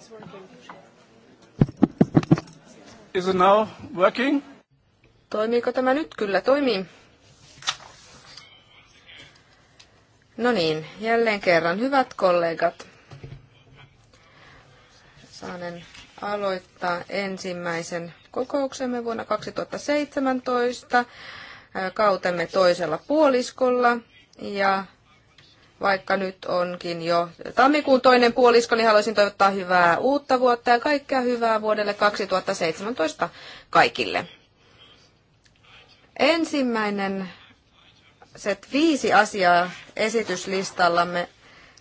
it's working. Is it now working? Toimiiko tämä nyt? Kyllä toimii. No niin, jälleen kerran hyvät kollegat. Saanen aloittaa ensimmäisen kokouksemme vuonna 2017 kautemme toisella puoliskolla ja vaikka nyt onkin jo tammikuun toinen puolisko, niin haluaisin toivottaa hyvää uutta vuotta ja kaikkea hyvää vuodelle 2017 kaikille. Ensimmäinen set viisi asiaa esityslistallamme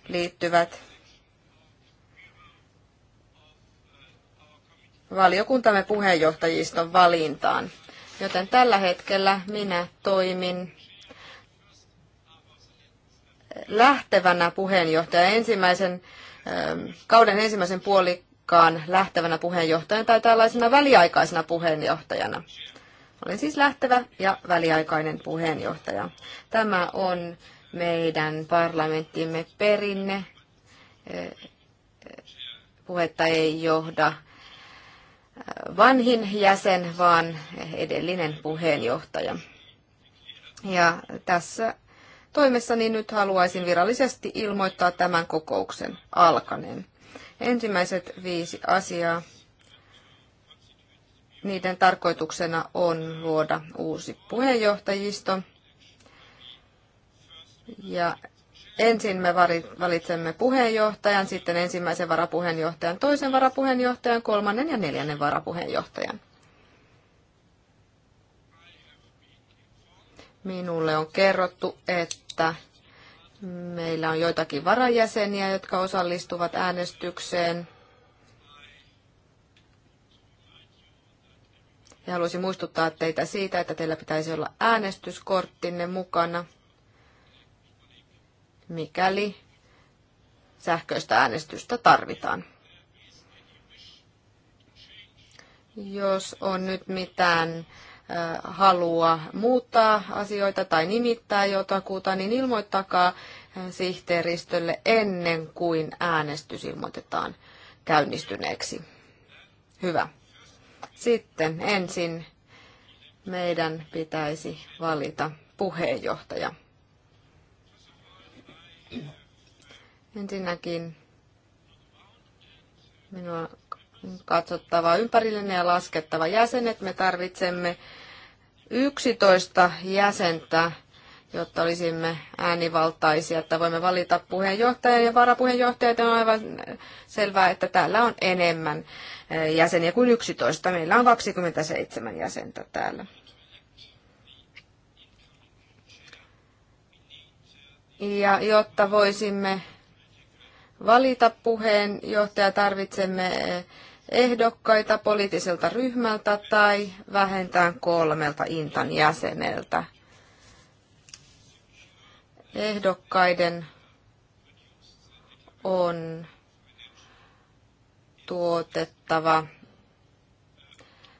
liittyvät valiokuntamme puheenjohtajiston valintaan. Joten tällä hetkellä minä toimin lähtevänä puheenjohtaja ensimmäisen ähm, kauden ensimmäisen puolikkaan lähtevänä puheenjohtajana tai tällaisena väliaikaisena puheenjohtajana. Olen siis lähtevä ja väliaikainen puheenjohtaja. Tämä on meidän parlamenttimme perinne. Puhetta ei johda vanhin jäsen, vaan edellinen puheenjohtaja. Ja tässä toimessa, niin nyt haluaisin virallisesti ilmoittaa tämän kokouksen alkanen Ensimmäiset viisi asiaa. Niiden tarkoituksena on luoda uusi puheenjohtajisto. Ja ensin me valitsemme puheenjohtajan, sitten ensimmäisen varapuheenjohtajan, toisen varapuheenjohtajan, kolmannen ja neljännen varapuheenjohtajan. Minulle on kerrottu, että että Meillä on joitakin varajäseniä, jotka osallistuvat äänestykseen. Ja haluaisin muistuttaa teitä siitä, että teillä pitäisi olla äänestyskorttinne mukana, mikäli sähköistä äänestystä tarvitaan. Jos on nyt mitään halua muuttaa asioita tai nimittää jotakuta, niin ilmoittakaa sihteeristölle ennen kuin äänestys ilmoitetaan käynnistyneeksi. Hyvä. Sitten ensin meidän pitäisi valita puheenjohtaja. Ensinnäkin minua katsottava ympärillinen ja laskettava jäsenet. Me tarvitsemme 11 jäsentä, jotta olisimme äänivaltaisia, että voimme valita puheenjohtajan ja varapuheenjohtajan. On aivan selvää, että täällä on enemmän eh, jäseniä kuin 11. Meillä on 27 jäsentä täällä. Ja jotta voisimme valita puheenjohtaja, tarvitsemme eh, ehdokkaita poliittiselta ryhmältä tai vähentään kolmelta Intan jäseneltä. Ehdokkaiden on tuotettava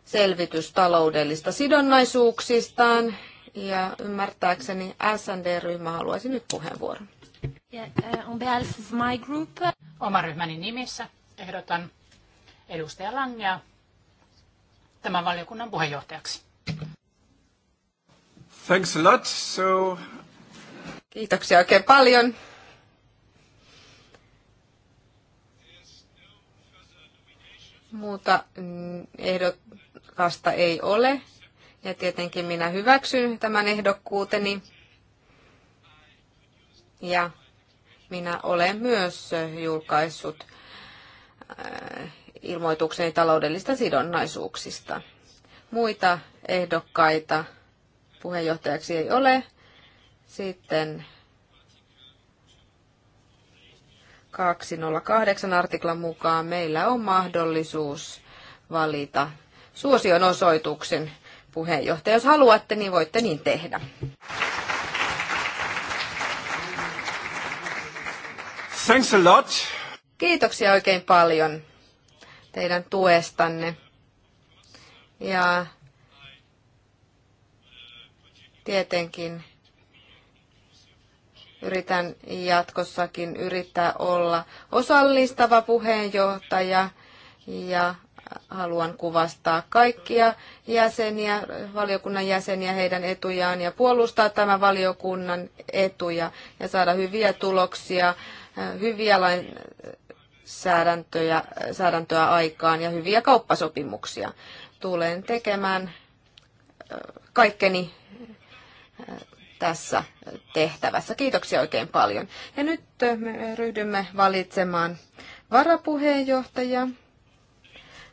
selvitys taloudellista sidonnaisuuksistaan. Ja ymmärtääkseni SND-ryhmä haluaisi nyt puheenvuoron. Yeah, uh, on behalf of my group. Oma ryhmäni nimissä ehdotan edustaja Langea tämän valiokunnan puheenjohtajaksi. Thanks a lot. So... Kiitoksia oikein paljon. Muuta ehdokasta ei ole. Ja tietenkin minä hyväksyn tämän ehdokkuuteni. Ja minä olen myös julkaissut äh, ilmoitukseni taloudellista sidonnaisuuksista. Muita ehdokkaita puheenjohtajaksi ei ole. Sitten 208 artiklan mukaan meillä on mahdollisuus valita suosion osoituksen puheenjohtaja. Jos haluatte, niin voitte niin tehdä. Thanks a lot. Kiitoksia oikein paljon teidän tuestanne. Ja tietenkin yritän jatkossakin yrittää olla osallistava puheenjohtaja ja haluan kuvastaa kaikkia jäseniä, valiokunnan jäseniä, heidän etujaan ja puolustaa tämän valiokunnan etuja ja saada hyviä tuloksia, hyviä lain säädäntöjä, säädäntöä aikaan ja hyviä kauppasopimuksia. Tulen tekemään kaikkeni tässä tehtävässä. Kiitoksia oikein paljon. Ja nyt me ryhdymme valitsemaan varapuheenjohtajaa.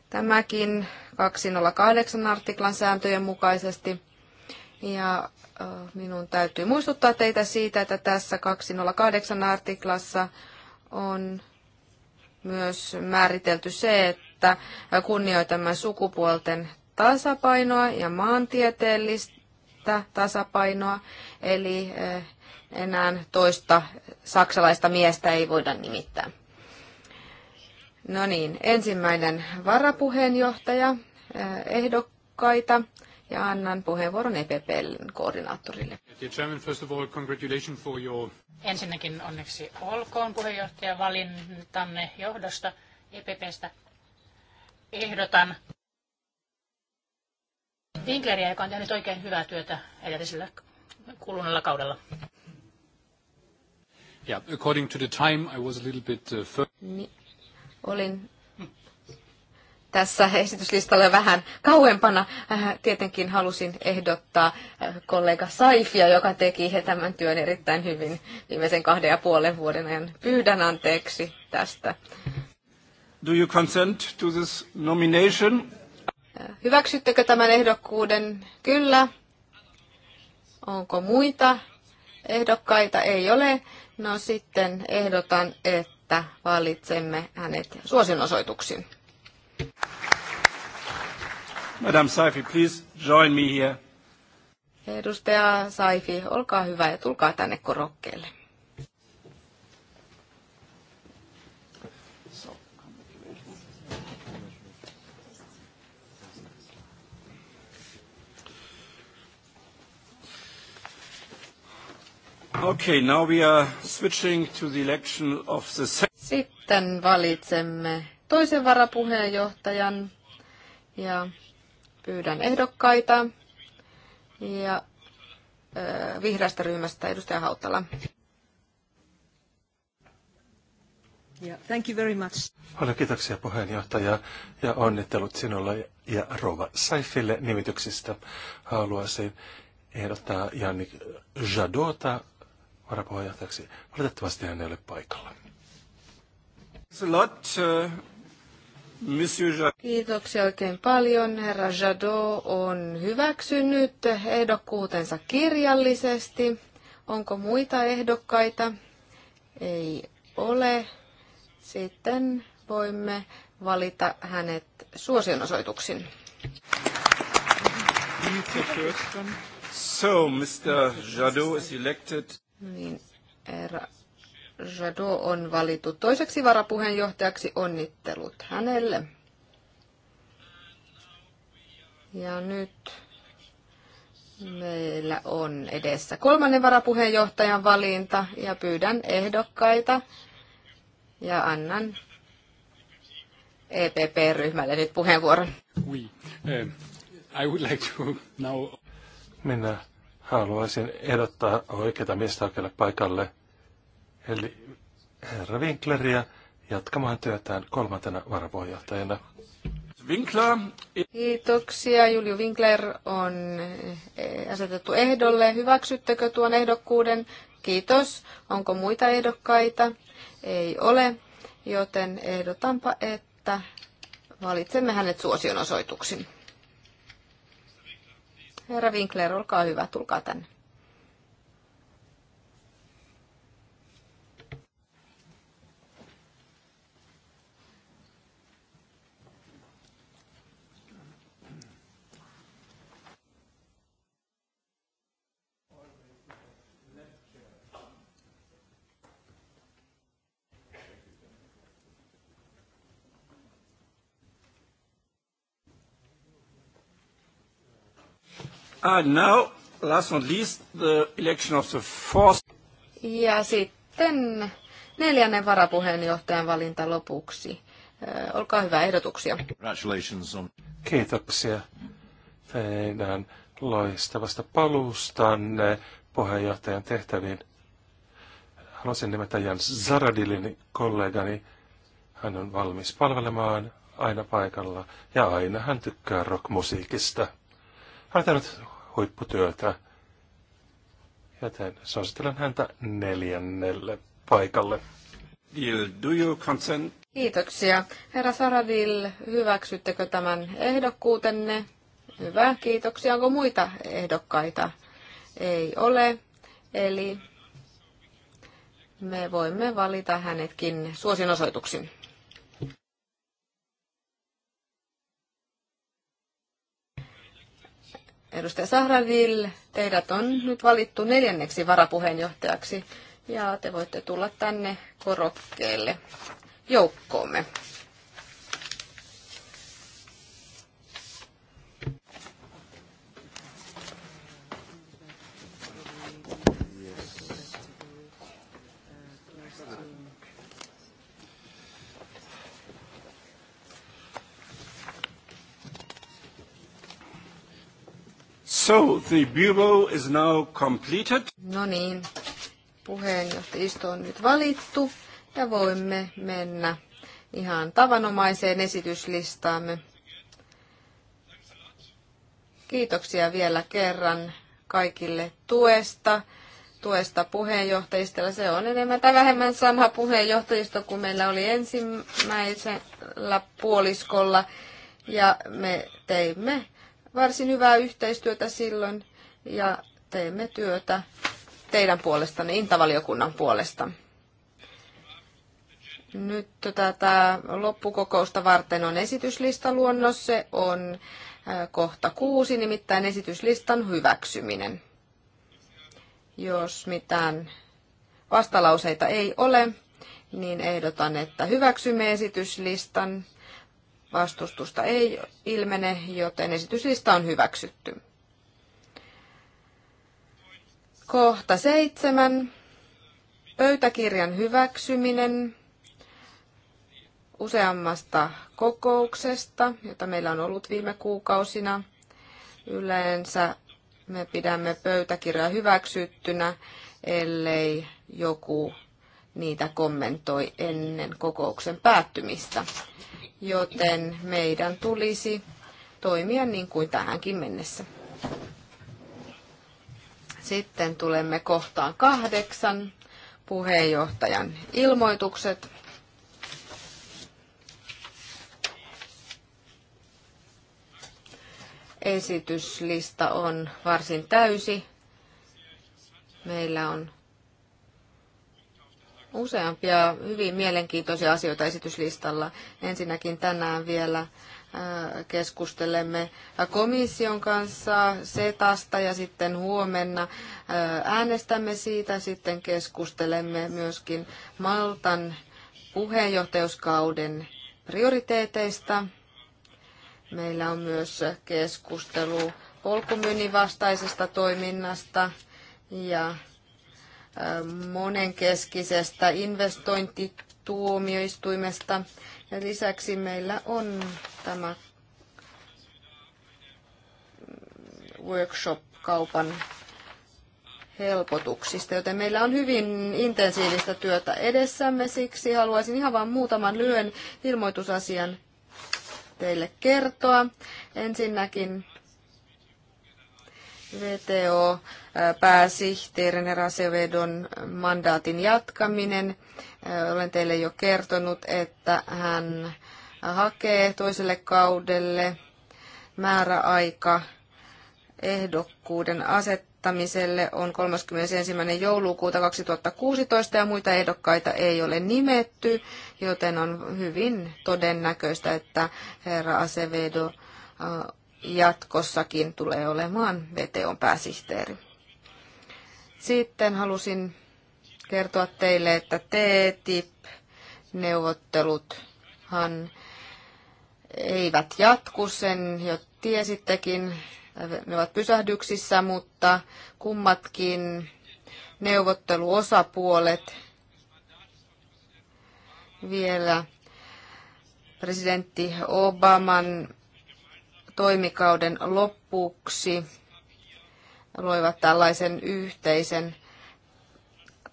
Tämäkin 208 artiklan sääntöjen mukaisesti. Ja minun täytyy muistuttaa teitä siitä, että tässä 208 artiklassa on myös määritelty se, että kunnioitamme sukupuolten tasapainoa ja maantieteellistä tasapainoa, eli eh, enää toista saksalaista miestä ei voida nimittää. No niin, ensimmäinen varapuheenjohtaja eh, ehdokkaita ja annan puheenvuoron EPPn koordinaattorille. Ensinnäkin onneksi olkoon puheenjohtaja valintanne johdosta EPPstä. Ehdotan Winkleriä, joka on tehnyt oikein hyvää työtä edellisellä kuluneella kaudella. Yeah, according to the time, I was a little bit uh, Ni- olin tässä esityslistalle vähän kauempana. Äh, tietenkin halusin ehdottaa äh, kollega Saifia, joka teki tämän työn erittäin hyvin viimeisen kahden ja puolen vuoden ajan. Pyydän anteeksi tästä. Do you consent to this nomination? Äh, hyväksyttekö tämän ehdokkuuden? Kyllä. Onko muita ehdokkaita? Ei ole. No sitten ehdotan, että valitsemme hänet suosionosoituksin. Madame Saifi, please join me here. Edustaja Saifi, olkaa hyvä ja tulkaa tänne korokkeelle. Okay, now we are switching to the election of the... Sitten valitsemme toisen varapuheenjohtajan ja pyydän ehdokkaita ja vihreästä ryhmästä edustaja Hautala. Yeah, thank you very much. Paljon kiitoksia puheenjohtaja ja onnittelut sinulle ja Rova Saifille nimityksistä. Haluaisin ehdottaa Janni Jadota varapuheenjohtajaksi. Valitettavasti hän ei ole paikalla. a lot. Uh... Kiitoksia oikein paljon. Herra Jadot on hyväksynyt ehdokkuutensa kirjallisesti. Onko muita ehdokkaita? Ei ole. Sitten voimme valita hänet suosionosoituksin. So, Mr. Jadot is elected. Niin, herra Jadot on valittu toiseksi varapuheenjohtajaksi. Onnittelut hänelle. Ja nyt meillä on edessä kolmannen varapuheenjohtajan valinta ja pyydän ehdokkaita ja annan EPP-ryhmälle nyt puheenvuoron. Oui. Uh, I would like to now... Minä haluaisin ehdottaa oikeita miestä oikealle paikalle – eli herra Winkleria jatkamaan työtään kolmantena varapuheenjohtajana. Winkler. Kiitoksia. Julio Winkler on eh, asetettu ehdolle. Hyväksyttekö tuon ehdokkuuden? Kiitos. Onko muita ehdokkaita? Ei ole, joten ehdotanpa, että valitsemme hänet suosion osoituksin. Herra Winkler, olkaa hyvä, tulkaa tänne. And now, last not least, the election of the fourth. Ja sitten neljännen varapuheenjohtajan valinta lopuksi. Olkaa hyvä, ehdotuksia. Congratulations on... Kiitoksia teidän loistavasta paluustanne puheenjohtajan tehtäviin. Haluaisin nimetä Jan Zaradilin kollegani. Hän on valmis palvelemaan aina paikalla ja aina hän tykkää rockmusiikista. Olen tehnyt huipputyötä, joten suosittelen häntä neljännelle paikalle. Do you consent? Kiitoksia. Herra Saradil, hyväksyttekö tämän ehdokkuutenne? Hyvä, kiitoksia. Onko muita ehdokkaita? Ei ole. Eli me voimme valita hänetkin suosin Edustaja Sahraville, teidät on nyt valittu neljänneksi varapuheenjohtajaksi ja te voitte tulla tänne korokkeelle joukkoomme. So, the bureau is now completed. No niin, puheenjohtajisto on nyt valittu ja voimme mennä ihan tavanomaiseen esityslistaamme. Kiitoksia vielä kerran kaikille tuesta, tuesta puheenjohtajistolla. Se on enemmän tai vähemmän sama puheenjohtajisto kuin meillä oli ensimmäisellä puoliskolla. Ja me teimme varsin hyvää yhteistyötä silloin ja teemme työtä teidän puolestanne, Intavaliokunnan puolesta. Nyt tätä loppukokousta varten on esityslistaluonnos. Se on kohta kuusi, nimittäin esityslistan hyväksyminen. Jos mitään vastalauseita ei ole, niin ehdotan, että hyväksymme esityslistan. Vastustusta ei ilmene, joten esityslista on hyväksytty. Kohta seitsemän. Pöytäkirjan hyväksyminen useammasta kokouksesta, jota meillä on ollut viime kuukausina. Yleensä me pidämme pöytäkirjaa hyväksyttynä, ellei joku niitä kommentoi ennen kokouksen päättymistä joten meidän tulisi toimia niin kuin tähänkin mennessä. Sitten tulemme kohtaan kahdeksan, puheenjohtajan ilmoitukset. Esityslista on varsin täysi. Meillä on useampia hyvin mielenkiintoisia asioita esityslistalla. Ensinnäkin tänään vielä äh, keskustelemme komission kanssa setasta ja sitten huomenna äh, äänestämme siitä. Sitten keskustelemme myöskin Maltan puheenjohtajuuskauden prioriteeteista. Meillä on myös keskustelu polkumyynnin vastaisesta toiminnasta ja monenkeskisestä investointituomioistuimesta. Ja lisäksi meillä on tämä workshop-kaupan helpotuksista, joten meillä on hyvin intensiivistä työtä edessämme. Siksi haluaisin ihan vain muutaman lyhyen ilmoitusasian teille kertoa. Ensinnäkin VTO pääsihteerin Rasevedon mandaatin jatkaminen. Olen teille jo kertonut, että hän hakee toiselle kaudelle määräaika ehdokkuuden asettamiselle on 31. joulukuuta 2016 ja muita ehdokkaita ei ole nimetty, joten on hyvin todennäköistä, että herra Acevedo jatkossakin tulee olemaan VTOn pääsihteeri. Sitten halusin kertoa teille, että TTIP-neuvotteluthan e eivät jatku, sen jo tiesittekin. Ne ovat pysähdyksissä, mutta kummatkin neuvotteluosapuolet vielä presidentti Obaman toimikauden loppuksi loivat tällaisen yhteisen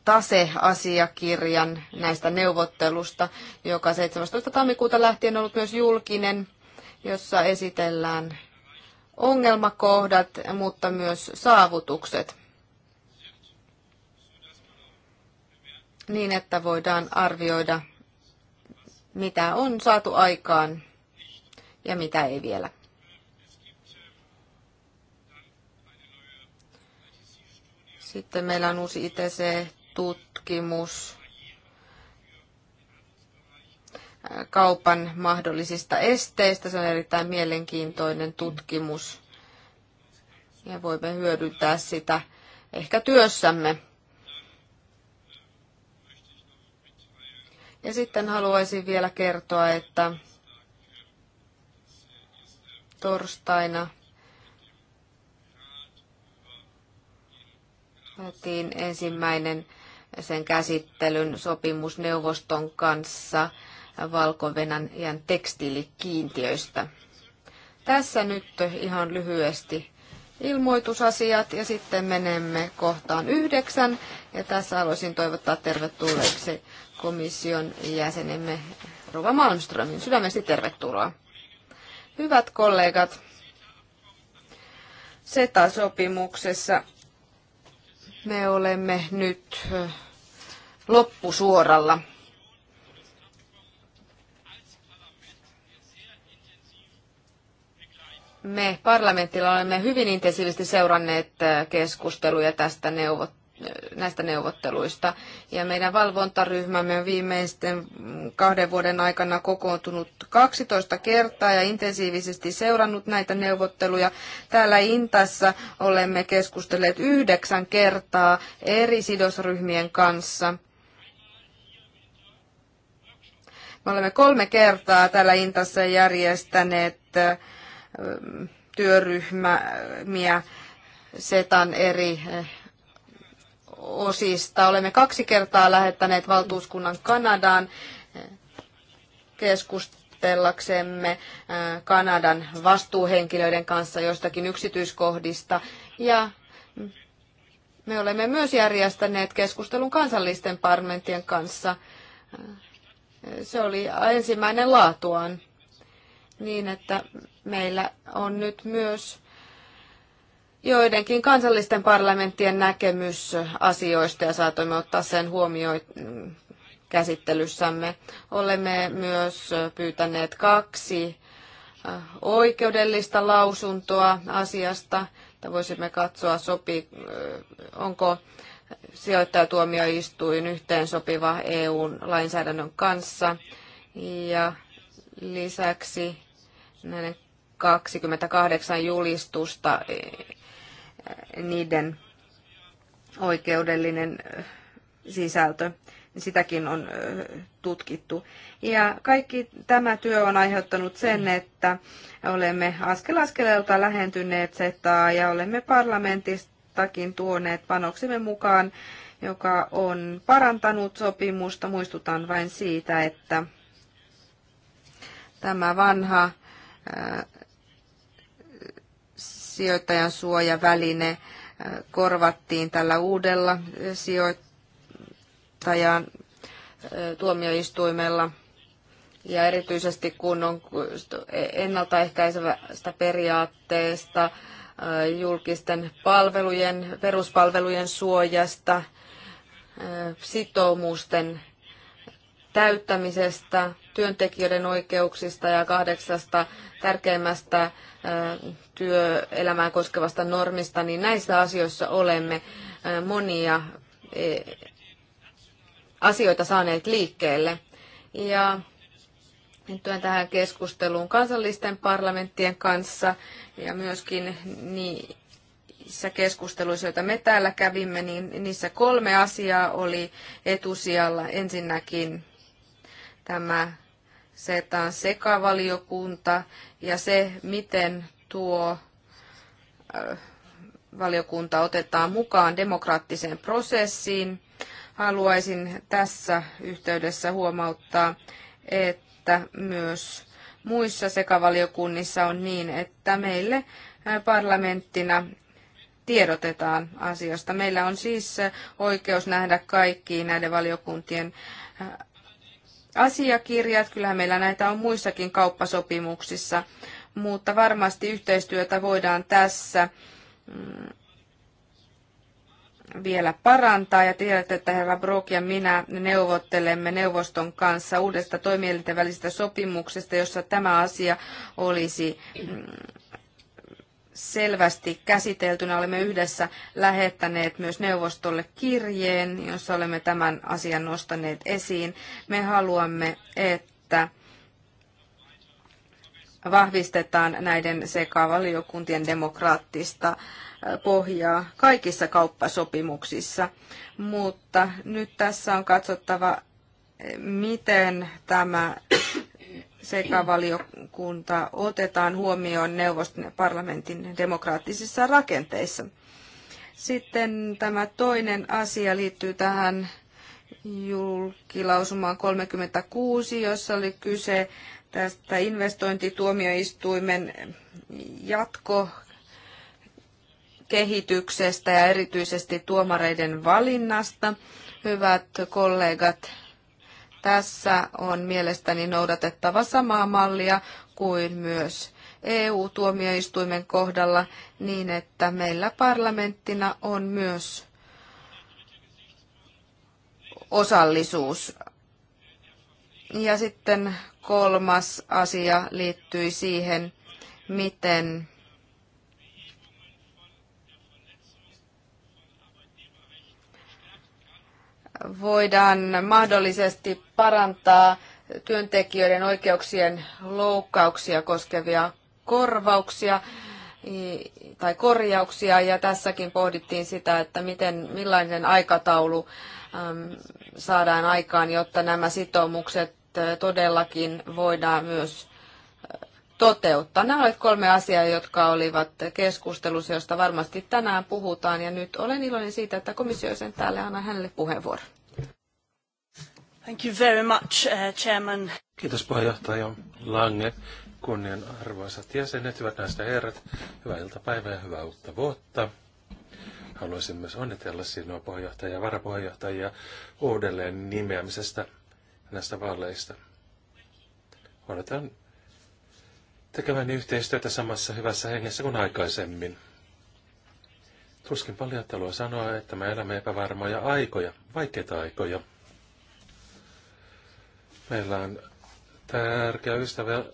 taseasiakirjan näistä neuvottelusta, joka 17. tammikuuta lähtien on ollut myös julkinen, jossa esitellään ongelmakohdat, mutta myös saavutukset. Niin, että voidaan arvioida, mitä on saatu aikaan ja mitä ei vielä. Sitten meillä on uusi ITC-tutkimus kaupan mahdollisista esteistä. Se on erittäin mielenkiintoinen tutkimus ja voimme hyödyntää sitä ehkä työssämme. Ja sitten haluaisin vielä kertoa, että torstaina otin ensimmäinen sen käsittelyn sopimusneuvoston kanssa valko tekstiilikiintiöistä. Tässä nyt ihan lyhyesti ilmoitusasiat ja sitten menemme kohtaan yhdeksän. Ja tässä haluaisin toivottaa tervetulleeksi komission jäsenemme Rova Malmströmin. Sydämesti tervetuloa. Hyvät kollegat, ceta sopimuksessa me olemme nyt loppusuoralla. Me parlamentilla olemme hyvin intensiivisesti seuranneet keskusteluja tästä neuvottelusta näistä neuvotteluista. Ja meidän valvontaryhmämme on viimeisten kahden vuoden aikana kokoontunut 12 kertaa ja intensiivisesti seurannut näitä neuvotteluja. Täällä Intassa olemme keskustelleet yhdeksän kertaa eri sidosryhmien kanssa. Me olemme kolme kertaa täällä Intassa järjestäneet työryhmiä SETAn eri osista. Olemme kaksi kertaa lähettäneet valtuuskunnan Kanadaan eh, keskustellaksemme eh, Kanadan vastuuhenkilöiden kanssa jostakin yksityiskohdista. Ja me olemme myös järjestäneet keskustelun kansallisten parlamenttien kanssa. Eh, se oli ensimmäinen laatuaan niin, että meillä on nyt myös joidenkin kansallisten parlamenttien näkemys asioista ja saatoimme ottaa sen huomioon mm, käsittelyssämme. Olemme myös pyytäneet kaksi äh, oikeudellista lausuntoa asiasta, että voisimme katsoa, sopii, äh, onko sijoittajatuomioistuin yhteen sopiva EU-lainsäädännön kanssa. Ja lisäksi näiden 28 julistusta niiden oikeudellinen sisältö, sitäkin on tutkittu. Ja kaikki tämä työ on aiheuttanut sen, että olemme askel askeleelta lähentyneet setaa ja olemme parlamentistakin tuoneet panoksemme mukaan, joka on parantanut sopimusta. Muistutan vain siitä, että tämä vanha sijoittajan suojaväline äh, korvattiin tällä uudella äh, sijoittajan äh, tuomioistuimella. Ja erityisesti kun on e-, ennaltaehkäisevästä periaatteesta, julkisten palvelujen, peruspalvelujen suojasta, sitoumusten täyttämisestä, työntekijöiden oikeuksista ja kahdeksasta tärkeimmästä työelämää koskevasta normista, niin näissä asioissa olemme monia e, asioita saaneet liikkeelle. Ja tuen tähän keskusteluun kansallisten parlamenttien kanssa ja myöskin niissä keskusteluissa, joita me täällä kävimme, niin niissä kolme asiaa oli etusijalla. Ensinnäkin tämä se, sekavaliokunta ja se, miten tuo valiokunta otetaan mukaan demokraattiseen prosessiin. Haluaisin tässä yhteydessä huomauttaa, että myös muissa sekavaliokunnissa on niin, että meille parlamenttina tiedotetaan asiasta. Meillä on siis oikeus nähdä kaikki näiden valiokuntien asiakirjat. Kyllähän meillä näitä on muissakin kauppasopimuksissa, mutta varmasti yhteistyötä voidaan tässä mm, vielä parantaa. Ja tiedätte, että herra Brock ja minä neuvottelemme neuvoston kanssa uudesta toimielinten välisestä sopimuksesta, jossa tämä asia olisi mm, selvästi käsiteltynä. Olemme yhdessä lähettäneet myös neuvostolle kirjeen, jossa olemme tämän asian nostaneet esiin. Me haluamme, että vahvistetaan näiden sekavaliokuntien demokraattista äh, pohjaa kaikissa kauppasopimuksissa. Mutta nyt tässä on katsottava, miten tämä sekavaliokunta otetaan huomioon neuvoston ja parlamentin demokraattisissa rakenteissa. Sitten tämä toinen asia liittyy tähän julkilausumaan 36, jossa oli kyse tästä investointituomioistuimen jatkokehityksestä ja erityisesti tuomareiden valinnasta. Hyvät kollegat, tässä on mielestäni noudatettava samaa mallia kuin myös EU-tuomioistuimen kohdalla niin, että meillä parlamenttina on myös osallisuus. Ja sitten kolmas asia liittyy siihen, miten voidaan mahdollisesti parantaa työntekijöiden oikeuksien loukkauksia koskevia korvauksia tai korjauksia ja tässäkin pohdittiin sitä, että miten, millainen aikataulu saadaan aikaan, jotta nämä sitoumukset todellakin voidaan myös toteuttaa. Nämä olivat kolme asiaa, jotka olivat keskustelussa, josta varmasti tänään puhutaan. Ja nyt olen iloinen siitä, että komissio sen täällä anna hänelle puheenvuoron. Thank you very much, uh, Chairman. Kiitos puheenjohtaja Lange, kunnianarvoisat jäsenet, hyvät näistä herrat, hyvää iltapäivää ja hyvää uutta vuotta. Haluaisin myös onnitella sinua puheenjohtaja ja varapuheenjohtajia uudelleen nimeämisestä näistä vaaleista. Odotan Tekemään yhteistyötä samassa hyvässä hengessä kuin aikaisemmin. Tuskin paljattelua sanoa, että me elämme epävarmoja aikoja, vaikeita aikoja. Meillä on tärkeä ystävä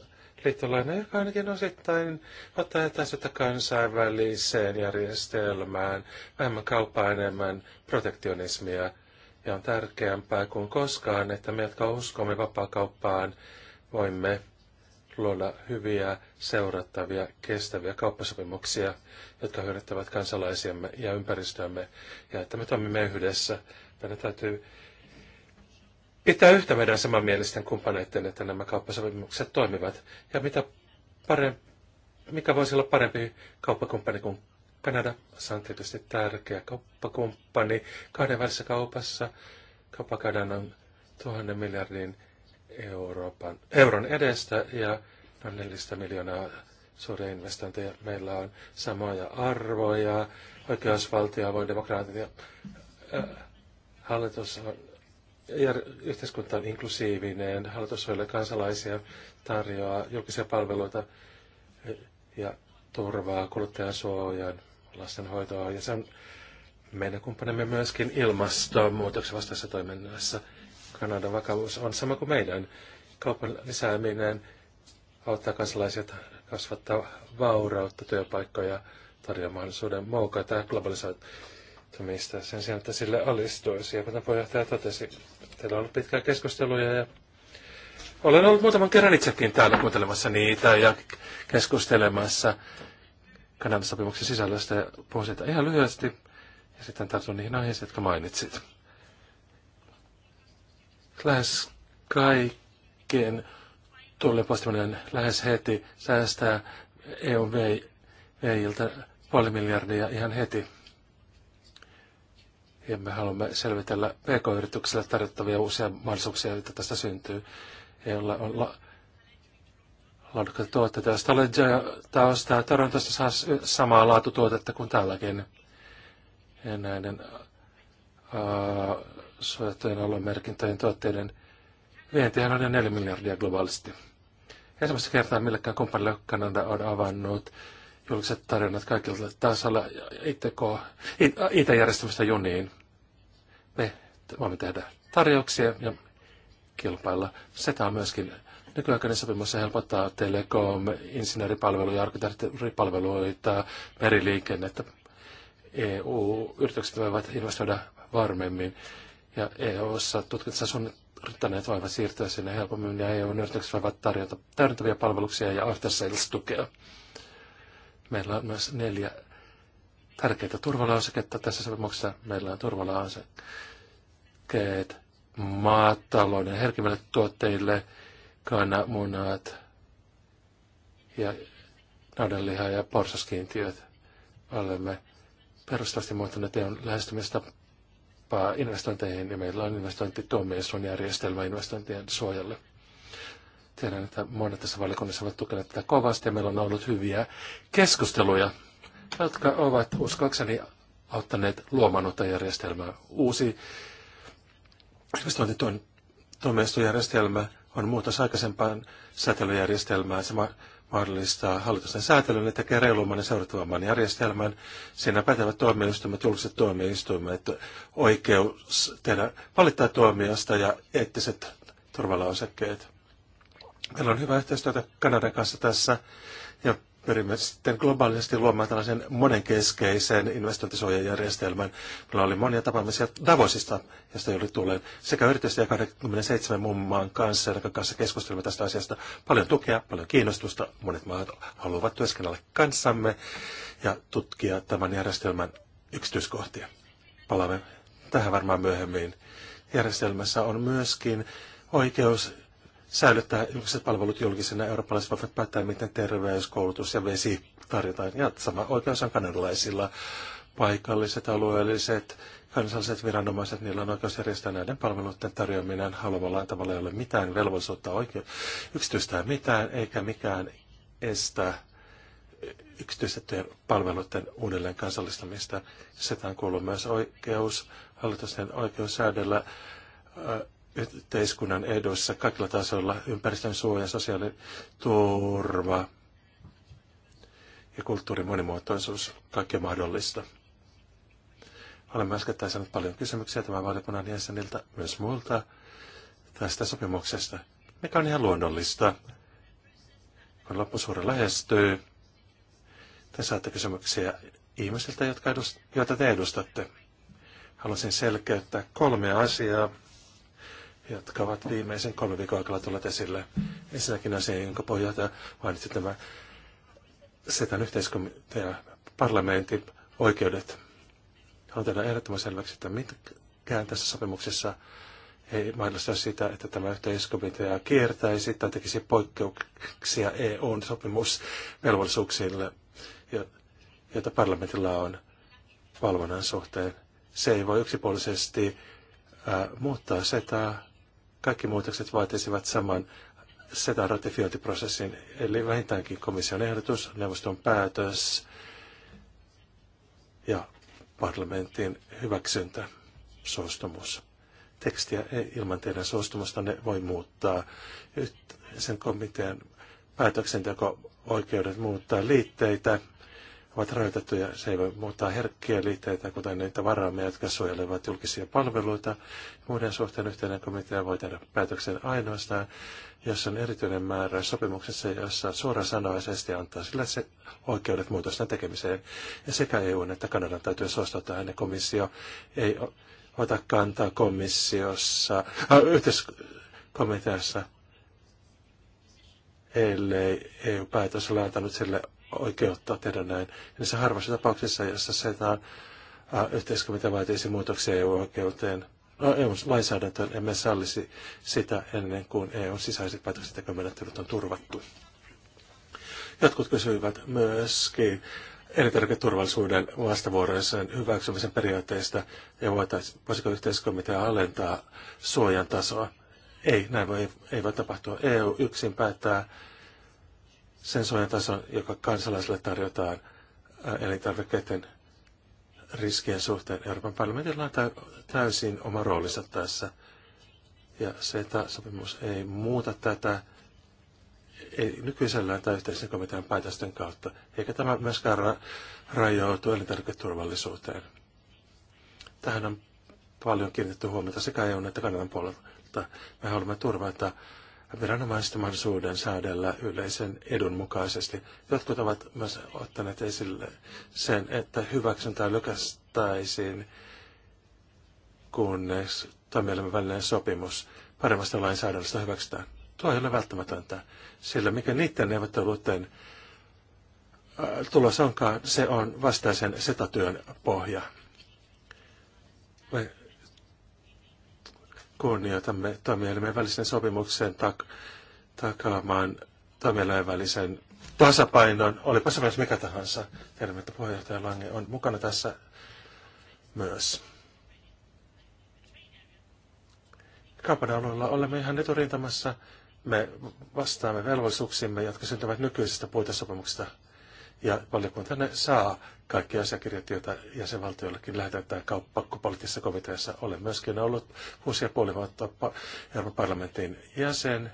liittolainen, joka ainakin osittain ottaa etäisyyttä kansainväliseen järjestelmään, vähemmän kauppaa, enemmän protektionismia. Ja on tärkeämpää kuin koskaan, että me, jotka uskomme vapaakauppaan, voimme luoda hyviä, seurattavia, kestäviä kauppasopimuksia, jotka hyödyttävät kansalaisiamme ja ympäristöämme, ja että me toimimme yhdessä. Meidän täytyy pitää yhtä meidän samanmielisten kumppaneiden, että nämä kauppasopimukset toimivat. Ja mitä parempi, mikä voisi olla parempi kauppakumppani kuin Kanada? Se on tietysti tärkeä kauppakumppani kahdenvälisessä kaupassa. Kauppakadan on tuhannen miljardin Euroopan, euron edestä ja noin 400 miljoonaa suuria investointeja. Meillä on samoja arvoja, oikeusvaltio, avoin demokraatia, äh, hallitus on, ja yhteiskunta on inklusiivinen, hallitus on kansalaisia, tarjoaa julkisia palveluita äh, ja turvaa kuluttajan suojan, lastenhoitoa ja se on meidän kumppanimme myöskin ilmastonmuutoksen vastaisessa toiminnassa. Kanadan vakavuus on sama kuin meidän. Kaupan lisääminen auttaa kansalaisia kasvattaa vaurautta, työpaikkoja, tarjoaa mahdollisuuden moukata globalisoitumista sen sijaan, että sille alistuisi. Ja kuten puheenjohtaja totesi, teillä on ollut pitkää keskusteluja ja olen ollut muutaman kerran itsekin täällä kuuntelemassa niitä ja keskustelemassa Kanadan sopimuksen sisällöstä ja puhun siitä ihan lyhyesti ja sitten tartun niihin aiheisiin, jotka mainitsit lähes kaiken tuolle poistaminen lähes heti säästää EUn veijiltä puoli miljardia ihan heti. Ja me haluamme selvitellä PK-yrityksille tarjottavia uusia mahdollisuuksia, joita tästä syntyy, joilla e on la- laadukkaita tuotteita. Jos Talentia ostaa Torontosta, saa samaa laatutuotetta kuin tälläkin. Ja näiden suojattujen aluemerkintöjen tuotteiden vientihän on 4 miljardia globaalisti. Ensimmäistä kertaa millekään kumppanille Kanada on avannut julkiset tarjonnat kaikilta tasolla IT-järjestelmästä juniin. Me voimme tehdä tarjouksia ja kilpailla. Sitä on myöskin nykyaikainen sopimus helpottaa telekom, insinööripalveluja, arkkitehtipalveluita, meriliikennettä. EU-yritykset voivat investoida varmemmin ja EU-ssa tutkintansa suunnittaneet voivat siirtyä sinne helpommin ja EU-yritykset voivat tarjota täydentäviä palveluksia ja after sales-tukea. Meillä on myös neljä tärkeitä turvalausiketta tässä sopimuksessa. Meillä on turvalausekkeet maatalouden herkimmille tuotteille, kananmunat ja naudenliha ja porsaskiintiöt. Olemme perustavasti muuttaneet EUn lähestymistä kauppaa investointeihin ja meillä on investointituomioistuin järjestelmä investointien suojalle. Tiedän, että monet tässä valikunnassa ovat tukeneet tätä kovasti ja meillä on ollut hyviä keskusteluja, jotka ovat uskoakseni auttaneet luomaan uutta järjestelmää. Uusi järjestelmä on muutos aikaisempaan säätelyjärjestelmään. Se mahdollistaa hallitusten säätelyn ja tekee reilumman ja seurattavamman järjestelmän. Siinä pätevät tuomioistuimet, julkiset tuomioistuimet, oikeus tehdä valittaa tuomiosta ja eettiset turvalausekkeet. Meillä on hyvä yhteistyötä Kanadan kanssa tässä ja pyrimme sitten globaalisesti luomaan tällaisen monenkeskeisen investointisuojajärjestelmän. Meillä oli monia tapaamisia Davosista, josta juuri tulen, sekä yritysten ja 27 muun maan kanssa, jonka kanssa keskustelimme tästä asiasta. Paljon tukea, paljon kiinnostusta. Monet maat haluavat työskennellä kanssamme ja tutkia tämän järjestelmän yksityiskohtia. Palaamme tähän varmaan myöhemmin. Järjestelmässä on myöskin oikeus säilyttää julkiset palvelut julkisena. Eurooppalaiset voivat päättää, miten terveys, koulutus ja vesi tarjotaan. Ja sama oikeus on kanadalaisilla. Paikalliset, alueelliset, kansalliset viranomaiset, niillä on oikeus järjestää näiden palveluiden tarjoaminen haluamalla tavalla, ei ole mitään velvollisuutta oikein yksityistää mitään, eikä mikään estä yksityistettyjen palveluiden uudelleen kansallistamista. on kuullut myös oikeus, hallitusten oikeus säädellä yhteiskunnan ehdoissa kaikilla tasoilla, ympäristön suoja, sosiaaliturva ja kulttuurin monimuotoisuus, kaikki on mahdollista. Olemme äskettäin saaneet paljon kysymyksiä tämän valiokunnan jäseniltä, myös muilta, tästä sopimuksesta, mikä on ihan luonnollista. Kun loppusuora lähestyy, te saatte kysymyksiä ihmisiltä, jotka edust- joita te edustatte. Haluaisin selkeyttää kolme asiaa jotka ovat viimeisen kolmen viikon aikana tulleet esille. Ensinnäkin asia, jonka pohjalta mainitsi tämä SETAn yhteiskunta ja parlamentin oikeudet. Haluan tehdä ehdottoman selväksi, että mitkään tässä sopimuksessa ei mahdollista sitä, että tämä yhteiskomitea kiertäisi tai tekisi poikkeuksia eu sopimusvelvollisuuksille, joita parlamentilla on valvonnan suhteen. Se ei voi yksipuolisesti muuttaa sitä kaikki muutokset vaatisivat saman setan ratifiointiprosessin, eli vähintäänkin komission ehdotus, neuvoston päätös ja parlamentin hyväksyntä, suostumus. Tekstiä ei ilman teidän suostumustanne voi muuttaa. Sen komitean päätöksenteko oikeudet muuttaa liitteitä ovat rajoitettuja. Se ei voi muuttaa herkkiä liitteitä, kuten niitä varaamme, jotka suojelevat julkisia palveluita. Muiden suhteen yhteinen komitea voi tehdä päätöksen ainoastaan, jos on erityinen määrä sopimuksessa, jossa suorasanoisesti antaa sille se oikeudet muutosten tekemiseen. Ja sekä EU että Kanadan täytyy suostua tähän, ja komissio ei ota kantaa komissiossa, äh, yhteiskomiteassa, ellei EU-päätös ole antanut sille oikeutta tehdä näin. Niissä harvassa tapauksessa, jossa se yhteiskunta vaatisi muutoksia EU-oikeuteen, no, EU-lainsäädäntöön, emme sallisi sitä ennen kuin EU-sisäiset päätöksentekomenettelyt on turvattu. Jotkut kysyivät myöskin elintarviketurvallisuuden vastavuoroisen hyväksymisen periaatteista ja voisiko yhteiskomitea alentaa suojan tasoa. Ei, näin voi, ei voi tapahtua. EU yksin päättää sen taso, joka kansalaisille tarjotaan äh, elintarvikkeiden riskien suhteen. Euroopan parlamentilla on täysin oma roolinsa tässä. Ja CETA-sopimus ei muuta tätä ei nykyisellään tai yhteisen komitean päätösten kautta, eikä tämä myöskään ra- rajoitu elintarviketurvallisuuteen. Tähän on paljon kiinnitetty huomiota sekä EUn että Kanadan puolelta. Me haluamme turvata viranomaisten mahdollisuuden säädellä yleisen edun mukaisesti. Jotkut ovat myös ottaneet esille sen, että hyväksyntää lykästäisiin, kunnes toimielimen välinen sopimus paremmasta lainsäädännöstä hyväksytään. Tuo ei ole välttämätöntä, sillä mikä niiden neuvotteluiden äh, tulos onkaan, se on vastaisen setatyön pohja. Me kunnioitamme toimielimen välisen sopimuksen tak- takaamaan toimielimen välisen tasapainon, olipa se myös mikä tahansa. Tiedämme, että puheenjohtaja Lange on mukana tässä myös. Kaupan alueella olemme ihan eturintamassa. Me vastaamme velvollisuuksimme, jotka syntyvät nykyisestä puitesopimuksesta – ja valiokunta saa kaikki asiakirjat, joita jäsenvaltioillekin lähetetään kauppapoliittisessa komiteassa. Olen myöskin ollut vuosia puoli vuotta Euroopan parlamentin jäsen.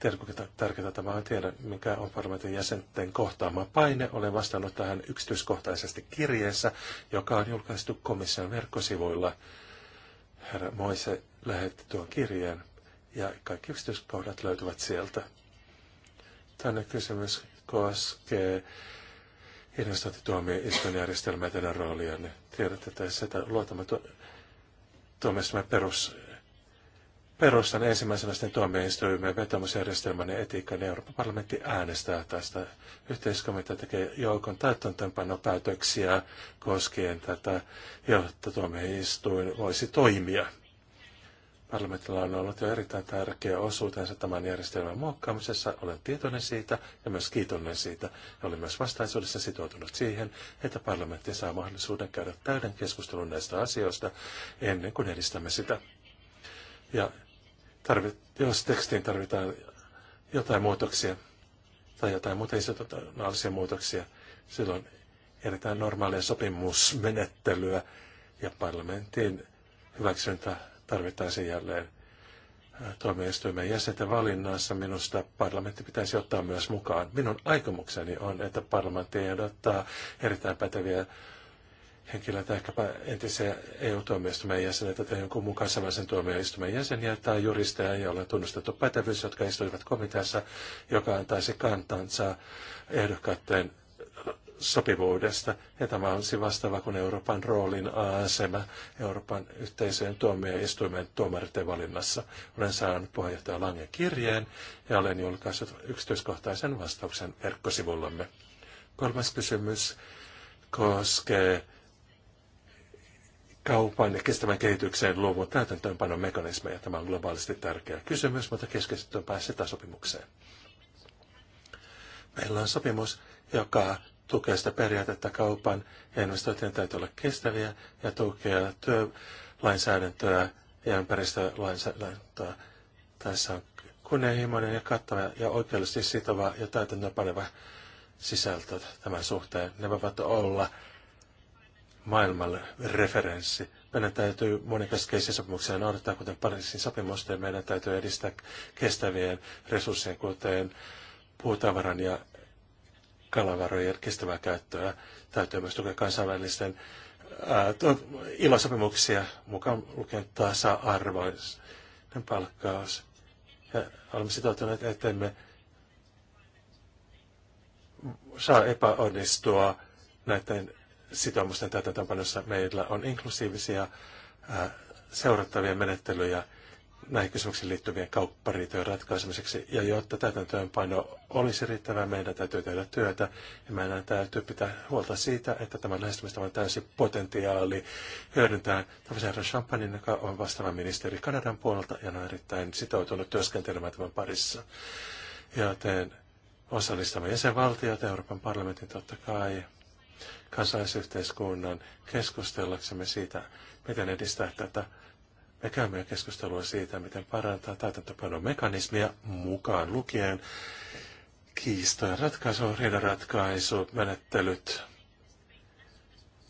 Tiedän, kuinka tärkeää tämä on. Tiedän, mikä on parlamentin jäsenten kohtaama paine. Olen vastannut tähän yksityiskohtaisesti kirjeessä, joka on julkaistu komission verkkosivuilla. Herra Moise lähetti tuon kirjeen ja kaikki yksityiskohdat löytyvät sieltä. Tänne kysymys koskee investointituomioistuin järjestelmää teidän roolianne. Tiedätte, että sitä luotamme tu- tuomioistuimen perus, perustan ensimmäisen asteen tuomioistuimen vetomusjärjestelmän ja etiikan ja Euroopan parlamentti äänestää tästä. Yhteiskomitea tekee joukon täyttöntöönpanopäätöksiä koskien tätä, jotta tuomioistuin voisi toimia. Parlamentilla on ollut jo erittäin tärkeä osuutensa tämän järjestelmän muokkaamisessa. Olen tietoinen siitä ja myös kiitollinen siitä. Ja olen myös vastaisuudessa sitoutunut siihen, että parlamentti saa mahdollisuuden käydä täyden keskustelun näistä asioista ennen kuin edistämme sitä. Ja jos tekstiin tarvitaan jotain muutoksia tai jotain muuta isotonaalisia muutoksia, silloin erittäin normaalia sopimusmenettelyä ja parlamentin hyväksyntä tarvittaisiin jälleen tuomioistuimen jäsentä valinnassa minusta parlamentti pitäisi ottaa myös mukaan. Minun aikomukseni on, että parlamentti ehdottaa erittäin päteviä henkilöitä, ehkäpä entisiä EU-tuomioistuimen jäsenet tai jonkun mukaan sellaisen tuomioistuimen jäseniä tai juristeja, joilla on tunnustettu pätevyys, jotka istuivat komiteassa, joka antaisi kantansa ehdokkaiden sopivuudesta, ja tämä olisi vastaava kuin Euroopan roolin asema Euroopan yhteisöjen tuomioistuimen tuomareiden valinnassa. Olen saanut puheenjohtaja Langen kirjeen ja olen julkaissut yksityiskohtaisen vastauksen verkkosivullamme. Kolmas kysymys koskee kaupan ja kestävän kehityksen luovun täytäntöönpanon mekanismeja. Tämä on globaalisti tärkeä kysymys, mutta on pääsee sopimukseen. Meillä on sopimus, joka tukea sitä periaatetta kaupan ja investointien täytyy olla kestäviä ja tukea työlainsäädäntöä ja ympäristölainsäädäntöä. Tässä on kunnianhimoinen ja kattava ja oikeudellisesti sitova ja täytäntöönpaneva sisältö tämän suhteen. Ne voivat olla maailmalle referenssi. Meidän täytyy monikäskeisiä sopimuksia noudattaa, kuten Pariisin sopimusta, ja meidän täytyy edistää kestävien resurssien, kuten puutavaran ja kalavarojen kestävää käyttöä. Täytyy myös tukea kansainvälisten ilosopimuksia, mukaan lukien tasa-arvoinen palkkaus. Ja olemme sitoutuneet, että emme saa epäonnistua näiden sitoumusten täytäntöönpanossa. Meillä on inklusiivisia ää, seurattavia menettelyjä näihin kysymyksiin liittyvien kauppariitojen ratkaisemiseksi. Ja jotta täytäntöönpano olisi riittävää, meidän täytyy tehdä työtä ja meidän täytyy pitää huolta siitä, että tämän lähestymistavan täysi potentiaali hyödyntää Tavisäärin Champagnen, joka on vastaava ministeri Kanadan puolelta ja on erittäin sitoutunut työskentelemään tämän parissa. Joten osallistamme jäsenvaltiot, Euroopan parlamentin totta kai, kansalaisyhteiskunnan keskustellaksemme siitä, miten edistää tätä me käymme keskustelua siitä, miten parantaa täytäntöpanon mekanismia mukaan lukien kiistojen ratkaisu, riidan ratkaisu, menettelyt.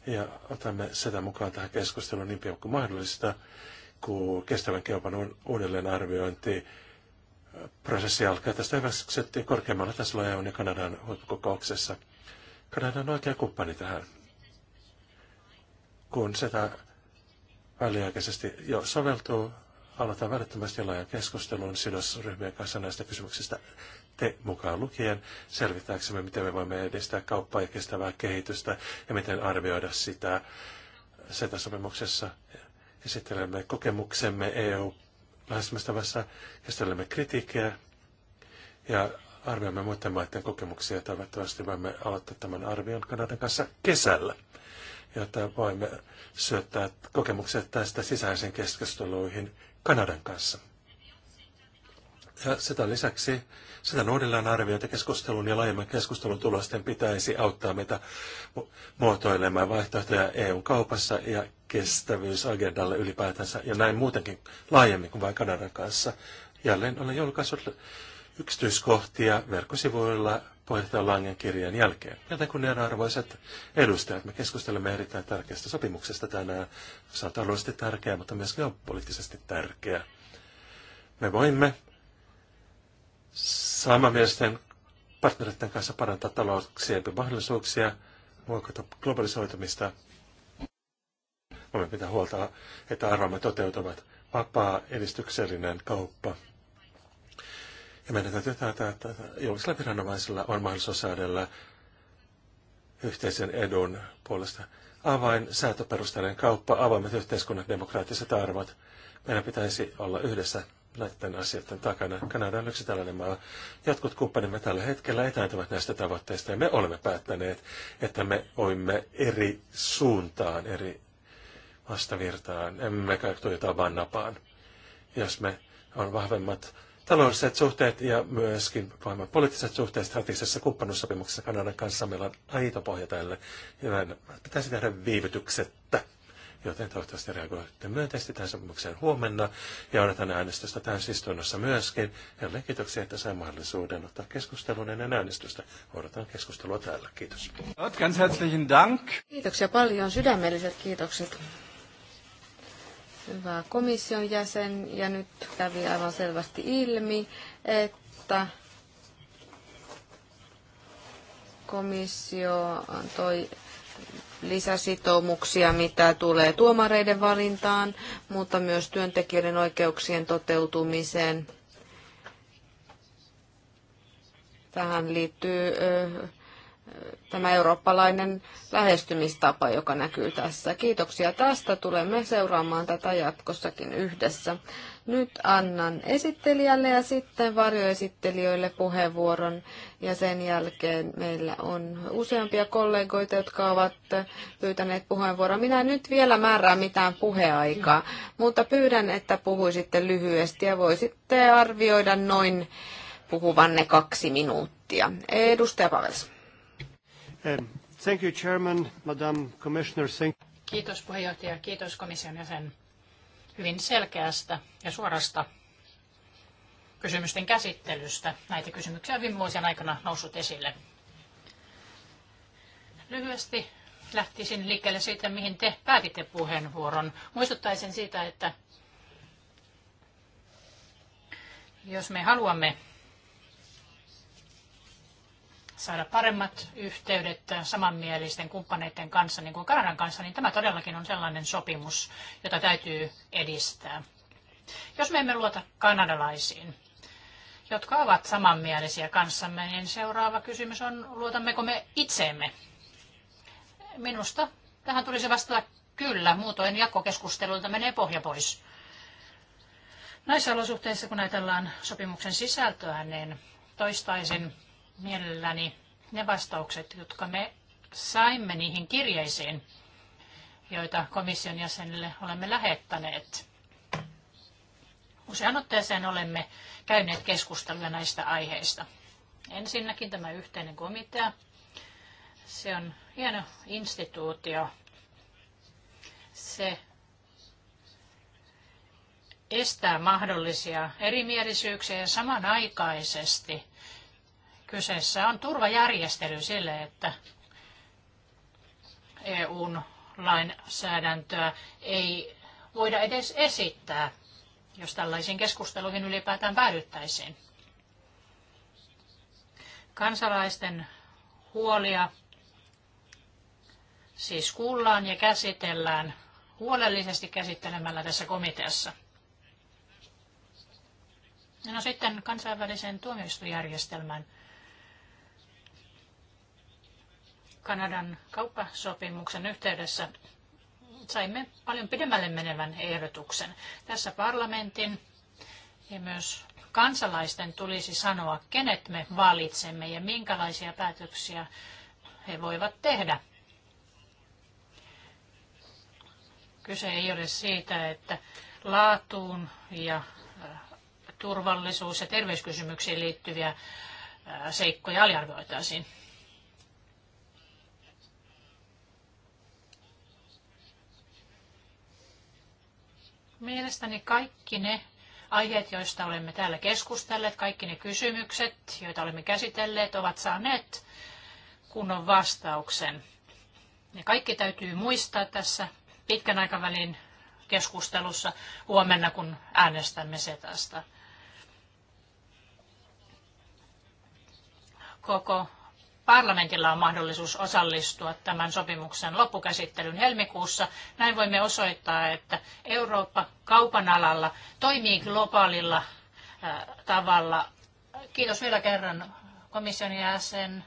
Ja otamme sitä mukaan tähän keskusteluun niin pian kuin mahdollista, kun kestävän kilpailun uudelleenarviointi äh, prosessi alkaa. Tästä hyväksyttiin korkeammalla tasolla EUn ja Kanadan huippukokouksessa. Kanada on oikea kumppani tähän. Kun sitä väliaikaisesti jo soveltuu. Aloitetaan välittömästi laajan keskustelun sidosryhmien kanssa näistä kysymyksistä te mukaan lukien selvittääksemme, miten me voimme edistää kauppaa ja kestävää kehitystä ja miten arvioida sitä SETA-sopimuksessa. Esittelemme kokemuksemme EU-lähestymistavassa, esittelemme kritiikkiä ja arvioimme muiden maiden kokemuksia. Toivottavasti voimme aloittaa tämän arvion Kanadan kanssa kesällä jotta voimme syöttää kokemukset tästä sisäisen keskusteluihin Kanadan kanssa. Ja sitä lisäksi sitä uudelleen arviointi keskustelun ja laajemman keskustelun tulosten pitäisi auttaa meitä muotoilemaan vaihtoehtoja EUn kaupassa ja kestävyysagendalle ylipäätänsä ja näin muutenkin laajemmin kuin vain Kanadan kanssa. Jälleen olen julkaissut yksityiskohtia verkkosivuilla puheenjohtaja Langen kirjan jälkeen. Joten kunnianarvoiset edustajat, me keskustelemme erittäin tärkeästä sopimuksesta tänään. Se on taloudellisesti tärkeä, mutta myös geopoliittisesti tärkeä. Me voimme saamamielisten partnereiden kanssa parantaa talouksien mahdollisuuksia, muokata globalisoitumista. Voimme pitää huolta, että arvomme toteutuvat. Vapaa, edistyksellinen kauppa ja meidän täytyy taata, että julkisella viranomaisilla on mahdollisuus säädellä yhteisen edun puolesta. Avain, säätöperusteinen kauppa, avoimet yhteiskunnat, demokraattiset arvot. Meidän pitäisi olla yhdessä näiden asioiden takana. Kanada on yksi tällainen maa. Jotkut kumppanimme tällä hetkellä etääntyvät näistä tavoitteista ja me olemme päättäneet, että me oimme eri suuntaan, eri vastavirtaan. Emme kaikki jotain vaan napaan. Jos me on vahvemmat taloudelliset suhteet ja myöskin maailman poliittiset suhteet strategisessa kumppanuussopimuksessa Kanadan kanssa. Meillä on aito pohja tälle ja näin pitäisi tehdä viivytyksettä. Joten toivottavasti reagoitte myönteisesti tähän sopimukseen huomenna ja odotan äänestystä täysistunnossa myöskin. Jälleen kiitoksia, että sain mahdollisuuden ottaa keskustelun ennen äänestystä. Odotan keskustelua täällä. Kiitos. Ganz herzlichen Dank. Kiitoksia paljon. Sydämelliset kiitokset hyvä komission jäsen, ja nyt kävi aivan selvästi ilmi, että komissio antoi lisäsitoumuksia, mitä tulee tuomareiden valintaan, mutta myös työntekijöiden oikeuksien toteutumiseen. Tähän liittyy tämä eurooppalainen lähestymistapa, joka näkyy tässä. Kiitoksia tästä. Tulemme seuraamaan tätä jatkossakin yhdessä. Nyt annan esittelijälle ja sitten varjoesittelijöille puheenvuoron. Ja sen jälkeen meillä on useampia kollegoita, jotka ovat pyytäneet puheenvuoroa. Minä en nyt vielä määrää mitään puheaikaa, mutta pyydän, että puhuisitte lyhyesti ja voisitte arvioida noin puhuvanne kaksi minuuttia. Edustaja Pavels. Um, thank you, Chairman, Madam Commissioner. Kiitos puheenjohtaja, kiitos komission jäsen hyvin selkeästä ja suorasta kysymysten käsittelystä. Näitä kysymyksiä on viime vuosien aikana noussut esille. Lyhyesti lähtisin liikkeelle siitä, mihin te päätitte puheenvuoron. Muistuttaisin siitä, että jos me haluamme saada paremmat yhteydet samanmielisten kumppaneiden kanssa, niin kuin Kanadan kanssa, niin tämä todellakin on sellainen sopimus, jota täytyy edistää. Jos me emme luota kanadalaisiin, jotka ovat samanmielisiä kanssamme, niin seuraava kysymys on, luotammeko me itseemme? Minusta tähän tulisi vastata kyllä, muutoin jakokeskustelulta menee pohja pois. Näissä olosuhteissa, kun ajatellaan sopimuksen sisältöä, niin toistaisin mielelläni ne vastaukset, jotka me saimme niihin kirjeisiin, joita komission jäsenille olemme lähettäneet. Usean otteeseen olemme käyneet keskusteluja näistä aiheista. Ensinnäkin tämä yhteinen komitea. Se on hieno instituutio. Se estää mahdollisia erimielisyyksiä ja samanaikaisesti Kyseessä on turvajärjestely sille, että EUn lainsäädäntöä ei voida edes esittää, jos tällaisiin keskusteluihin ylipäätään päädyttäisiin. Kansalaisten huolia siis kuullaan ja käsitellään huolellisesti käsittelemällä tässä komiteassa. No sitten kansainvälisen tuomioistujärjestelmän. Kanadan kauppasopimuksen yhteydessä saimme paljon pidemmälle menevän ehdotuksen. Tässä parlamentin ja myös kansalaisten tulisi sanoa, kenet me valitsemme ja minkälaisia päätöksiä he voivat tehdä. Kyse ei ole siitä, että laatuun ja äh, turvallisuus- ja terveyskysymyksiin liittyviä äh, seikkoja aliarvioitaisiin. Mielestäni kaikki ne aiheet, joista olemme täällä keskustelleet, kaikki ne kysymykset, joita olemme käsitelleet, ovat saaneet kunnon vastauksen. Ne kaikki täytyy muistaa tässä pitkän aikavälin keskustelussa huomenna, kun äänestämme setasta. Koko parlamentilla on mahdollisuus osallistua tämän sopimuksen loppukäsittelyn helmikuussa. Näin voimme osoittaa, että Eurooppa kaupan alalla toimii globaalilla äh, tavalla. Kiitos vielä kerran komission jäsen.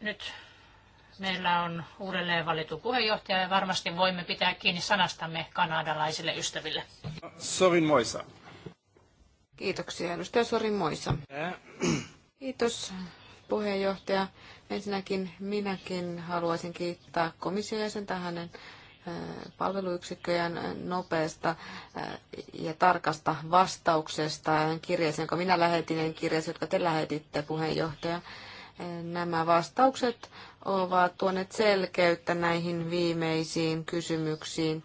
Nyt meillä on uudelleen valittu puheenjohtaja ja varmasti voimme pitää kiinni sanastamme kanadalaisille ystäville. Sovin Moisa. Kiitoksia, edustaja Sori Moisa. Kiitos, puheenjohtaja. Ensinnäkin minäkin haluaisin kiittää komission jäsentä hänen palveluyksikköjen nopeasta ja tarkasta vastauksesta kirjeeseen, jonka minä lähetin, ja kirjeeseen, jotka te lähetitte, puheenjohtaja. Nämä vastaukset ovat tuoneet selkeyttä näihin viimeisiin kysymyksiin,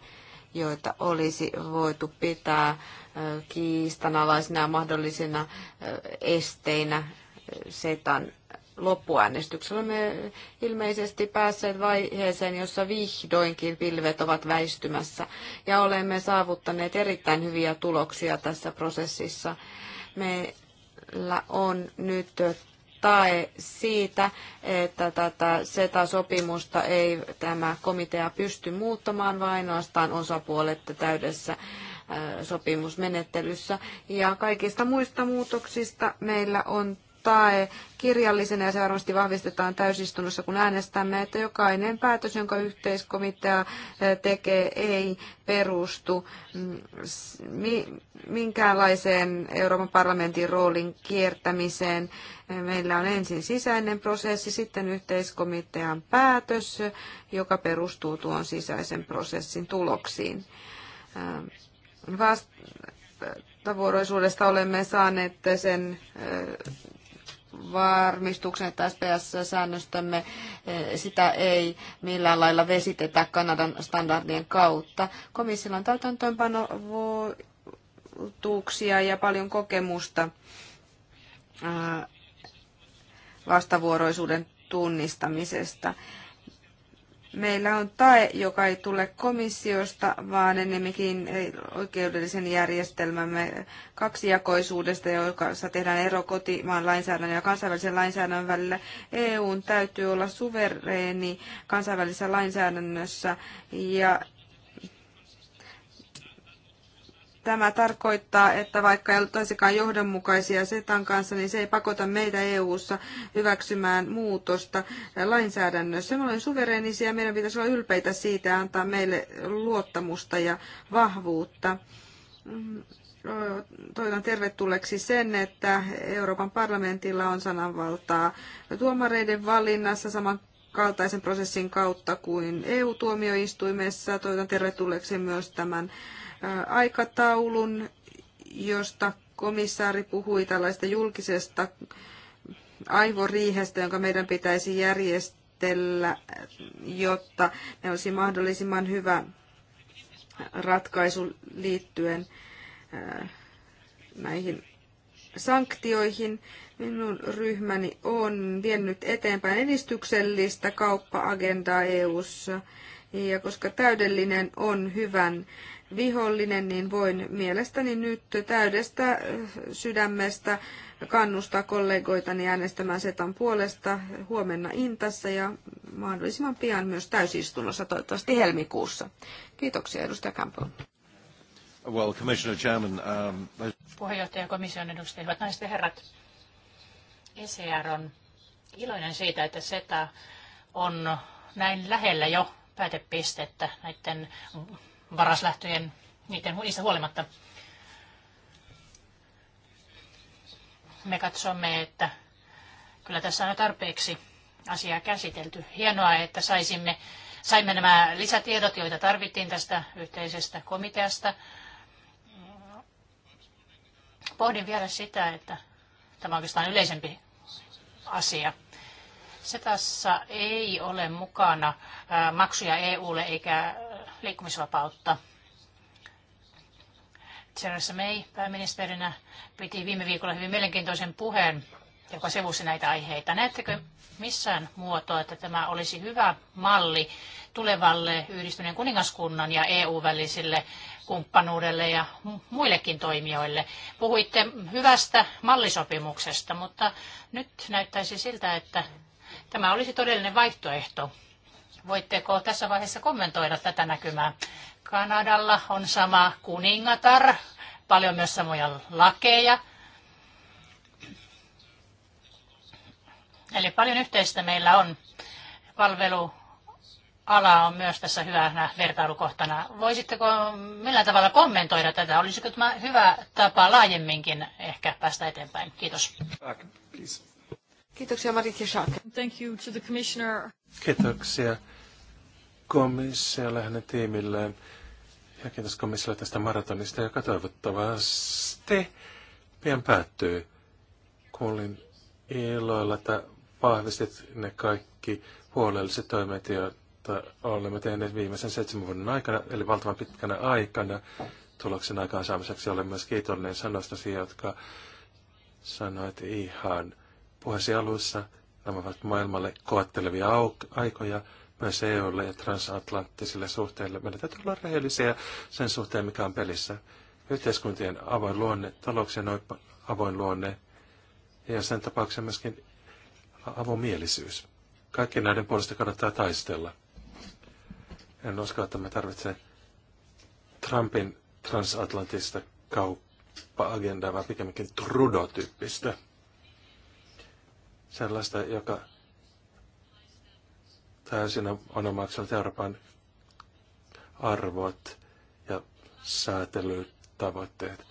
joita olisi voitu pitää kiistanalaisina ja mahdollisina esteinä setan loppuäänestyksellä me ilmeisesti päässeet vaiheeseen, jossa vihdoinkin pilvet ovat väistymässä ja olemme saavuttaneet erittäin hyviä tuloksia tässä prosessissa. Meillä on nyt tae siitä, että tätä SETA-sopimusta ei tämä komitea pysty muuttamaan, vaan ainoastaan osapuolet täydessä sopimusmenettelyssä. Ja kaikista muista muutoksista meillä on tae kirjallisena ja se varmasti vahvistetaan täysistunnossa, kun äänestämme, että jokainen päätös, jonka yhteiskomitea tekee, ei perustu mm, minkäänlaiseen Euroopan parlamentin roolin kiertämiseen. Meillä on ensin sisäinen prosessi, sitten yhteiskomitean päätös, joka perustuu tuon sisäisen prosessin tuloksiin vastavuoroisuudesta olemme saaneet sen varmistuksen, että SPS-säännöstämme sitä ei millään lailla vesitetä Kanadan standardien kautta. Komissiolla on täytäntöönpanovuotuuksia ja paljon kokemusta vastavuoroisuuden tunnistamisesta. Meillä on tae, joka ei tule komissiosta, vaan enemmänkin oikeudellisen järjestelmämme kaksijakoisuudesta, joka tehdään ero kotimaan lainsäädännön ja kansainvälisen lainsäädännön välillä. EUn täytyy olla suvereeni kansainvälisessä lainsäädännössä ja Tämä tarkoittaa, että vaikka ei oltaisikaan johdonmukaisia SETAn kanssa, niin se ei pakota meitä EU-ssa hyväksymään muutosta lainsäädännössä. Me olemme suvereenisia ja meidän pitäisi olla ylpeitä siitä ja antaa meille luottamusta ja vahvuutta toivotan tervetulleeksi sen, että Euroopan parlamentilla on sananvaltaa tuomareiden valinnassa samankaltaisen prosessin kautta kuin EU-tuomioistuimessa. Toivotan tervetulleeksi myös tämän aikataulun, josta komissaari puhui tällaista julkisesta aivoriihestä, jonka meidän pitäisi järjestellä, jotta ne olisi mahdollisimman hyvä ratkaisu liittyen näihin sanktioihin. Minun ryhmäni on vienyt eteenpäin edistyksellistä kauppa-agendaa EU:ssa ja koska täydellinen on hyvän vihollinen, niin voin mielestäni nyt täydestä sydämestä kannustaa kollegoitani äänestämään Setan puolesta huomenna Intassa ja mahdollisimman pian myös täysistunnossa, toivottavasti helmikuussa. Kiitoksia, edustaja Campbell. Well, Commissioner Chairman, um... Puheenjohtaja ja komission edustaja, hyvät naiset ja herrat. ECR on iloinen siitä, että SETA on näin lähellä jo päätepistettä näiden varaslähtöjen, niiden niistä huolimatta. Me katsomme, että kyllä tässä on tarpeeksi asiaa käsitelty. Hienoa, että saisimme, saimme nämä lisätiedot, joita tarvittiin tästä yhteisestä komiteasta. Pohdin vielä sitä, että tämä on oikeastaan yleisempi asia. Setassa ei ole mukana maksuja EUlle eikä liikkumisvapautta. Theresa May pääministerinä piti viime viikolla hyvin mielenkiintoisen puheen, joka sivusi näitä aiheita. Näettekö missään muotoa, että tämä olisi hyvä malli tulevalle yhdistyneen kuningaskunnan ja EU-välisille kumppanuudelle ja muillekin toimijoille. Puhuitte hyvästä mallisopimuksesta, mutta nyt näyttäisi siltä, että tämä olisi todellinen vaihtoehto Voitteko tässä vaiheessa kommentoida tätä näkymää? Kanadalla on sama kuningatar, paljon myös samoja lakeja. Eli paljon yhteistä meillä on. Palveluala on myös tässä hyvänä vertailukohtana. Voisitteko millä tavalla kommentoida tätä? Olisiko tämä hyvä tapa laajemminkin ehkä päästä eteenpäin? Kiitos. Kiitoksia Marit Thank you to the commissioner. Kiitoksia komissiolle hänen tiimilleen ja kiitos komissiolle tästä maratonista, joka toivottavasti pian päättyy. Kuulin iloilla, että vahvistit ne kaikki huolelliset toimet, joita olemme tehneet viimeisen seitsemän vuoden aikana, eli valtavan pitkänä aikana. Tuloksen aikaansaamiseksi olen myös kiitollinen sanoistasi, jotka sanoit ihan puheesi alussa. Nämä ovat maailmalle koettelevia aikoja myös EUlle ja transatlanttisille suhteille. Meidän täytyy olla rehellisiä sen suhteen, mikä on pelissä. Yhteiskuntien avoin luonne, talouksien avoin luonne ja sen tapauksessa myöskin avomielisyys. Kaikki näiden puolesta kannattaa taistella. En usko, että me tarvitsee Trumpin transatlanttista kauppa-agendaa, vaan pikemminkin Trudeau-tyyppistä. Sellaista, joka täysin on omaksunut Euroopan arvot ja säätelytavoitteet.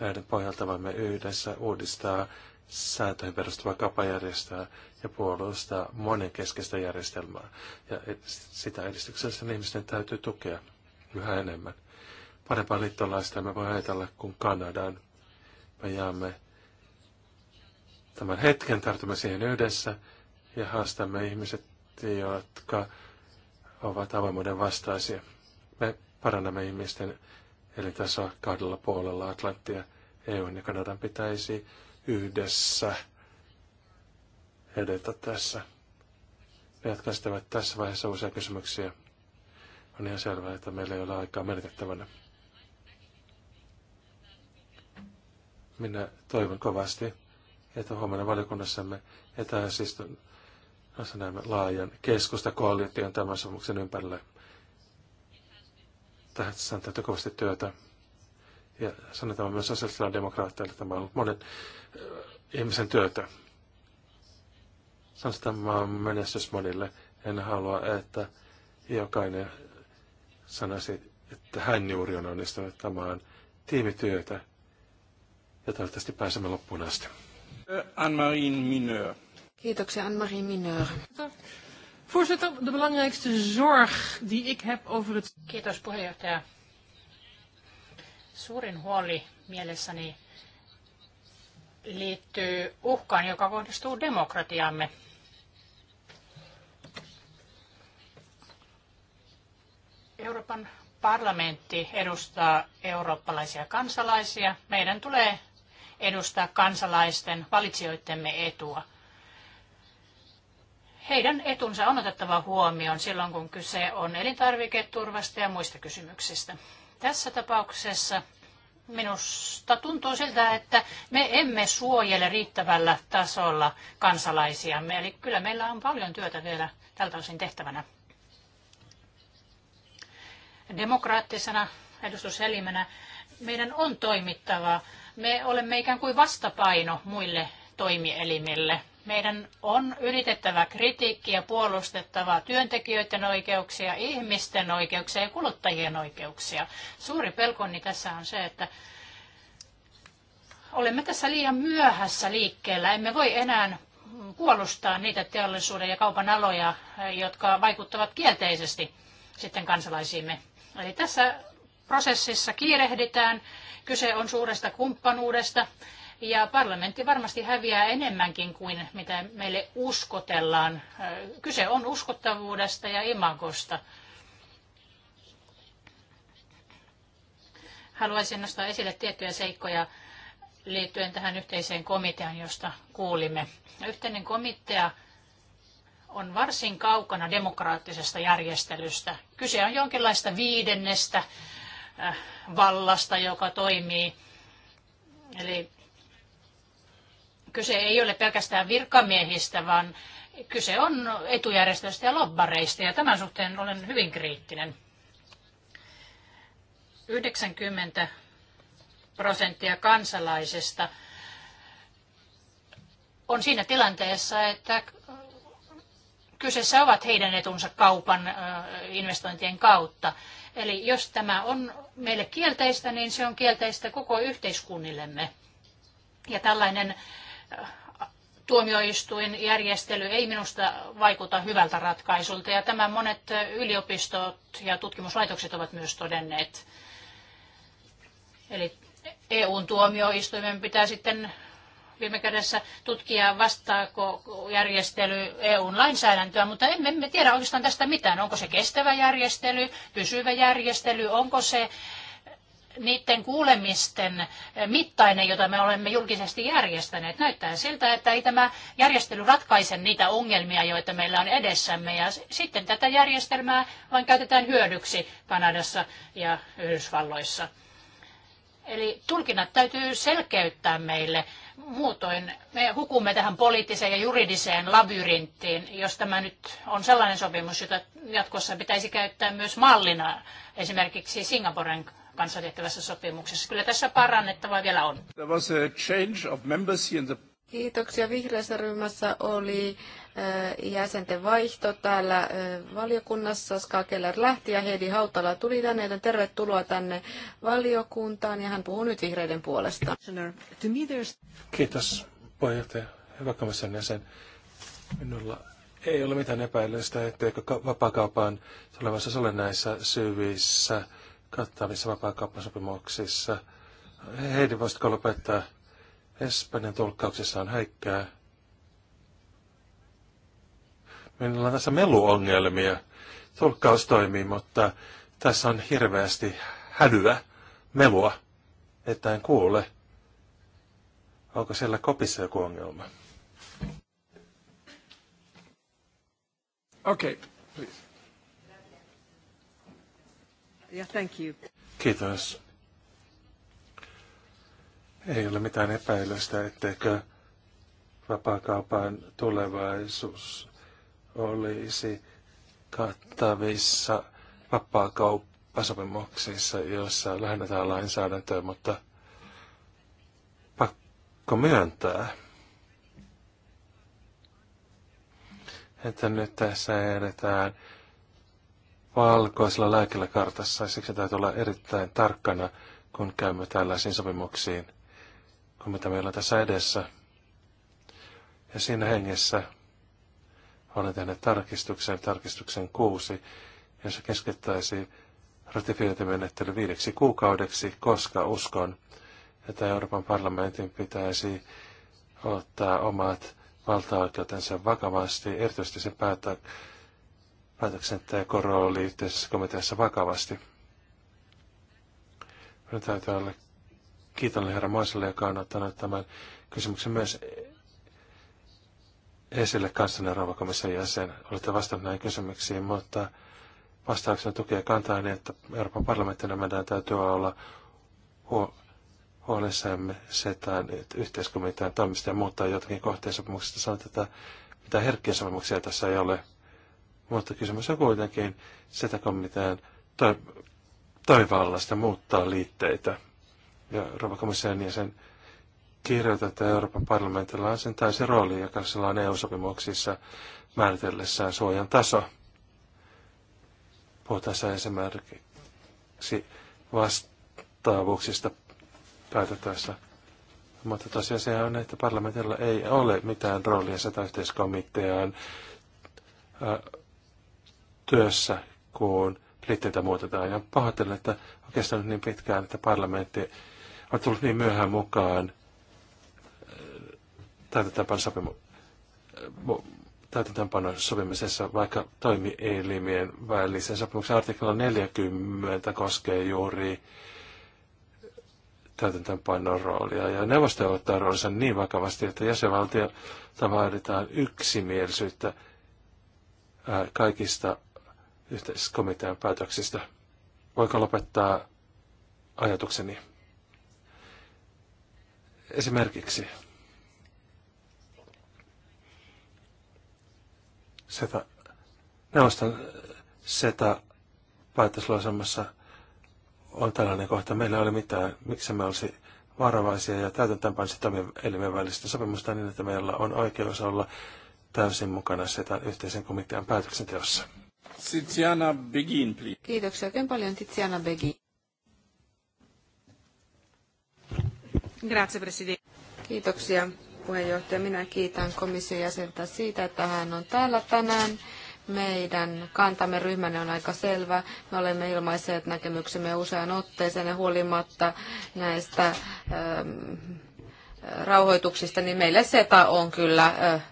Näiden pohjalta voimme yhdessä uudistaa sääntöihin perustuvaa kapajärjestöä ja puolustaa monenkeskeistä järjestelmää. Ja sitä edistyksessä ihmisten täytyy tukea yhä enemmän. Parempaa liittolaista me voi ajatella kuin Kanadan. Me jaamme tämän hetken, tartumme siihen yhdessä ja haastamme ihmiset jotka ovat avoimuuden vastaisia. Me parannamme ihmisten elintasoa kahdella puolella Atlanttia. EU ja Kanadan pitäisi yhdessä edetä tässä. Me jatkaisimme tässä vaiheessa uusia kysymyksiä, on ihan selvää, että meillä ei ole aikaa menetettävänä. Minä toivon kovasti, että huomenna valiokunnassamme etäisistun näemme laajan keskusta koalition tämän sopimuksen ympärille. Tässä on tehty kovasti työtä. Ja sanotaan myös sosiaalisilla demokraatteilla, tämä on ollut monen eh, ihmisen työtä. Sanotaan, että tämä on menestys monille. En halua, että jokainen sanoisi, että hän juuri on onnistunut. Tämä on tiimityötä ja toivottavasti pääsemme loppuun asti. Anne-Marie Mineur. Kiitoksia Anne-Marie Mineur. Voorzitter, de belangrijkste zorg die ik heb over het... Kiitos puheenjohtaja. Suurin huoli mielessäni liittyy uhkaan, joka kohdistuu demokratiamme. Euroopan parlamentti edustaa eurooppalaisia kansalaisia. Meidän tulee edustaa kansalaisten valitsijoittemme etua heidän etunsa on otettava huomioon silloin, kun kyse on elintarviketurvasta ja muista kysymyksistä. Tässä tapauksessa minusta tuntuu siltä, että me emme suojele riittävällä tasolla kansalaisiamme. Eli kyllä meillä on paljon työtä vielä tältä osin tehtävänä. Demokraattisena edustuselimenä meidän on toimittava. Me olemme ikään kuin vastapaino muille toimielimille – meidän on yritettävä kritiikkiä puolustettavaa puolustettava työntekijöiden oikeuksia, ihmisten oikeuksia ja kuluttajien oikeuksia. Suuri pelkoni tässä on se, että olemme tässä liian myöhässä liikkeellä. Emme voi enää puolustaa niitä teollisuuden ja kaupan aloja, jotka vaikuttavat kielteisesti sitten kansalaisiimme. Eli tässä prosessissa kiirehditään. Kyse on suuresta kumppanuudesta ja parlamentti varmasti häviää enemmänkin kuin mitä meille uskotellaan. Kyse on uskottavuudesta ja imagosta. Haluaisin nostaa esille tiettyjä seikkoja liittyen tähän yhteiseen komiteaan, josta kuulimme. Yhteinen komitea on varsin kaukana demokraattisesta järjestelystä. Kyse on jonkinlaista viidennestä äh, vallasta, joka toimii. Eli Kyse ei ole pelkästään virkamiehistä, vaan kyse on etujärjestöistä ja lobbareista, ja tämän suhteen olen hyvin kriittinen. 90 prosenttia kansalaisista on siinä tilanteessa, että kyseessä ovat heidän etunsa kaupan investointien kautta. Eli jos tämä on meille kielteistä, niin se on kielteistä koko yhteiskunnillemme. Ja tällainen tuomioistuinjärjestely ei minusta vaikuta hyvältä ratkaisulta ja tämän monet yliopistot ja tutkimuslaitokset ovat myös todenneet. Eli EUn tuomioistuimen pitää sitten viime kädessä tutkia, vastaako järjestely EUn lainsäädäntöä, mutta emme, emme tiedä oikeastaan tästä mitään. Onko se kestävä järjestely, pysyvä järjestely, onko se niiden kuulemisten mittainen, jota me olemme julkisesti järjestäneet. Näyttää siltä, että ei tämä järjestely ratkaise niitä ongelmia, joita meillä on edessämme. Ja sitten tätä järjestelmää vain käytetään hyödyksi Kanadassa ja Yhdysvalloissa. Eli tulkinnat täytyy selkeyttää meille. Muutoin me hukumme tähän poliittiseen ja juridiseen labyrinttiin, jos tämä nyt on sellainen sopimus, jota jatkossa pitäisi käyttää myös mallina esimerkiksi Singaporen kanssa tehtävässä sopimuksessa. Kyllä tässä parannettavaa vielä on. Kiitoksia. Vihreässä ryhmässä oli eh, jäsenten vaihto täällä eh, valiokunnassa. Ska Keller lähti ja Heidi Hautala tuli tänne, joten tervetuloa tänne valiokuntaan ja hän puhuu nyt vihreiden puolesta. Kiitos puheenjohtaja. Hyvä komission jäsen. Minulla ei ole mitään epäilystä, etteikö vapaakaupan tulevassa ole syvissä kattavissa vapaakauppasopimuksissa. Heidi, voisitko lopettaa? Espanjan tulkkauksessa on häikkää. Minulla on tässä meluongelmia. Tulkkaus toimii, mutta tässä on hirveästi hälyä, melua, että en kuule. Onko siellä kopissa joku ongelma? Okei. Okay. Yeah, thank you. Kiitos. Ei ole mitään epäilystä, etteikö vapaakaupan tulevaisuus olisi kattavissa vapaakauppasopimuksissa, joissa lähennetään lainsäädäntöä, mutta pakko myöntää, että nyt tässä edetään valkoisella lääkellä kartassa. Siksi täytyy olla erittäin tarkkana, kun käymme tällaisiin sopimuksiin, kun mitä meillä on tässä edessä. Ja siinä hengessä olen tehnyt tarkistuksen, tarkistuksen kuusi, jossa keskittäisi ratifiointimenettely viideksi kuukaudeksi, koska uskon, että Euroopan parlamentin pitäisi ottaa omat valtaoikeutensa vakavasti, erityisesti se päättää päätöksenteon rooli yhteisessä komiteassa vakavasti. Minun täytyy olla kiitollinen herra Moiselle, joka on ottanut tämän kysymyksen myös esille kansallinen rauhakomission jäsen. Olette vastannut näihin kysymyksiin, mutta vastauksena tukee kantaa niin, että Euroopan parlamenttina meidän täytyy olla huo- huolissamme se, että yhteiskomitean toimista ja muuttaa jotakin kohteen sopimuksista Sanotaan, että mitä herkkiä sopimuksia tässä ei ole. Mutta kysymys on kuitenkin sitä komitean tai taivallasta muuttaa liitteitä. Ja Euroopan komission jäsen kirjoittaa, että Euroopan parlamentilla on sen täysin rooli, joka sillä on EU-sopimuksissa määritellessään suojan taso. Puhutaan esimerkiksi vastaavuuksista päätettäessä. Mutta tosiaan se on, että parlamentilla ei ole mitään roolia satayhteiskomiteaan äh, työssä, kun liitteitä muutetaan. Ja pahoittelen, että oikeastaan niin pitkään, että parlamentti on tullut niin myöhään mukaan äh, äh, täytäntöönpanon sopimisessa, vaikka toimielimien välisen sopimuksen artikla 40 koskee juuri täytäntöönpanon roolia. Ja neuvosto ottaa roolinsa niin vakavasti, että jäsenvaltiolta vaaditaan yksimielisyyttä äh, kaikista yhteiskomitean päätöksistä. Voinko lopettaa ajatukseni? Esimerkiksi seta, neuvoston seta päätöslauselmassa on tällainen kohta. Meillä ei ole mitään, miksi me olisi varovaisia ja täytäntäänpäin elimen välistä sopimusta niin, että meillä on oikeus olla täysin mukana SETAn yhteisen komitean päätöksenteossa. Tiziana Begin, please. Kiitoksia oikein paljon, Tiziana Begin. Grazie, Presidente. Kiitoksia, puheenjohtaja. Minä kiitän komission jäsentä siitä, että hän on täällä tänään. Meidän kantamme ryhmänne on aika selvä. Me olemme ilmaiseet näkemyksemme usean otteeseen ja huolimatta näistä ähm, rauhoituksista, niin meille SETA on kyllä äh,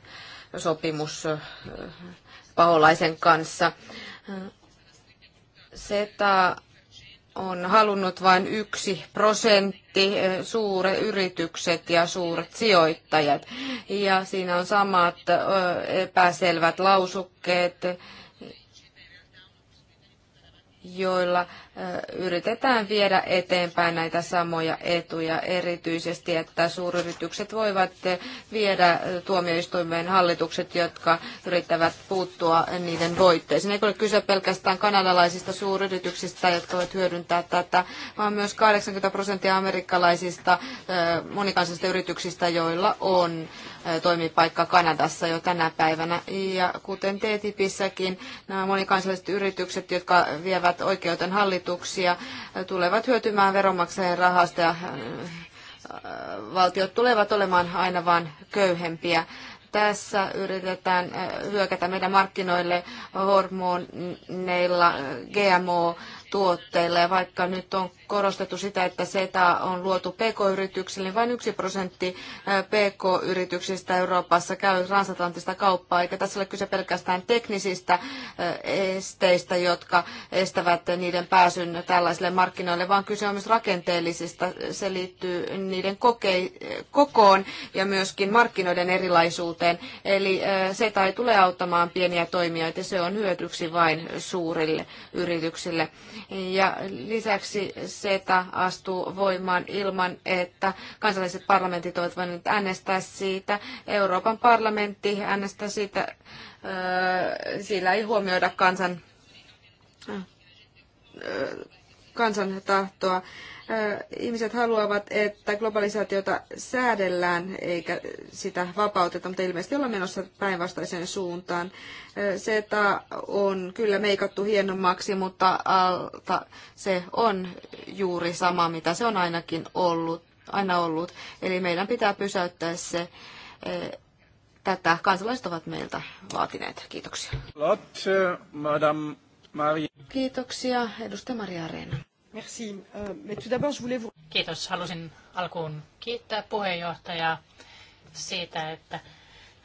sopimus. Äh, paholaisen kanssa. Seta on halunnut vain yksi prosentti eh, suuret yritykset ja suuret sijoittajat. Ja siinä on samat eh, epäselvät lausukkeet, joilla yritetään viedä eteenpäin näitä samoja etuja, erityisesti, että suuryritykset voivat viedä tuomioistuimeen hallitukset, jotka yrittävät puuttua niiden voitteisiin. Ei ole kyse pelkästään kanadalaisista suuryrityksistä, jotka voivat hyödyntää tätä, vaan myös 80 prosenttia amerikkalaisista monikansallisista yrityksistä, joilla on toimipaikka Kanadassa jo tänä päivänä. Ja kuten TTIPissäkin, nämä monikansalliset yritykset, jotka vievät oikeuden hallitukseen, rajoituksia, tulevat hyötymään veronmaksajien rahasta ja äh, valtiot tulevat olemaan aina vain köyhempiä. Tässä yritetään äh, hyökätä meidän markkinoille hormoneilla, äh, GMO-tuotteilla ja vaikka nyt on korostettu sitä, että SETA on luotu PK-yrityksille. Vain yksi prosentti PK-yrityksistä Euroopassa käy transatlanttista kauppaa, eikä tässä ole kyse pelkästään teknisistä esteistä, jotka estävät niiden pääsyn tällaisille markkinoille, vaan kyse on myös rakenteellisista. Se liittyy niiden kokei- kokoon ja myöskin markkinoiden erilaisuuteen. Eli SETA ei tule auttamaan pieniä toimijoita, se on hyödyksi vain suurille yrityksille. Ja lisäksi SETA astuu voimaan ilman, että kansalliset parlamentit ovat voineet äänestää siitä. Euroopan parlamentti äänestää siitä. Öö, sillä ei huomioida kansan, öö, kansan tahtoa ihmiset haluavat, että globalisaatiota säädellään eikä sitä vapauteta, mutta ilmeisesti ollaan menossa päinvastaiseen suuntaan. Seta on kyllä meikattu hienommaksi, mutta alta se on juuri sama, mitä se on ainakin ollut, aina ollut. Eli meidän pitää pysäyttää se. Tätä kansalaiset ovat meiltä vaatineet. Kiitoksia. Lot, madame Maria. Kiitoksia, edustaja Maria Reena. Merci. Euh, Kiitos. Halusin alkuun kiittää puheenjohtajaa siitä, että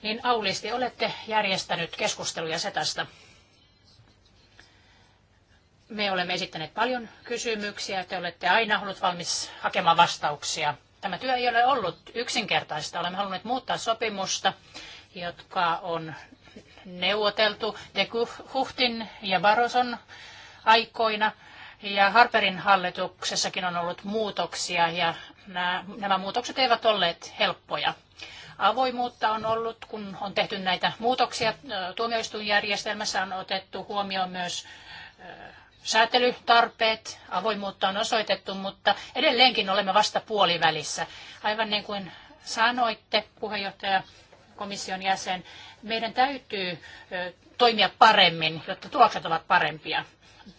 niin aulisti olette järjestänyt keskusteluja setasta. Me olemme esittäneet paljon kysymyksiä. Te olette aina ollut valmis hakemaan vastauksia. Tämä työ ei ole ollut yksinkertaista. Olemme halunneet muuttaa sopimusta, jotka on neuvoteltu de Huhtin ja Baroson aikoina – ja Harperin hallituksessakin on ollut muutoksia ja nämä muutokset eivät olleet helppoja. Avoimuutta on ollut, kun on tehty näitä muutoksia. Tuomioistuinjärjestelmässä on otettu huomioon myös säätelytarpeet, avoimuutta on osoitettu, mutta edelleenkin olemme vasta puolivälissä. Aivan niin kuin sanoitte, puheenjohtaja komission jäsen, meidän täytyy toimia paremmin, jotta tulokset ovat parempia.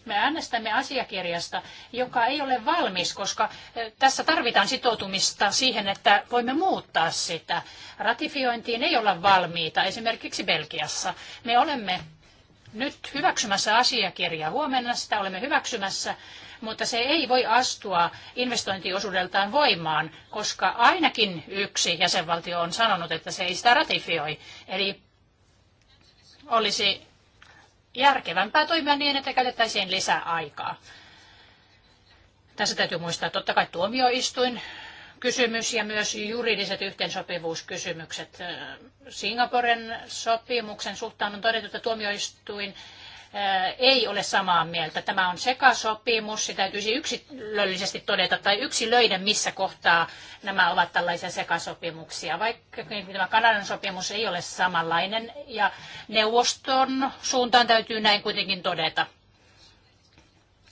Me äänestämme asiakirjasta, joka ei ole valmis, koska eh, tässä tarvitaan sitoutumista siihen, että voimme muuttaa sitä. Ratifiointiin ei olla valmiita, esimerkiksi Belgiassa. Me olemme nyt hyväksymässä asiakirjaa. Huomenna sitä olemme hyväksymässä, mutta se ei voi astua investointiosuudeltaan voimaan, koska ainakin yksi jäsenvaltio on sanonut, että se ei sitä ratifioi. Eli olisi järkevämpää toimia niin, että käytettäisiin lisää aikaa. Tässä täytyy muistaa totta kai tuomioistuin kysymys ja myös juridiset yhteensopivuuskysymykset. Singaporen sopimuksen suhtaan on todettu, että tuomioistuin ei ole samaa mieltä. Tämä on sekasopimus, se täytyisi yksilöllisesti todeta tai yksilöiden, missä kohtaa nämä ovat tällaisia sekasopimuksia. Vaikka tämä Kanadan sopimus ei ole samanlainen ja neuvoston suuntaan täytyy näin kuitenkin todeta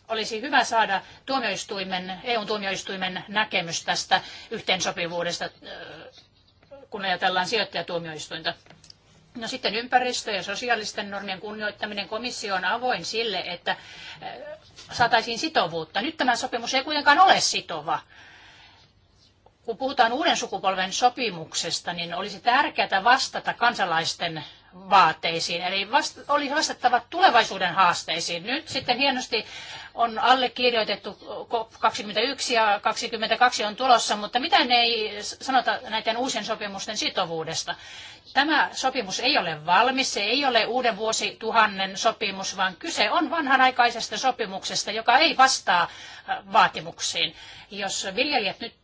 olisi hyvä saada tuomioistuimen, EU-tuomioistuimen näkemys tästä yhteensopivuudesta, kun ajatellaan sijoittajatuomioistuinta. No sitten ympäristö- ja sosiaalisten normien kunnioittaminen komissio on avoin sille, että äh, saataisiin sitovuutta. Nyt tämä sopimus ei kuitenkaan ole sitova. Kun puhutaan uuden sukupolven sopimuksesta, niin olisi tärkeää vastata kansalaisten vaateisiin, eli vasta, oli vastattava tulevaisuuden haasteisiin. Nyt sitten hienosti on allekirjoitettu 21 ja 22 on tulossa, mutta mitä ne ei sanota näiden uusien sopimusten sitovuudesta? Tämä sopimus ei ole valmis, se ei ole uuden vuosituhannen sopimus, vaan kyse on vanhanaikaisesta sopimuksesta, joka ei vastaa äh, vaatimuksiin. Jos viljelijät nyt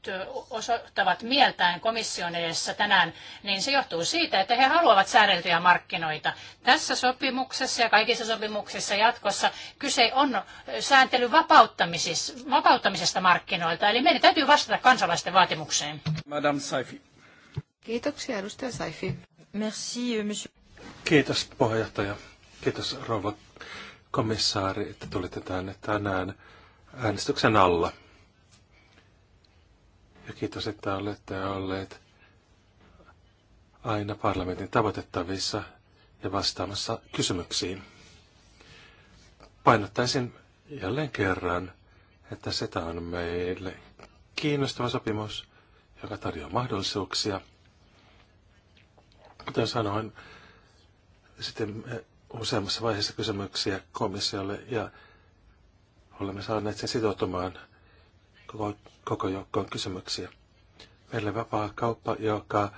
osoittavat mieltään komission edessä tänään, niin se johtuu siitä, että he haluavat säädeltyjä markkinoita. Tässä sopimuksessa ja kaikissa sopimuksissa jatkossa kyse on säädeltyjä sääntelyn vapauttamisesta markkinoilta. Eli meidän täytyy vastata kansalaisten vaatimukseen. Madame Saifi. Kiitoksia, edustaja Saifi. Merci, euh, monsieur. Kiitos, puheenjohtaja. Kiitos, rouva komissaari, että tulitte tänne tänään äänestyksen alla. Ja kiitos, että olette olleet aina parlamentin tavoitettavissa ja vastaamassa kysymyksiin. Painottaisin jälleen kerran, että SETA on meille kiinnostava sopimus, joka tarjoaa mahdollisuuksia. Kuten sanoin, sitten useammassa vaiheessa kysymyksiä komissiolle ja olemme saaneet sen sitoutumaan koko, koko joukkoon kysymyksiä. Meille vapaa kauppa, joka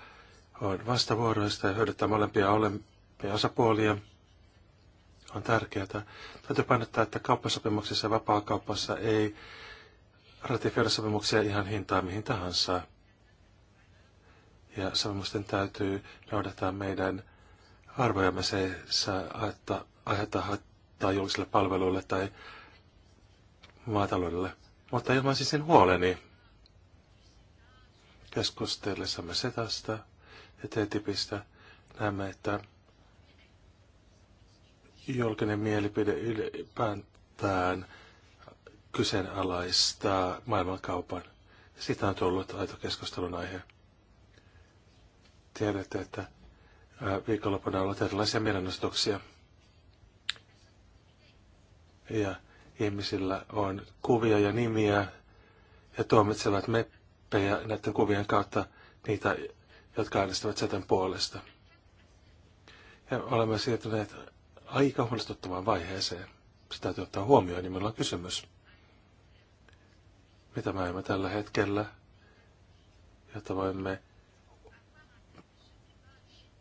on vastavuoroista ja hyödyttää molempia olempia osapuolia – on tärkeää. Täytyy painottaa, että kauppasopimuksessa ja vapaakaupassa ei ratifioida sopimuksia ihan hintaa mihin tahansa. Ja sopimusten täytyy noudattaa meidän arvojamme. Se että aiheuttaa haittaa julkisille palveluille tai maataloudelle. Mutta ilmaisin sen huoleni keskustellessamme setasta ja TTIPistä näemme, että julkinen mielipide ylipäätään kyseenalaistaa maailmankaupan. Siitä on tullut aito keskustelun aihe. Tiedätte, että viikonloppuna on ollut erilaisia mielenostuksia. Ja ihmisillä on kuvia ja nimiä ja tuomitsevat meppejä näiden kuvien kautta niitä, jotka äänestävät sen puolesta. Ja olemme siirtyneet aika huolestuttavaan vaiheeseen. Sitä täytyy ottaa huomioon, niin meillä on kysymys. Mitä me emme tällä hetkellä, jotta voimme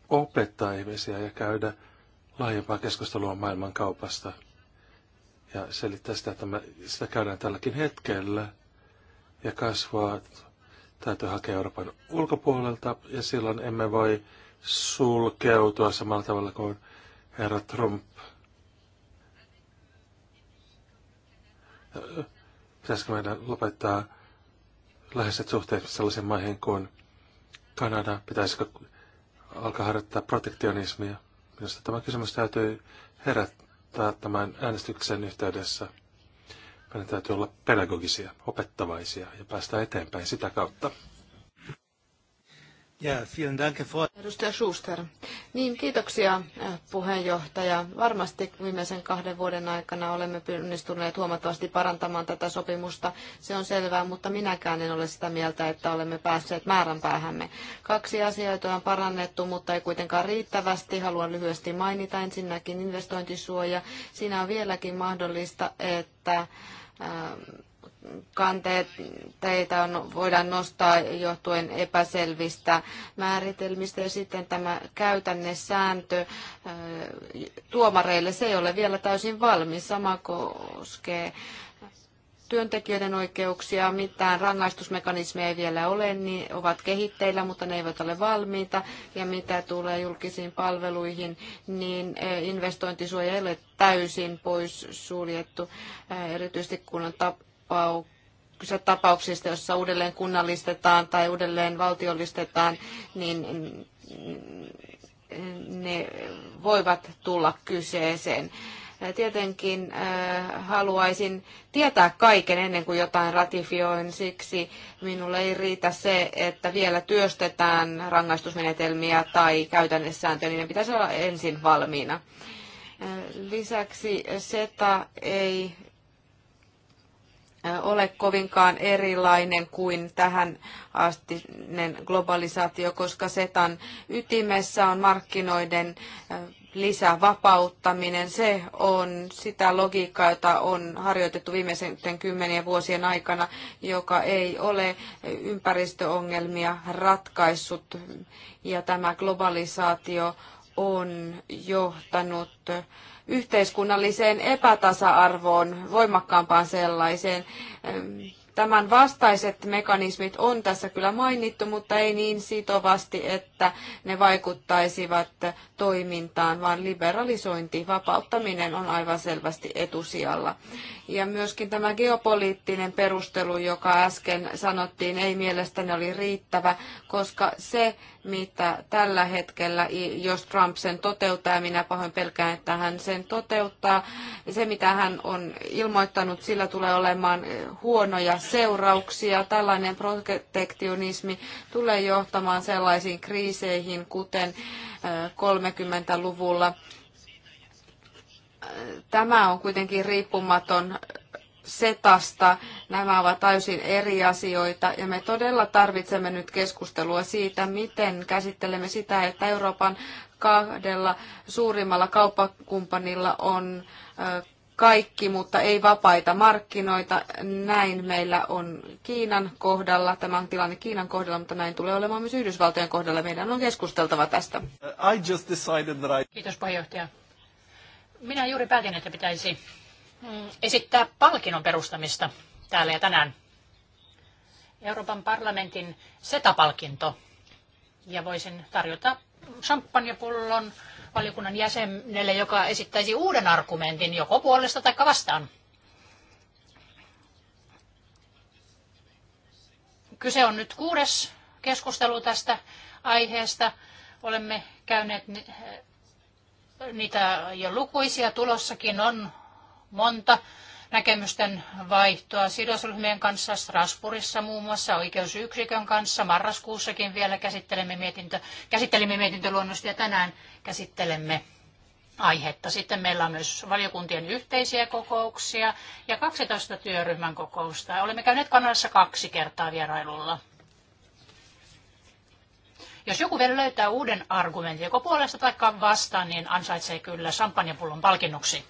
opettaa ihmisiä ja käydä laajempaa keskustelua maailman kaupasta. ja selittää sitä, että me sitä käydään tälläkin hetkellä ja kasvaa täytyy hakea Euroopan ulkopuolelta ja silloin emme voi sulkeutua samalla tavalla kuin herra Trump. Pitäisikö meidän lopettaa läheiset suhteet sellaisiin maihin kuin Kanada? Pitäisikö alkaa harjoittaa protektionismia? Minusta tämä kysymys täytyy herättää tämän äänestyksen yhteydessä. Meidän täytyy olla pedagogisia, opettavaisia ja päästä eteenpäin sitä kautta. Edustaja Schuster. Niin, kiitoksia äh, puheenjohtaja. Varmasti viimeisen kahden vuoden aikana olemme onnistuneet huomattavasti parantamaan tätä sopimusta. Se on selvää, mutta minäkään en ole sitä mieltä, että olemme päässeet määränpäähämme. Kaksi asioita on parannettu, mutta ei kuitenkaan riittävästi. Haluan lyhyesti mainita ensinnäkin investointisuoja. Siinä on vieläkin mahdollista, että ähm, kanteita on, voidaan nostaa johtuen epäselvistä määritelmistä ja sitten tämä käytännesääntö tuomareille, se ei ole vielä täysin valmis. Sama koskee työntekijöiden oikeuksia, mitään rangaistusmekanismeja ei vielä ole, niin ovat kehitteillä, mutta ne eivät ole valmiita. Ja mitä tulee julkisiin palveluihin, niin investointisuoja ei ole täysin pois suljettu, erityisesti kun on tap- tapau- kyse tapauksista, joissa uudelleen kunnallistetaan tai uudelleen valtiollistetaan, niin ne voivat tulla kyseeseen. Tietenkin äh, haluaisin tietää kaiken ennen kuin jotain ratifioin, siksi minulle ei riitä se, että vielä työstetään rangaistusmenetelmiä tai käytännössään niin ne pitäisi olla ensin valmiina. Äh, lisäksi SETA ei ole kovinkaan erilainen kuin tähän asti globalisaatio, koska SETAn ytimessä on markkinoiden lisävapauttaminen. Se on sitä logiikkaa, jota on harjoitettu viimeisen kymmenien vuosien aikana, joka ei ole ympäristöongelmia ratkaissut. Ja tämä globalisaatio on johtanut yhteiskunnalliseen epätasa-arvoon, voimakkaampaan sellaiseen. Tämän vastaiset mekanismit on tässä kyllä mainittu, mutta ei niin sitovasti, että ne vaikuttaisivat toimintaan, vaan liberalisointi, vapauttaminen on aivan selvästi etusijalla. Ja myöskin tämä geopoliittinen perustelu, joka äsken sanottiin, ei mielestäni oli riittävä, koska se, mitä tällä hetkellä, jos Trump sen toteuttaa, minä pahoin pelkään, että hän sen toteuttaa, se mitä hän on ilmoittanut, sillä tulee olemaan huonoja seurauksia. Tällainen protektionismi tulee johtamaan sellaisiin kriiseihin, kuten 30-luvulla tämä on kuitenkin riippumaton setasta. Nämä ovat täysin eri asioita ja me todella tarvitsemme nyt keskustelua siitä, miten käsittelemme sitä, että Euroopan kahdella suurimmalla kauppakumppanilla on kaikki, mutta ei vapaita markkinoita. Näin meillä on Kiinan kohdalla. Tämä on tilanne Kiinan kohdalla, mutta näin tulee olemaan myös Yhdysvaltojen kohdalla. Meidän on keskusteltava tästä. I just decided that I... Kiitos puheenjohtaja minä juuri päätin, että pitäisi mm, esittää palkinnon perustamista täällä ja tänään. Euroopan parlamentin SETA-palkinto. Ja voisin tarjota champagnepullon valiokunnan jäsenelle, joka esittäisi uuden argumentin joko puolesta tai vastaan. Kyse on nyt kuudes keskustelu tästä aiheesta. Olemme käyneet niitä jo lukuisia tulossakin on monta näkemysten vaihtoa sidosryhmien kanssa, Strasbourgissa muun muassa oikeusyksikön kanssa. Marraskuussakin vielä käsittelemme mietintö, käsittelimme mietintöluonnosta ja tänään käsittelemme aihetta. Sitten meillä on myös valiokuntien yhteisiä kokouksia ja 12 työryhmän kokousta. Olemme käyneet Kanadassa kaksi kertaa vierailulla. Jos joku vielä löytää uuden argumentin, joko puolesta tai vastaan, niin ansaitsee kyllä champagnepullon palkinnoksi.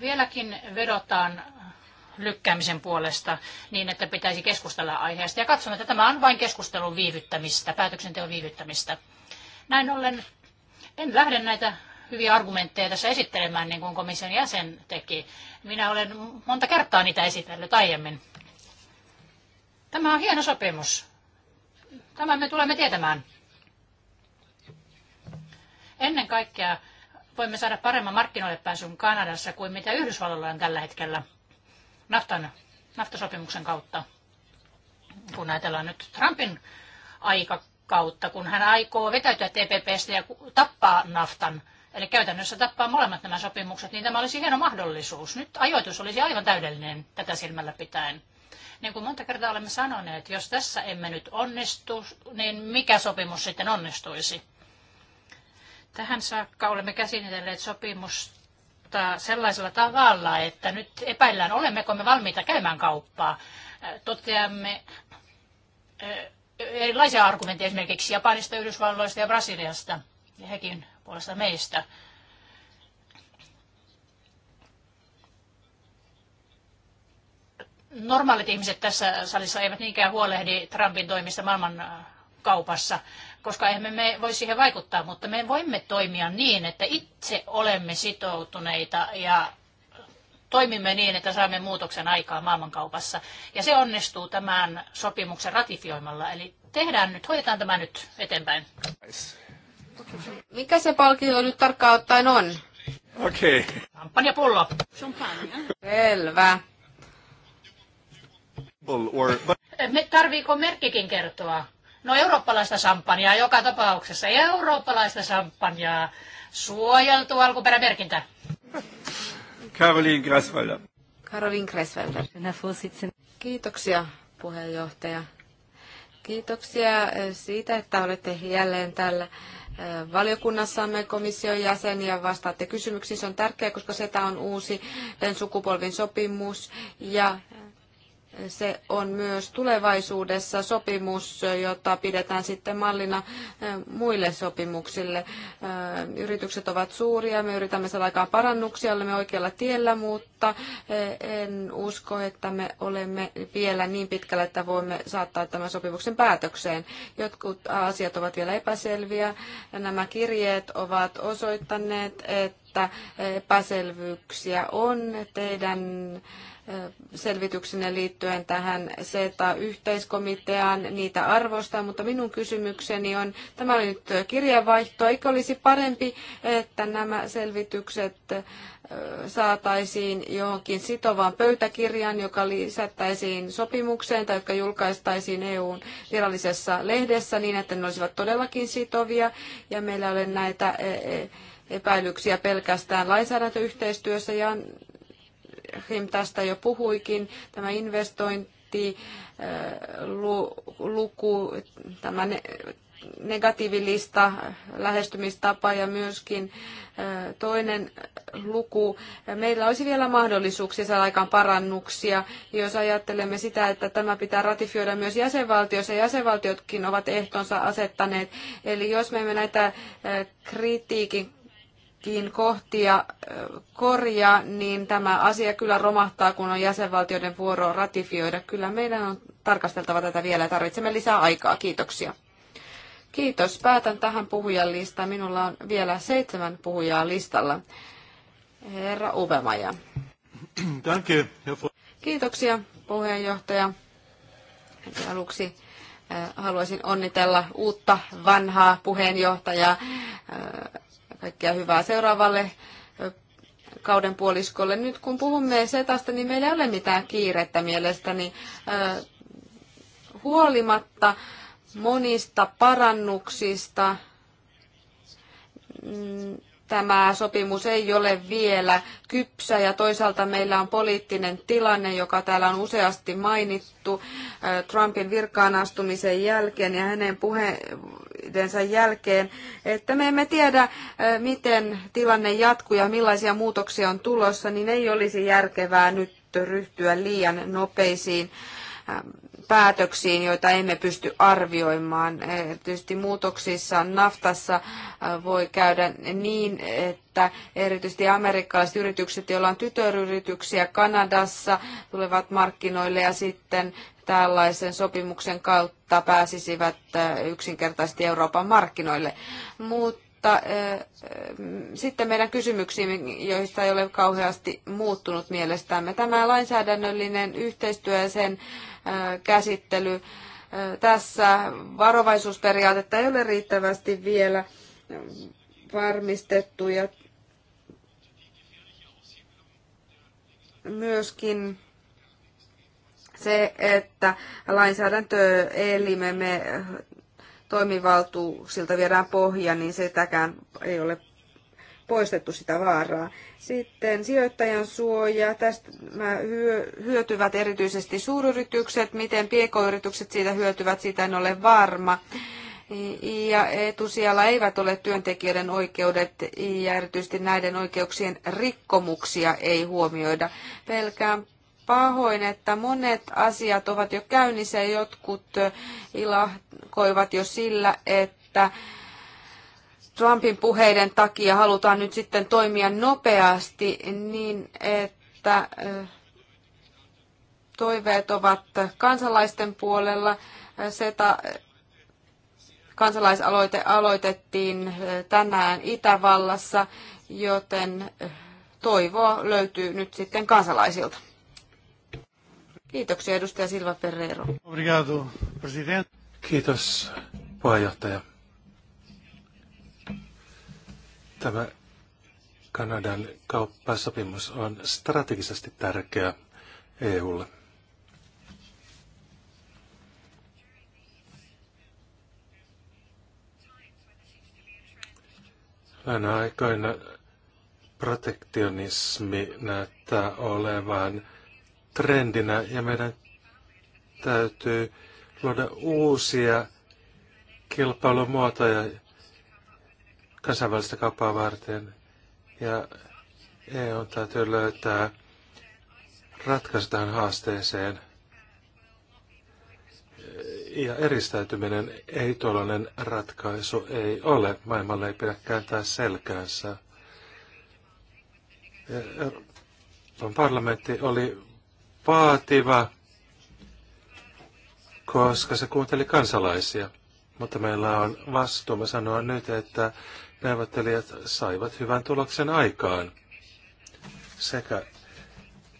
Vieläkin vedotaan lykkäämisen puolesta niin, että pitäisi keskustella aiheesta. Ja katson, että tämä on vain keskustelun viivyttämistä, päätöksenteon viivyttämistä. Näin ollen en lähde näitä hyviä argumentteja tässä esittelemään, niin kuin komission jäsen teki. Minä olen monta kertaa niitä esitellyt aiemmin. Tämä on hieno sopimus. Tämän me tulemme tietämään. Ennen kaikkea voimme saada paremman markkinoille pääsyn Kanadassa kuin mitä Yhdysvalloilla on tällä hetkellä naftan, naftasopimuksen kautta. Kun ajatellaan nyt Trumpin aikakautta, kun hän aikoo vetäytyä TPPstä ja tappaa naftan, eli käytännössä tappaa molemmat nämä sopimukset, niin tämä olisi hieno mahdollisuus. Nyt ajoitus olisi aivan täydellinen tätä silmällä pitäen. Niin kuin monta kertaa olemme sanoneet, jos tässä emme nyt onnistu, niin mikä sopimus sitten onnistuisi? Tähän saakka olemme käsitelleet sopimusta sellaisella tavalla, että nyt epäillään, olemmeko me valmiita käymään kauppaa. Toteamme eh, erilaisia argumentteja esimerkiksi Japanista, Yhdysvalloista ja Brasiliasta, ja hekin puolesta meistä. normaalit ihmiset tässä salissa eivät niinkään huolehdi Trumpin toimista maailman äh, kaupassa, koska emme me voi siihen vaikuttaa, mutta me voimme toimia niin, että itse olemme sitoutuneita ja toimimme niin, että saamme muutoksen aikaa maailmankaupassa. Ja se onnistuu tämän sopimuksen ratifioimalla. Eli tehdään nyt, hoidetaan tämä nyt eteenpäin. Mikä se palkinto nyt tarkkaan ottaen on? Okei. Okay. Champagne pullo. Champagne. Selvä. Eh, me tarviiko merkkikin kertoa? No eurooppalaista sampanjaa joka tapauksessa. Eurooppalaista sampanjaa. Suojeltu alkuperämerkintä. Caroline Graswalder. Caroline Graswalder. Kiitoksia puheenjohtaja. Kiitoksia eh, siitä, että olette jälleen täällä eh, valiokunnassamme komission jäsen ja vastaatte kysymyksiin. Se on tärkeää, koska SETA on uusi sukupolvin sopimus ja se on myös tulevaisuudessa sopimus, jota pidetään sitten mallina eh, muille sopimuksille. Eh, yritykset ovat suuria, me yritämme saada aikaan parannuksia, olemme oikealla tiellä, mutta eh, en usko, että me olemme vielä niin pitkällä, että voimme saattaa tämän sopimuksen päätökseen. Jotkut asiat ovat vielä epäselviä. Nämä kirjeet ovat osoittaneet, että epäselvyyksiä on teidän selvityksenne liittyen tähän CETA-yhteiskomiteaan, niitä arvostaa, mutta minun kysymykseni on, tämä oli nyt kirjeenvaihto, eikö olisi parempi, että nämä selvitykset saataisiin johonkin sitovaan pöytäkirjaan, joka lisättäisiin sopimukseen tai jotka julkaistaisiin EUn virallisessa lehdessä niin, että ne olisivat todellakin sitovia ja meillä ei ole näitä e, e, epäilyksiä pelkästään lainsäädäntöyhteistyössä ja Joachim tästä jo puhuikin, tämä investointi äh, luku, tämä negatiivilista lähestymistapa ja myöskin äh, toinen luku. Meillä olisi vielä mahdollisuuksia saada aikaan parannuksia, jos ajattelemme sitä, että tämä pitää ratifioida myös jäsenvaltioissa. Jäsenvaltiotkin ovat ehtonsa asettaneet. Eli jos me emme näitä äh, kritiikin joitakin kohtia korjaa, niin tämä asia kyllä romahtaa, kun on jäsenvaltioiden vuoro ratifioida. Kyllä meidän on tarkasteltava tätä vielä ja tarvitsemme lisää aikaa. Kiitoksia. Kiitos. Päätän tähän puhujan listaan. Minulla on vielä seitsemän puhujaa listalla. Herra Uvemaja. Kiitoksia, puheenjohtaja. Aluksi äh, haluaisin onnitella uutta vanhaa puheenjohtajaa äh, Kaikkea hyvää seuraavalle kauden puoliskolle. Nyt kun puhumme setasta, niin meillä ei ole mitään kiirettä mielestäni. Huolimatta monista parannuksista, mm, tämä sopimus ei ole vielä kypsä ja toisaalta meillä on poliittinen tilanne, joka täällä on useasti mainittu Trumpin virkaan astumisen jälkeen ja hänen puheidensa jälkeen, että me emme tiedä, miten tilanne jatkuu ja millaisia muutoksia on tulossa, niin ei olisi järkevää nyt ryhtyä liian nopeisiin päätöksiin, joita emme pysty arvioimaan. Eh, Tietysti muutoksissa naftassa eh, voi käydä niin, että erityisesti amerikkalaiset yritykset, joilla on tytöryrityksiä Kanadassa, tulevat markkinoille ja sitten tällaisen sopimuksen kautta pääsisivät eh, yksinkertaisesti Euroopan markkinoille. Mutta mutta sitten meidän kysymyksiin, joista ei ole kauheasti muuttunut mielestämme. Tämä lainsäädännöllinen yhteistyö ja sen käsittely tässä varovaisuusperiaatetta ei ole riittävästi vielä varmistettu ja myöskin se, että lainsäädäntöelimemme toimivaltuuksilta viedään pohja, niin sitäkään ei ole poistettu sitä vaaraa. Sitten sijoittajan suoja. Tästä hyötyvät erityisesti suuryritykset. Miten pk-yritykset siitä hyötyvät, siitä en ole varma. Ja etusijalla eivät ole työntekijöiden oikeudet ja erityisesti näiden oikeuksien rikkomuksia ei huomioida. Pelkään pahoin, että monet asiat ovat jo käynnissä ja jotkut ilahkoivat jo sillä, että Trumpin puheiden takia halutaan nyt sitten toimia nopeasti niin, että toiveet ovat kansalaisten puolella. Seta kansalaisaloite aloitettiin tänään Itävallassa, joten toivoa löytyy nyt sitten kansalaisilta. Kiitoksia edustaja Silva Ferrero. Obrigado, president. Kiitos puheenjohtaja. Tämä Kanadan kauppasopimus on strategisesti tärkeä EUlle. Läänä aikoina protektionismi näyttää olevan trendinä ja meidän täytyy luoda uusia kilpailumuotoja kansainvälistä kauppaa varten. Ja EU täytyy löytää ratkaisu tähän haasteeseen. Ja eristäytyminen ei tuollainen ratkaisu ei ole. Maailmalle ei pidä kääntää selkäänsä. Euroopan parlamentti oli vaativa, koska se kuunteli kansalaisia. Mutta meillä on mä sanoa nyt, että neuvottelijat saivat hyvän tuloksen aikaan. Sekä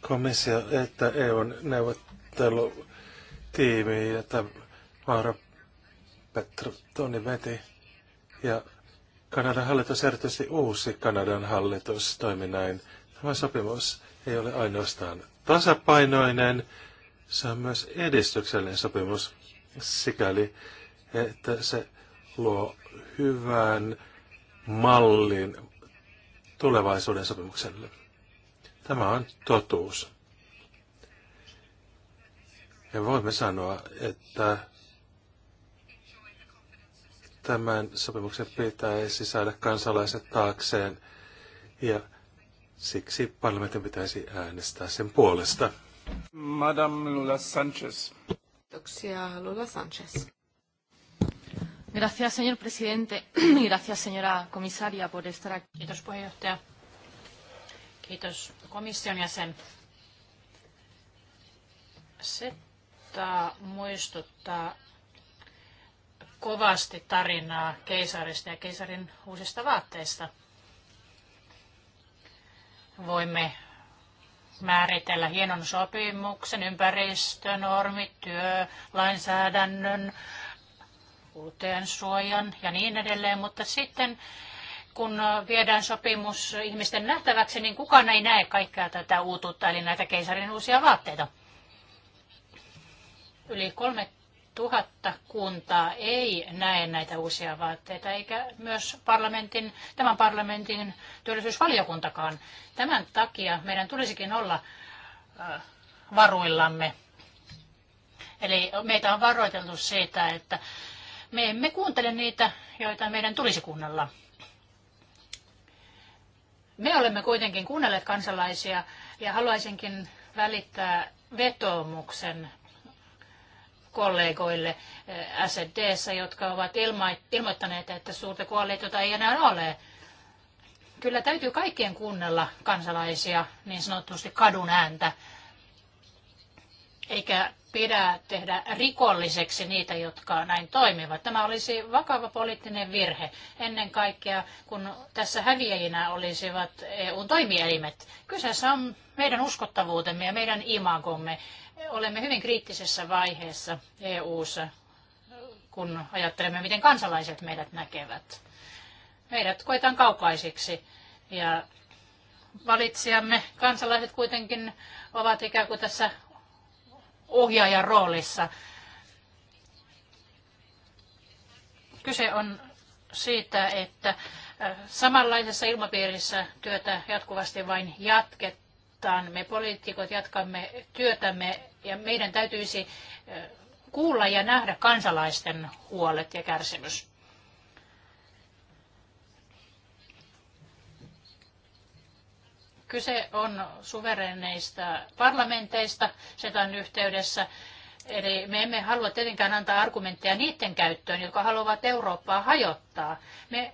komissio että EUn neuvottelutiimi, jota Mauro Petro Toni veti, ja Kanadan hallitus, erityisesti uusi Kanadan hallitus, toimi näin. Tämä sopimus ei ole ainoastaan tasapainoinen, se on myös edistyksellinen sopimus sikäli, että se luo hyvän mallin tulevaisuuden sopimukselle. Tämä on totuus. Ja voimme sanoa, että tämän sopimuksen pitäisi saada kansalaiset taakseen ja Siksi parlamentin pitäisi äänestää sen puolesta. Madame Lula Sanchez. Kiitoksia, Lula Sanchez. Gracias, señor presidente. Gracias, señora comisaria, por estar aquí. Kiitos, puheenjohtaja. Kiitos, komission jäsen. Setta muistuttaa kovasti tarinaa keisarista ja keisarin uusista vaatteista – voimme määritellä hienon sopimuksen, ympäristönormit, työlainsäädännön, suojan ja niin edelleen, mutta sitten kun viedään sopimus ihmisten nähtäväksi, niin kukaan ei näe kaikkea tätä uutuutta, eli näitä keisarin uusia vaatteita. Yli 30 tuhatta kuntaa ei näe näitä uusia vaatteita, eikä myös parlamentin, tämän parlamentin työllisyysvaliokuntakaan. Tämän takia meidän tulisikin olla varuillamme. Eli meitä on varoiteltu siitä, että me emme kuuntele niitä, joita meidän tulisi kuunnella. Me olemme kuitenkin kuunnelleet kansalaisia ja haluaisinkin välittää vetoomuksen kollegoille eh, sd jotka ovat ilmoittaneet, että suurta kuolleita ei enää ole. Kyllä täytyy kaikkien kuunnella kansalaisia, niin sanotusti kadun ääntä, eikä pidä tehdä rikolliseksi niitä, jotka näin toimivat. Tämä olisi vakava poliittinen virhe ennen kaikkea, kun tässä häviäjinä olisivat eu toimielimet. Kyseessä on meidän uskottavuutemme ja meidän imagomme. Olemme hyvin kriittisessä vaiheessa EUssa, kun ajattelemme, miten kansalaiset meidät näkevät. Meidät koetaan kaukaisiksi ja valitsijamme kansalaiset kuitenkin ovat ikään kuin tässä ohjaajan roolissa. Kyse on siitä, että äh, samanlaisessa ilmapiirissä työtä jatkuvasti vain jatketaan. Me poliitikot jatkamme työtämme ja meidän täytyisi äh, kuulla ja nähdä kansalaisten huolet ja kärsimys. Kyse on suvereneista parlamenteista SETAn yhteydessä. Eli me emme halua tietenkään antaa argumentteja niiden käyttöön, jotka haluavat Eurooppaa hajottaa. Me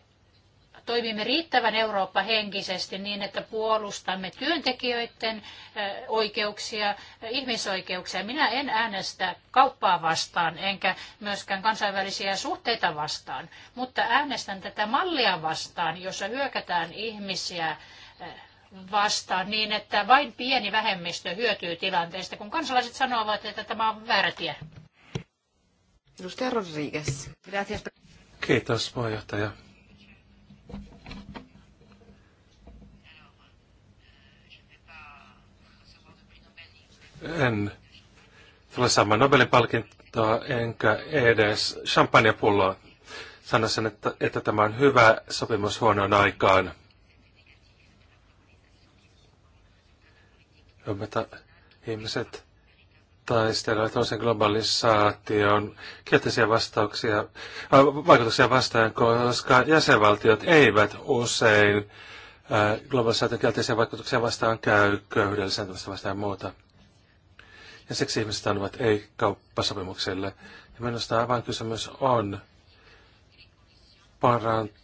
toimimme riittävän Eurooppa henkisesti niin, että puolustamme työntekijöiden eh, oikeuksia, eh, ihmisoikeuksia. Minä en äänestä kauppaa vastaan, enkä myöskään kansainvälisiä suhteita vastaan, mutta äänestän tätä mallia vastaan, jossa hyökätään ihmisiä eh, vastaan niin, että vain pieni vähemmistö hyötyy tilanteesta, kun kansalaiset sanovat, että tämä on väärä tie. Edustaja Rodriguez. Gracias. Kiitos, puheenjohtaja. En tule saamaan Nobelin palkintoa enkä edes champagnepulloa. Sanoisin, että, että tämä on hyvä sopimus huonoon aikaan. Jometa ihmiset taistelevat toisen globalisaation kielteisiä vastauksia, äh, vaikutuksia vastaan, koska jäsenvaltiot eivät usein äh, globalisaation kielteisiä vaikutuksia vastaan käy köyhyyden vastaan ja muuta. Ja siksi ihmiset annavat ei-kauppasopimukselle. Ja minusta kysymys on parantaa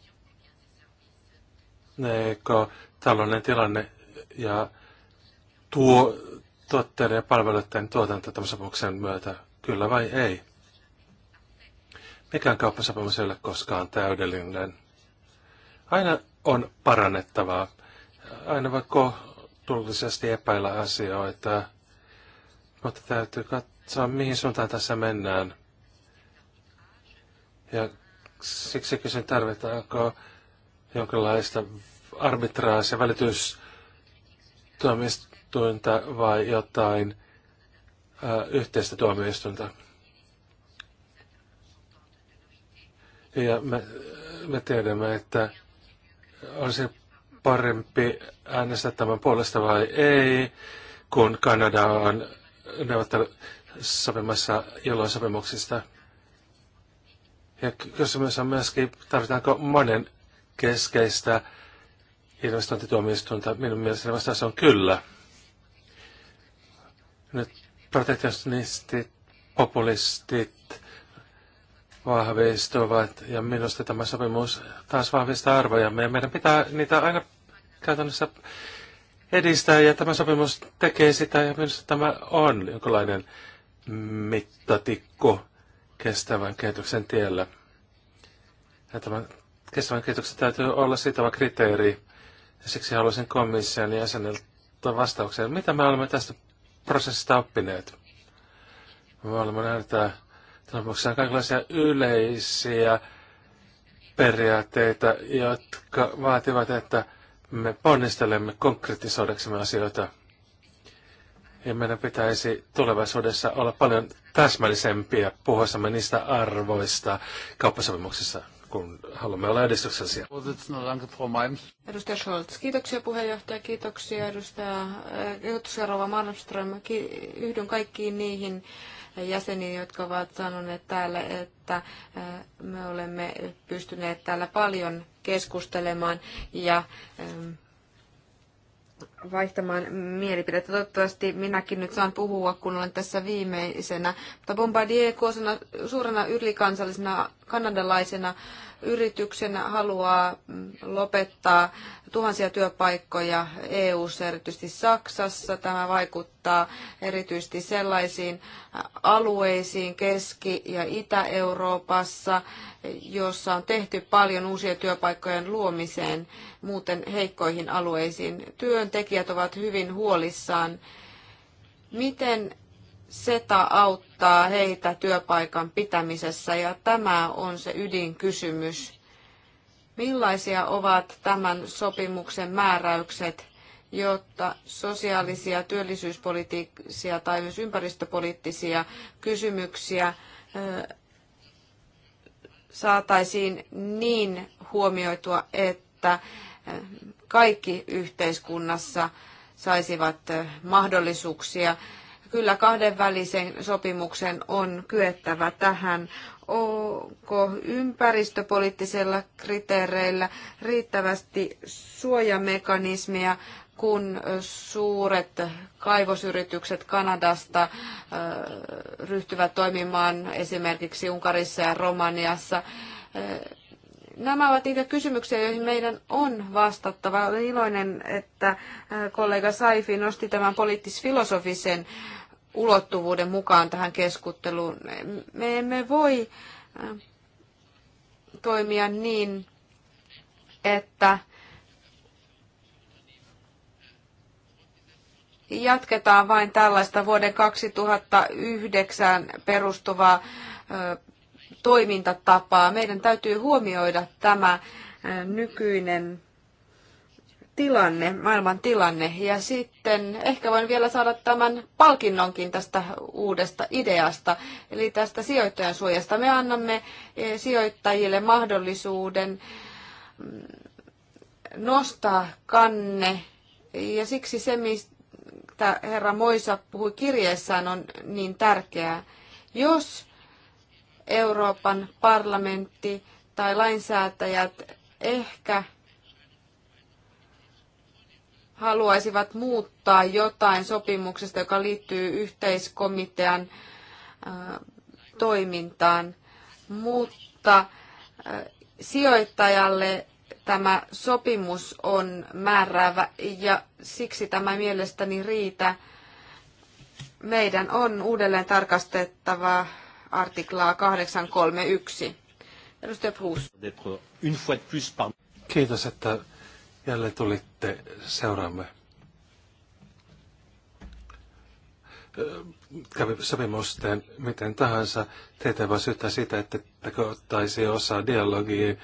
Neeko, taloudellinen tilanne ja tuo, tuotteiden ja palveluiden tuotantosopimuksen myötä, kyllä vai ei? Mikään kauppasopimus ei ole koskaan täydellinen. Aina on parannettavaa. Aina voi kohtuullisesti epäillä asioita, mutta täytyy katsoa, mihin suuntaan tässä mennään. Ja siksi kysyn, tarvitaanko jonkinlaista arbitraasia, ja välitystuomista tuomioistuinta vai jotain ää, yhteistä tuomioistuinta. Ja me, me tiedämme, että olisi parempi äänestää tämän puolesta vai ei, kun Kanada on neuvottelusopimassa jolloin sopimuksista. Ja kysymys on myöskin, tarvitaanko monen keskeistä investointituomioistuinta. Minun mielestäni vastaus on kyllä. Nyt protektionistit, populistit vahvistuvat ja minusta tämä sopimus taas vahvistaa arvojamme ja meidän pitää niitä aina käytännössä edistää ja tämä sopimus tekee sitä ja minusta tämä on jonkinlainen mittatikku kestävän kehityksen tiellä. Ja tämän kestävän kehityksen täytyy olla sitova kriteeri ja siksi haluaisin komission jäseneltä vastauksen. Mitä me olemme tästä prosessista oppineet. Me olemme näyttää tapauksessa kaikenlaisia yleisiä periaatteita, jotka vaativat, että me ponnistelemme konkretisoidaksemme asioita. Ja meidän pitäisi tulevaisuudessa olla paljon täsmällisempiä puhuessamme niistä arvoista kauppasopimuksissa kun haluamme olla edistyksellisiä. Edustaja Scholz, kiitoksia puheenjohtaja, kiitoksia edustaja eh, Rova Malmström. Yhdyn kaikkiin niihin jäseniin, jotka ovat sanoneet täällä, että eh, me olemme pystyneet täällä paljon keskustelemaan ja vaihtamaan mielipidettä. Toivottavasti minäkin nyt saan puhua, kun olen tässä viimeisenä. Mutta Bombardier suurena ylikansallisena kanadalaisena yrityksenä haluaa mm, lopettaa tuhansia työpaikkoja EU-ssa, erityisesti Saksassa. Tämä vaikuttaa erityisesti sellaisiin alueisiin Keski- ja Itä-Euroopassa, jossa on tehty paljon uusia työpaikkojen luomiseen muuten heikkoihin alueisiin. Työntekijät ovat hyvin huolissaan. Miten SETA auttaa heitä työpaikan pitämisessä ja tämä on se ydinkysymys. Millaisia ovat tämän sopimuksen määräykset, jotta sosiaalisia, työllisyyspoliittisia tai myös ympäristöpoliittisia kysymyksiä saataisiin niin huomioitua, että kaikki yhteiskunnassa saisivat mahdollisuuksia kyllä kahdenvälisen sopimuksen on kyettävä tähän. Onko ympäristöpoliittisilla kriteereillä riittävästi suojamekanismia, kun suuret kaivosyritykset Kanadasta ryhtyvät toimimaan esimerkiksi Unkarissa ja Romaniassa? nämä ovat niitä kysymyksiä, joihin meidän on vastattava. Olen iloinen, että kollega Saifi nosti tämän poliittisfilosofisen ulottuvuuden mukaan tähän keskusteluun. Me emme voi äh, toimia niin, että jatketaan vain tällaista vuoden 2009 perustuvaa äh, toimintatapaa. Meidän täytyy huomioida tämä äh, nykyinen tilanne, maailman tilanne. Ja sitten ehkä voin vielä saada tämän palkinnonkin tästä uudesta ideasta, eli tästä sijoittajan suojasta. Me annamme eh, sijoittajille mahdollisuuden mm, nostaa kanne, ja siksi se, mistä herra Moisa puhui kirjeessään, on niin tärkeää. Jos Euroopan parlamentti tai lainsäätäjät ehkä haluaisivat muuttaa jotain sopimuksesta, joka liittyy yhteiskomitean toimintaan, mutta sijoittajalle tämä sopimus on määräävä ja siksi tämä mielestäni riitä. Meidän on uudelleen tarkastettava artiklaa 831. Edustaja Bruce. Kiitos, että jälleen tulitte seuraamme. Kävi sopimusten miten tahansa. Teitä ei voi syyttää sitä, että ettekö ottaisi osaa dialogiin,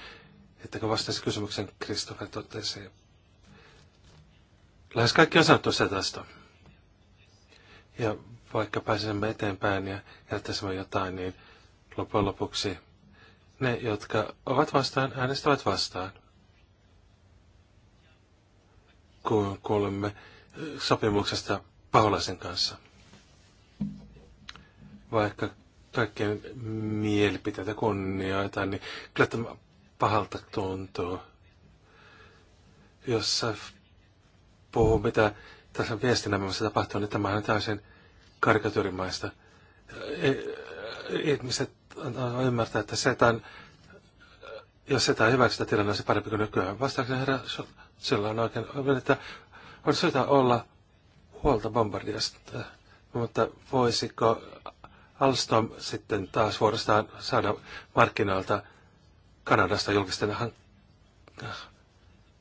ettekö vastaisi kysymyksen Kristoffer totesi. Lähes kaikki on sanottu se tästä. Ja vaikka pääsemme eteenpäin ja jättäisimme jotain, niin loppujen lopuksi ne, jotka ovat vastaan, äänestävät vastaan kun kuulemme eh, sopimuksesta paholaisen kanssa. Vaikka kaikkien mielipiteitä kunnioitan, niin kyllä tämä pahalta tuntuu. Jos sä puhuu, mitä tässä viestinnämässä tapahtuu, niin tämähän on täysin karikatyrimaista. Eh, eh, ihmiset ymmärtää, että setan, jos setä ei hyväksytä tilanne, se parempi kuin nykyään. Vastaako herra silloin oikein, että on syytä olla huolta Bombardiasta, mutta voisiko Alstom sitten taas vuorostaan saada markkinoilta Kanadasta julkisten hank-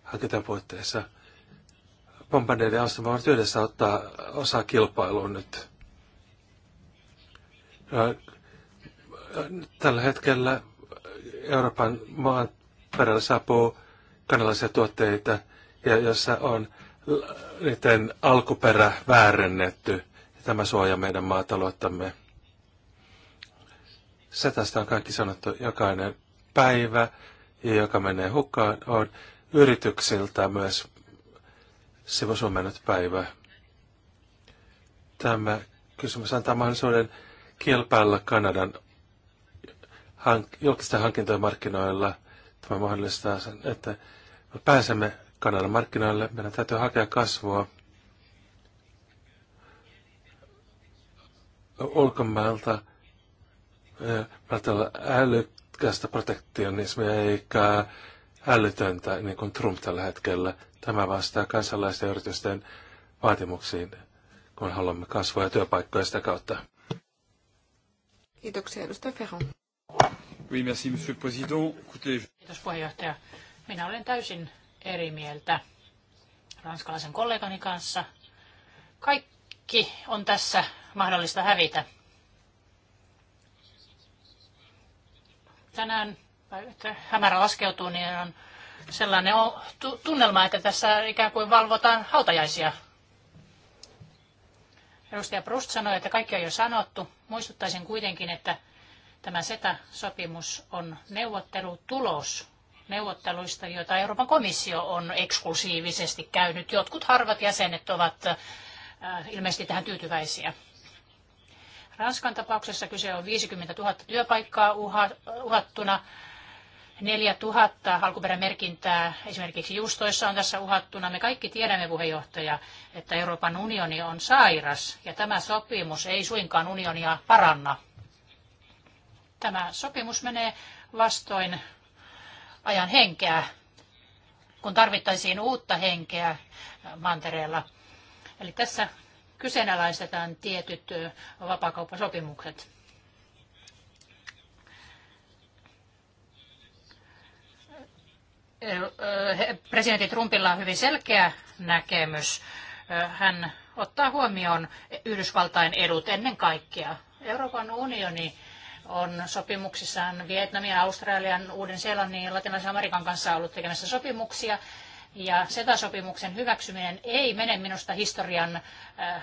hankintojen puitteissa? Bombardier ja Alstom voivat yhdessä ottaa osaa kilpailuun nyt. Tällä hetkellä Euroopan maan perällä saapuu kanalaisia tuotteita, ja jossa on niiden alkuperä väärennetty. Ja tämä suojaa meidän maatalouttamme. Se tästä on kaikki sanottu jokainen päivä, ja joka menee hukkaan, on yrityksiltä myös sivusuun päivä. Tämä kysymys antaa mahdollisuuden kilpailla Kanadan hank- julkisten hankintojen markkinoilla. Tämä mahdollistaa sen, että me pääsemme Kanadan markkinoille. Meidän täytyy hakea kasvua ulkomailta. Meillä äh, älykkästä protektionismia eikä älytöntä, niin kuin Trump tällä hetkellä. Tämä vastaa kansalaisten yritysten vaatimuksiin, kun haluamme kasvua ja työpaikkoja sitä kautta. Kiitoksia, edustaja Ferron. Oui, merci, monsieur le président. Écoutez... Kiitos puheenjohtaja. Minä olen täysin eri mieltä ranskalaisen kollegani kanssa. Kaikki on tässä mahdollista hävitä. Tänään hämärä laskeutuu, niin on sellainen tunnelma, että tässä ikään kuin valvotaan hautajaisia. Edustaja Brust sanoi, että kaikki on jo sanottu. Muistuttaisin kuitenkin, että tämä SETA-sopimus on neuvottelutulos neuvotteluista, joita Euroopan komissio on eksklusiivisesti käynyt. Jotkut harvat jäsenet ovat äh, ilmeisesti tähän tyytyväisiä. Ranskan tapauksessa kyse on 50 000 työpaikkaa uhattuna. 4 000 alkuperämerkintää esimerkiksi juustoissa on tässä uhattuna. Me kaikki tiedämme, puheenjohtaja, että Euroopan unioni on sairas ja tämä sopimus ei suinkaan unionia paranna. Tämä sopimus menee vastoin ajan henkeä, kun tarvittaisiin uutta henkeä mantereella. Eli tässä kyseenalaistetaan tietyt vapakauppasopimukset. Presidentti Trumpilla on hyvin selkeä näkemys. Hän ottaa huomioon Yhdysvaltain edut ennen kaikkea. Euroopan unioni on sopimuksissaan Vietnamin, Australian, Uuden-Seelannin ja Latinalaisen Amerikan kanssa ollut tekemässä sopimuksia. Ja SETA-sopimuksen hyväksyminen ei mene minusta historian äh,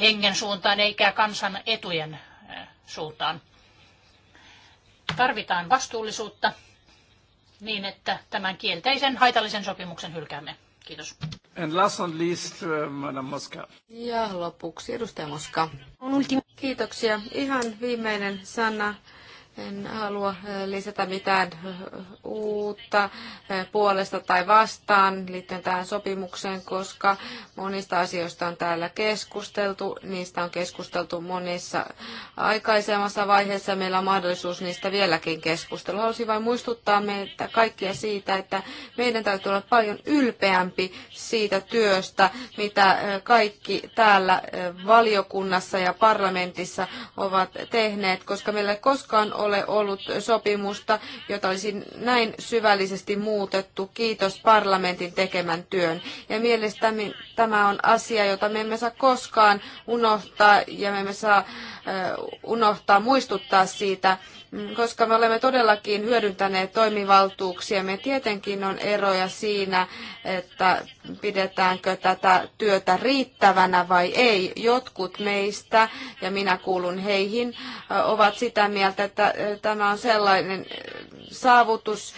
hengen suuntaan eikä kansan etujen äh, suuntaan. Tarvitaan vastuullisuutta niin, että tämän kielteisen haitallisen sopimuksen hylkäämme. Kiitos. And last on least, uh, Madam Moska. Ja lopuksi edustaja Moska. Kiitoksia. Ihan viimeinen sana en halua lisätä mitään uutta puolesta tai vastaan liittyen tähän sopimukseen, koska monista asioista on täällä keskusteltu. Niistä on keskusteltu monissa aikaisemmassa vaiheessa. Meillä on mahdollisuus niistä vieläkin keskustella. Haluaisin vain muistuttaa meitä kaikkia siitä, että meidän täytyy olla paljon ylpeämpi siitä työstä, mitä kaikki täällä valiokunnassa ja parlamentissa ovat tehneet, koska meillä ei koskaan ole ole ollut sopimusta, jota olisi näin syvällisesti muutettu. Kiitos parlamentin tekemän työn. Ja mielestäni tämä on asia, jota me emme saa koskaan unohtaa ja me emme saa unohtaa muistuttaa siitä, Mm, koska me olemme todellakin hyödyntäneet toimivaltuuksia. Me tietenkin on eroja siinä, että pidetäänkö tätä työtä riittävänä vai ei. Jotkut meistä, ja minä kuulun heihin, ovat sitä mieltä, että tämä on sellainen saavutus,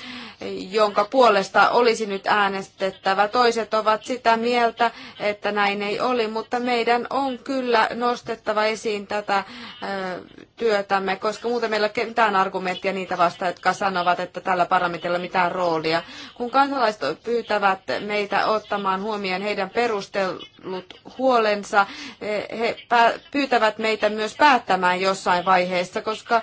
jonka puolesta olisi nyt äänestettävä. Toiset ovat sitä mieltä, että näin ei ole, mutta meidän on kyllä nostettava esiin tätä työtämme, koska muuten meillä ei ole mitään argumenttia niitä vasta, jotka sanovat, että tällä parlamentilla ei mitään roolia. Kun kansalaiset pyytävät meitä ottamaan huomioon heidän perustelut huolensa, e, he pyytävät meitä myös päättämään jossain vaiheessa, koska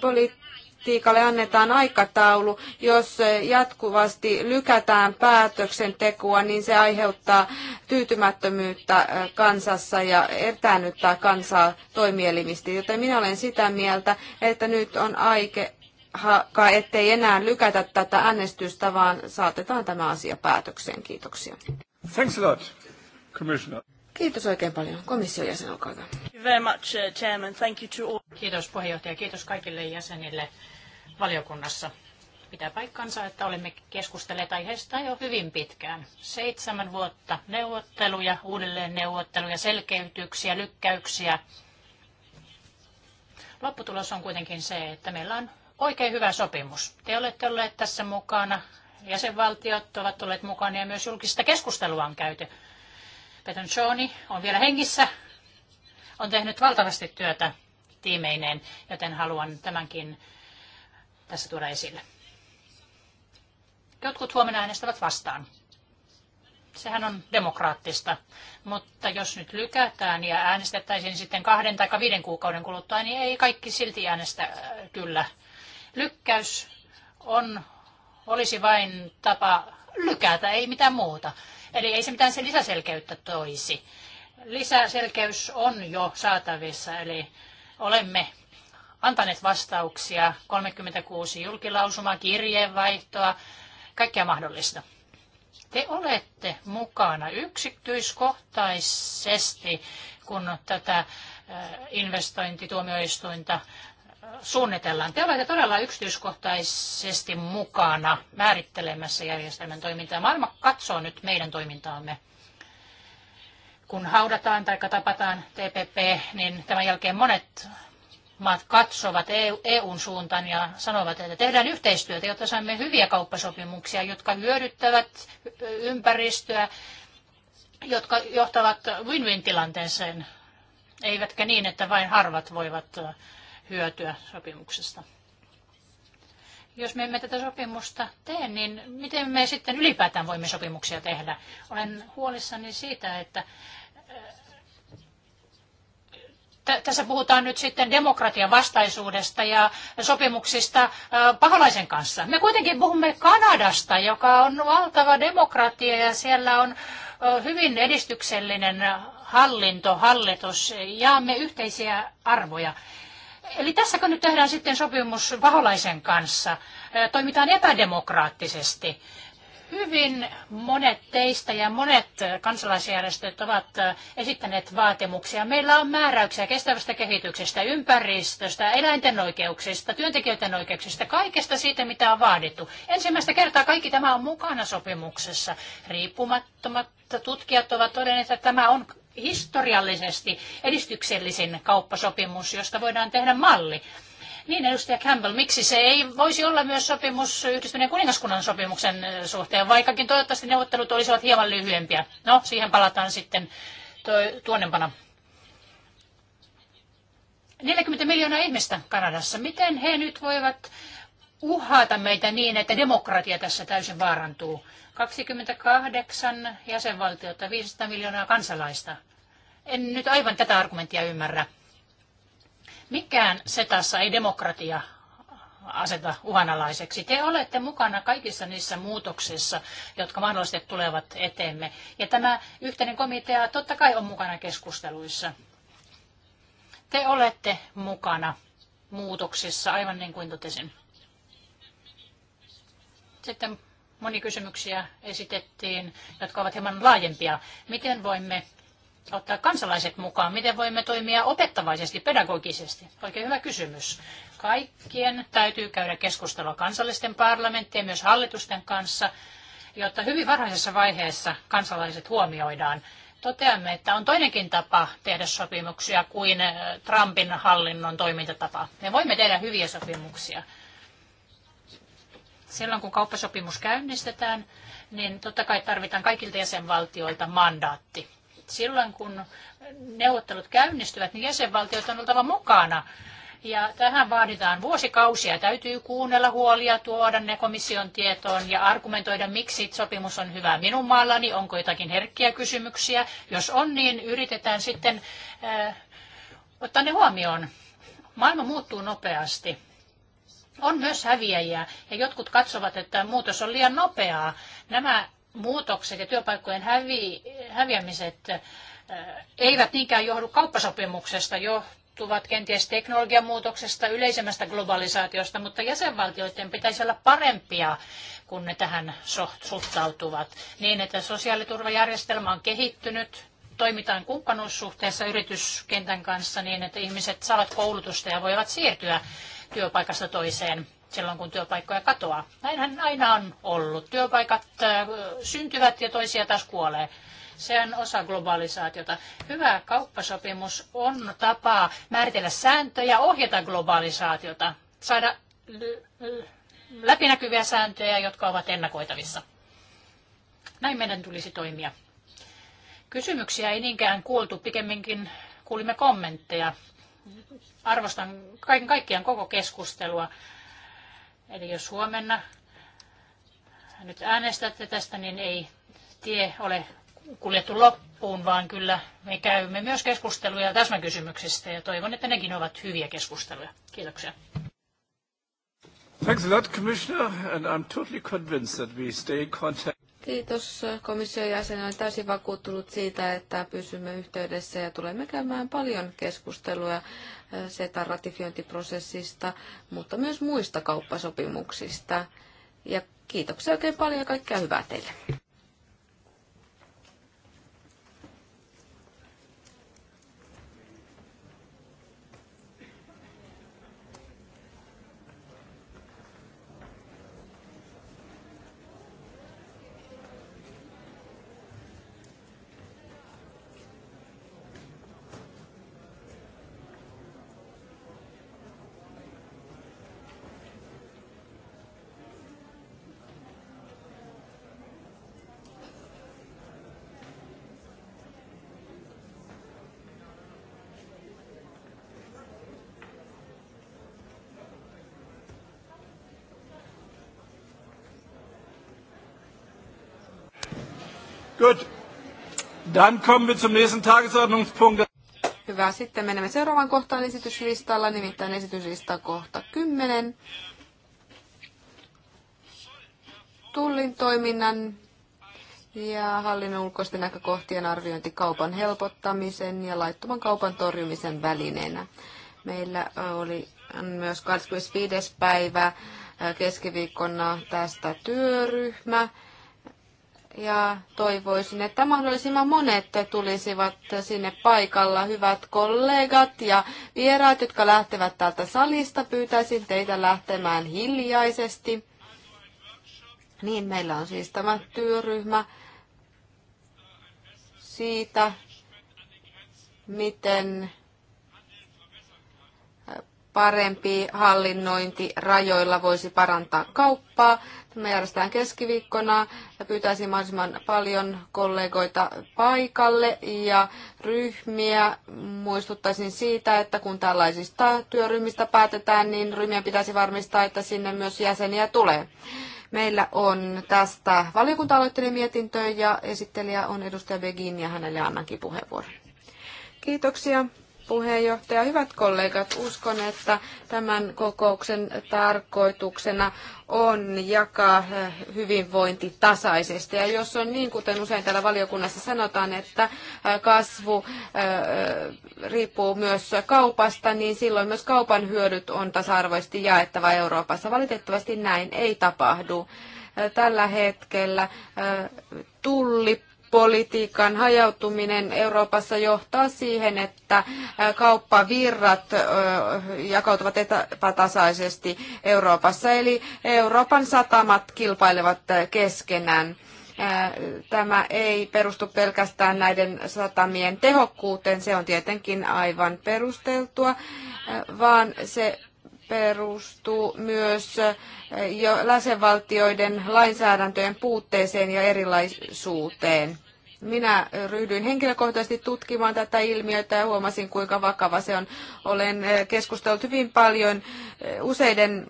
poliittiset politiikalle annetaan aikataulu. Jos jatkuvasti lykätään päätöksentekoa, niin se aiheuttaa tyytymättömyyttä kansassa ja etäännyttää kansaa toimielimistä. Joten minä olen sitä mieltä, että nyt on aike ettei enää lykätä tätä äänestystä, vaan saatetaan tämä asia päätökseen. Kiitoksia. Thanks a lot, Commissioner. Kiitos oikein paljon. Komission jäsen, olkaa hyvä. Very much, uh, Chairman. Thank you to all. Kiitos puheenjohtaja. Kiitos kaikille jäsenille valiokunnassa. Pitää paikkansa, että olemme keskustelleet aiheesta jo hyvin pitkään. Seitsemän vuotta neuvotteluja, uudelleen neuvotteluja, selkeytyksiä, lykkäyksiä. Lopputulos on kuitenkin se, että meillä on oikein hyvä sopimus. Te olette olleet tässä mukana, jäsenvaltiot ovat olleet mukana ja myös julkista keskustelua on käyty. Peton on vielä hengissä, on tehnyt valtavasti työtä tiimeineen, joten haluan tämänkin tässä tuoda esille. Jotkut huomenna äänestävät vastaan. Sehän on demokraattista. Mutta jos nyt lykätään ja äänestettäisiin sitten kahden tai viiden kuukauden kuluttua, niin ei kaikki silti äänestä äh, kyllä. Lykkäys on, olisi vain tapa lykätä, ei mitään muuta. Eli ei se mitään se lisäselkeyttä toisi. Lisäselkeys on jo saatavissa, eli olemme antaneet vastauksia, 36 julkilausumaa, kirjeenvaihtoa, kaikkea mahdollista. Te olette mukana yksityiskohtaisesti, kun tätä investointituomioistuinta suunnitellaan. Te olette todella yksityiskohtaisesti mukana määrittelemässä järjestelmän toimintaa. Maailma katsoo nyt meidän toimintaamme. Kun haudataan tai tapataan TPP, niin tämän jälkeen monet maat katsovat EUn e suuntaan ja sanovat, että tehdään yhteistyötä, jotta saamme hyviä kauppasopimuksia, jotka hyödyttävät ympäristöä, jotka johtavat win-win-tilanteeseen, eivätkä niin, että vain harvat voivat hyötyä sopimuksesta. Jos me emme tätä sopimusta tee, niin miten me sitten ylipäätään voimme sopimuksia tehdä? Olen huolissani siitä, että tässä puhutaan nyt sitten demokratian vastaisuudesta ja sopimuksista paholaisen kanssa. Me kuitenkin puhumme Kanadasta, joka on valtava demokratia ja siellä on hyvin edistyksellinen hallinto, hallitus, jaamme yhteisiä arvoja. Eli tässäkö nyt tehdään sitten sopimus paholaisen kanssa? Toimitaan epädemokraattisesti. Hyvin monet teistä ja monet kansalaisjärjestöt ovat äh, esittäneet vaatimuksia. Meillä on määräyksiä kestävästä kehityksestä, ympäristöstä, eläinten oikeuksista, työntekijöiden oikeuksista, kaikesta siitä, mitä on vaadittu. Ensimmäistä kertaa kaikki tämä on mukana sopimuksessa. Riippumattomat tutkijat ovat todenneet, että tämä on historiallisesti edistyksellisin kauppasopimus, josta voidaan tehdä malli. Niin, edustaja Campbell, miksi se ei voisi olla myös sopimus yhdistyneen kuningaskunnan sopimuksen eh, suhteen, vaikkakin toivottavasti neuvottelut olisivat hieman lyhyempiä. No, siihen palataan sitten tuonnempana. 40 miljoonaa ihmistä Kanadassa. Miten he nyt voivat uhata meitä niin, että demokratia tässä täysin vaarantuu? 28 jäsenvaltiota, 500 miljoonaa kansalaista. En nyt aivan tätä argumenttia ymmärrä. Mikään setassa ei demokratia aseta uhanalaiseksi. Te olette mukana kaikissa niissä muutoksissa, jotka mahdollisesti tulevat eteemme. Ja tämä yhteinen komitea totta kai on mukana keskusteluissa. Te olette mukana muutoksissa, aivan niin kuin totesin. Sitten moni kysymyksiä esitettiin, jotka ovat hieman laajempia. Miten voimme ottaa kansalaiset mukaan? Miten voimme toimia opettavaisesti, pedagogisesti? Oikein hyvä kysymys. Kaikkien täytyy käydä keskustelua kansallisten parlamenttien, myös hallitusten kanssa, jotta hyvin varhaisessa vaiheessa kansalaiset huomioidaan. Toteamme, että on toinenkin tapa tehdä sopimuksia kuin äh, Trumpin hallinnon toimintatapa. Me voimme tehdä hyviä sopimuksia. Silloin kun kauppasopimus käynnistetään, niin totta kai tarvitaan kaikilta jäsenvaltioilta mandaatti silloin kun neuvottelut käynnistyvät, niin jäsenvaltiot on oltava mukana. Ja tähän vaaditaan vuosikausia. Täytyy kuunnella huolia, tuoda ne komission tietoon ja argumentoida, miksi sopimus on hyvä minun maallani, onko jotakin herkkiä kysymyksiä. Jos on, niin yritetään sitten äh, ottaa ne huomioon. Maailma muuttuu nopeasti. On myös häviäjiä ja jotkut katsovat, että muutos on liian nopeaa. Nämä muutokset ja työpaikkojen hävi, häviämiset äh, eivät niinkään johdu kauppasopimuksesta, johtuvat kenties teknologian muutoksesta, yleisemmästä globalisaatiosta, mutta jäsenvaltioiden pitäisi olla parempia, kun ne tähän suhtautuvat, niin että sosiaaliturvajärjestelmä on kehittynyt, toimitaan kumppanuussuhteessa yrityskentän kanssa niin, että ihmiset saavat koulutusta ja voivat siirtyä työpaikasta toiseen silloin, kun työpaikkoja katoaa. Näinhän aina on ollut. Työpaikat syntyvät ja toisia taas kuolee. Se on osa globalisaatiota. Hyvä kauppasopimus on tapa määritellä sääntöjä, ohjata globalisaatiota, saada läpinäkyviä sääntöjä, jotka ovat ennakoitavissa. Näin meidän tulisi toimia. Kysymyksiä ei niinkään kuultu, pikemminkin kuulimme kommentteja. Arvostan kaiken kaikkiaan koko keskustelua. Eli jos huomenna nyt äänestätte tästä, niin ei tie ole kuljettu loppuun, vaan kyllä me käymme myös keskusteluja täsmäkysymyksistä ja toivon, että nekin ovat hyviä keskusteluja. Kiitoksia. Thanks a lot, Commissioner, and I'm totally convinced that we stay in contact. Kiitos komission jäsen. Olen täysin vakuuttunut siitä, että pysymme yhteydessä ja tulemme käymään paljon keskustelua SETAn eh, ratifiointiprosessista, mutta myös muista kauppasopimuksista. Ja kiitoksia oikein paljon ja kaikkea hyvää teille. Dann kommen wir zum nächsten Tagesordnungspunkt. Hyvä. Sitten menemme seuraavaan kohtaan esityslistalla, nimittäin esityslista kohta 10. Tullin toiminnan ja hallinnon ulkoisten näkökohtien arviointi kaupan helpottamisen ja laittoman kaupan torjumisen välineenä. Meillä oli myös 25. päivä keskiviikkona tästä työryhmä ja toivoisin, että mahdollisimman monet tulisivat sinne paikalla. Hyvät kollegat ja vieraat, jotka lähtevät täältä salista, pyytäisin teitä lähtemään hiljaisesti. Niin, meillä on siis tämä työryhmä siitä, miten parempi hallinnointi rajoilla voisi parantaa kauppaa. Me järjestetään keskiviikkona ja pyytäisin mahdollisimman paljon kollegoita paikalle ja ryhmiä. Muistuttaisin siitä, että kun tällaisista työryhmistä päätetään, niin ryhmien pitäisi varmistaa, että sinne myös jäseniä tulee. Meillä on tästä valiokunta mietintö ja esittelijä on edustaja Begin ja hänelle annankin puheenvuoron. Kiitoksia puheenjohtaja. Hyvät kollegat, uskon, että tämän kokouksen tarkoituksena on jakaa eh, hyvinvointi tasaisesti. Ja jos on niin, kuten usein täällä valiokunnassa sanotaan, että eh, kasvu eh, riippuu myös kaupasta, niin silloin myös kaupan hyödyt on tasa-arvoisesti jaettava Euroopassa. Valitettavasti näin ei tapahdu. Tällä hetkellä tulli politiikan hajautuminen Euroopassa johtaa siihen, että kauppavirrat jakautuvat epätasaisesti Euroopassa, eli Euroopan satamat kilpailevat keskenään. Tämä ei perustu pelkästään näiden satamien tehokkuuteen, se on tietenkin aivan perusteltua, vaan se perustuu myös jo läsenvaltioiden lainsäädäntöjen puutteeseen ja erilaisuuteen. Minä ryhdyin henkilökohtaisesti tutkimaan tätä ilmiötä ja huomasin, kuinka vakava se on. Olen keskustellut hyvin paljon useiden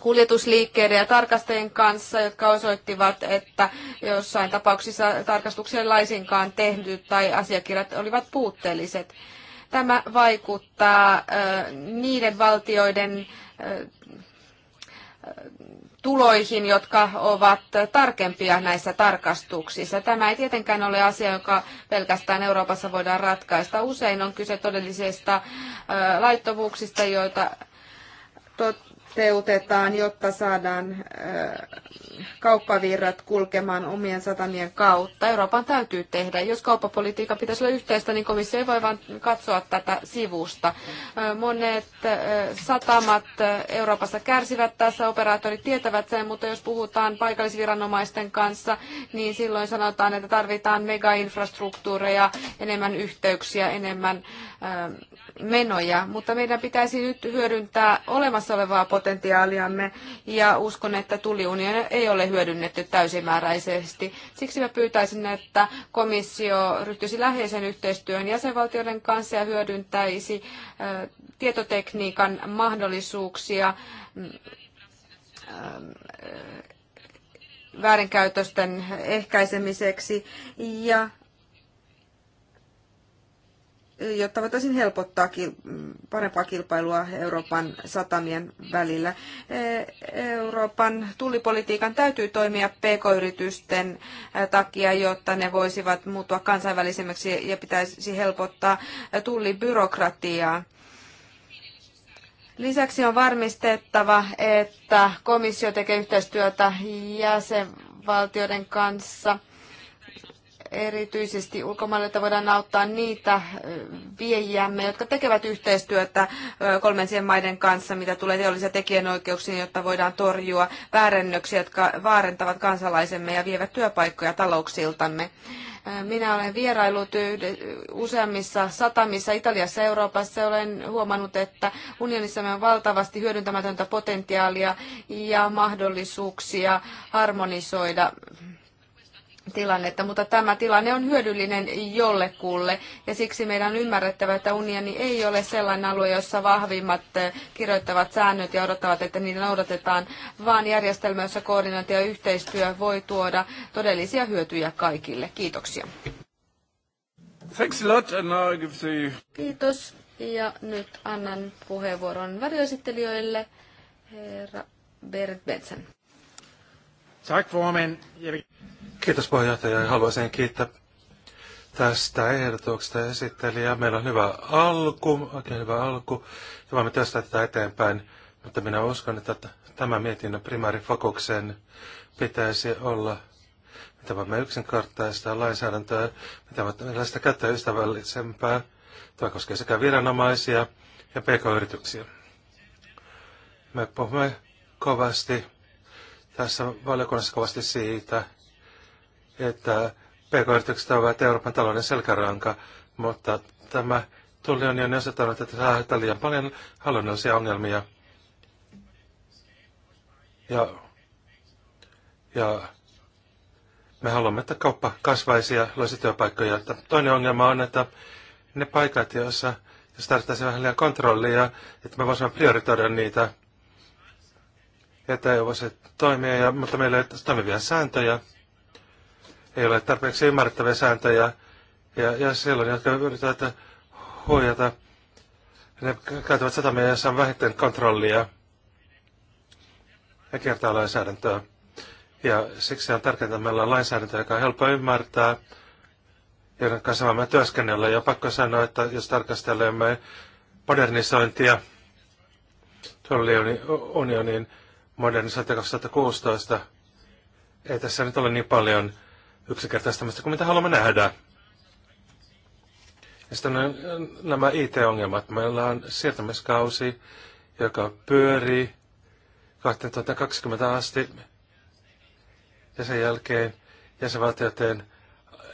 kuljetusliikkeiden ja tarkastajien kanssa, jotka osoittivat, että jossain tapauksissa tarkastuksia ei laisinkaan tehty tai asiakirjat olivat puutteelliset tämä vaikuttaa niiden valtioiden tuloihin, jotka ovat tarkempia näissä tarkastuksissa. Tämä ei tietenkään ole asia, joka pelkästään Euroopassa voidaan ratkaista. Usein on kyse todellisista laittomuuksista, joita teutetaan, jotta saadaan äh, kauppavirrat kulkemaan omien satamien kautta. Euroopan täytyy tehdä. Jos kauppapolitiikan pitäisi olla yhteistä, niin komissio ei voi vain katsoa tätä sivusta. Äh, monet äh, satamat Euroopassa kärsivät tässä, operaattorit tietävät sen, mutta jos puhutaan paikallisviranomaisten kanssa, niin silloin sanotaan, että tarvitaan megainfrastruktuureja, enemmän yhteyksiä, enemmän äh, menoja, mutta meidän pitäisi nyt hyödyntää olemassa olevaa potentiaaliamme ja uskon, että tuliunion ei ole hyödynnetty täysimääräisesti. Siksi mä pyytäisin, että komissio ryhtyisi läheisen yhteistyön jäsenvaltioiden kanssa ja hyödyntäisi tietotekniikan mahdollisuuksia mm, väärinkäytösten ehkäisemiseksi ja jotta voitaisiin helpottaa parempaa kilpailua Euroopan satamien välillä. E, Euroopan tullipolitiikan täytyy toimia pk-yritysten takia, jotta ne voisivat muuttua kansainvälisemmäksi ja pitäisi helpottaa tullibyrokratiaa. Lisäksi on varmistettava, että komissio tekee yhteistyötä jäsenvaltioiden kanssa – erityisesti ulkomaille, että voidaan auttaa niitä viejiämme, jotka tekevät yhteistyötä kolmansien maiden kanssa, mitä tulee teollisia tekijänoikeuksiin, jotta voidaan torjua väärennöksiä, jotka vaarentavat kansalaisemme ja vievät työpaikkoja talouksiltamme. Minä olen vierailut useammissa satamissa Italiassa ja Euroopassa. Olen huomannut, että unionissamme on valtavasti hyödyntämätöntä potentiaalia ja mahdollisuuksia harmonisoida tilannetta, mutta tämä tilanne on hyödyllinen jollekulle ja siksi meidän on ymmärrettävä, että unioni ei ole sellainen alue, jossa vahvimmat eh, kirjoittavat säännöt ja odottavat, että niitä noudatetaan, vaan järjestelmä, jossa koordinointi ja yhteistyö voi tuoda todellisia hyötyjä kaikille. Kiitoksia. Thanks a lot and now I give the... Kiitos ja nyt annan puheenvuoron varjoesittelijöille herra Berit Bensen. Tak Kiitos puheenjohtaja. Haluaisin kiittää tästä ehdotuksesta esittelijä. Meillä on hyvä alku, oikein hyvä alku. Ja voimme tästä tätä eteenpäin. Mutta minä uskon, että tämä mietinnön primaarifokuksen pitäisi olla mitä voimme yksinkertaista lainsäädäntöä, mitä voimme sitä käyttää Tämä koskee sekä viranomaisia ja pk-yrityksiä. Me puhumme kovasti tässä valiokunnassa kovasti siitä, että PK-yritykset ovat Euroopan talouden selkäranka, mutta tämä tuli on jo osoittanut, että se aiheuttaa liian paljon hallinnollisia ongelmia. Ja, ja me haluamme, että kauppa kasvaisi ja loisi työpaikkoja. Toinen ongelma on, että ne paikat, joissa jos tarvittaisiin vähän liian kontrollia, että me voisimme prioritoida niitä, että ei voisi toimia, ja, mutta meillä ei ole toimivia sääntöjä ei ole tarpeeksi ymmärrettäviä sääntöjä, ja, ja silloin, jotka yritetään huijata, ne käytävät satamia, joissa vähiten kontrollia ja kiertää lainsäädäntöä. Ja siksi on tärkeää, että meillä on lainsäädäntö, joka on helppo ymmärtää, joiden kanssa me työskennellä. Ja pakko sanoa, että jos tarkastelemme modernisointia unionin modernisointia 2016, ei tässä nyt ole niin paljon yksinkertaistamista kuin mitä haluamme nähdä. Ja sitten äh, nämä IT-ongelmat. Meillä on siirtämiskausi, joka pyörii 2020 asti ja sen jälkeen jäsenvaltioiden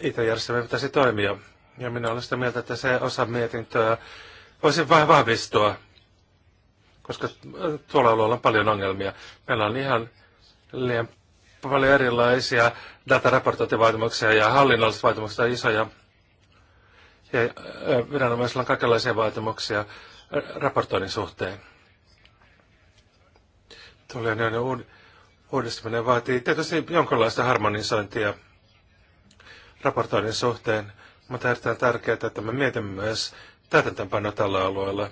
it järjestelmä pitäisi toimia. Ja minä olen sitä mieltä, että se osa mietintöä voisi vähän vahvistua, koska tuolla alueella on paljon ongelmia. Meillä on ihan liian paljon erilaisia dataraportointivaatimuksia ja hallinnolliset vaatimukset on isoja. Ja viranomaisilla on kaikenlaisia vaatimuksia raportoinnin suhteen. on uud- uudistaminen vaatii tietysti jonkinlaista harmonisointia raportoinnin suhteen, mutta erittäin tärkeää, että me mietimme myös täytäntöönpanoa tällä alueella,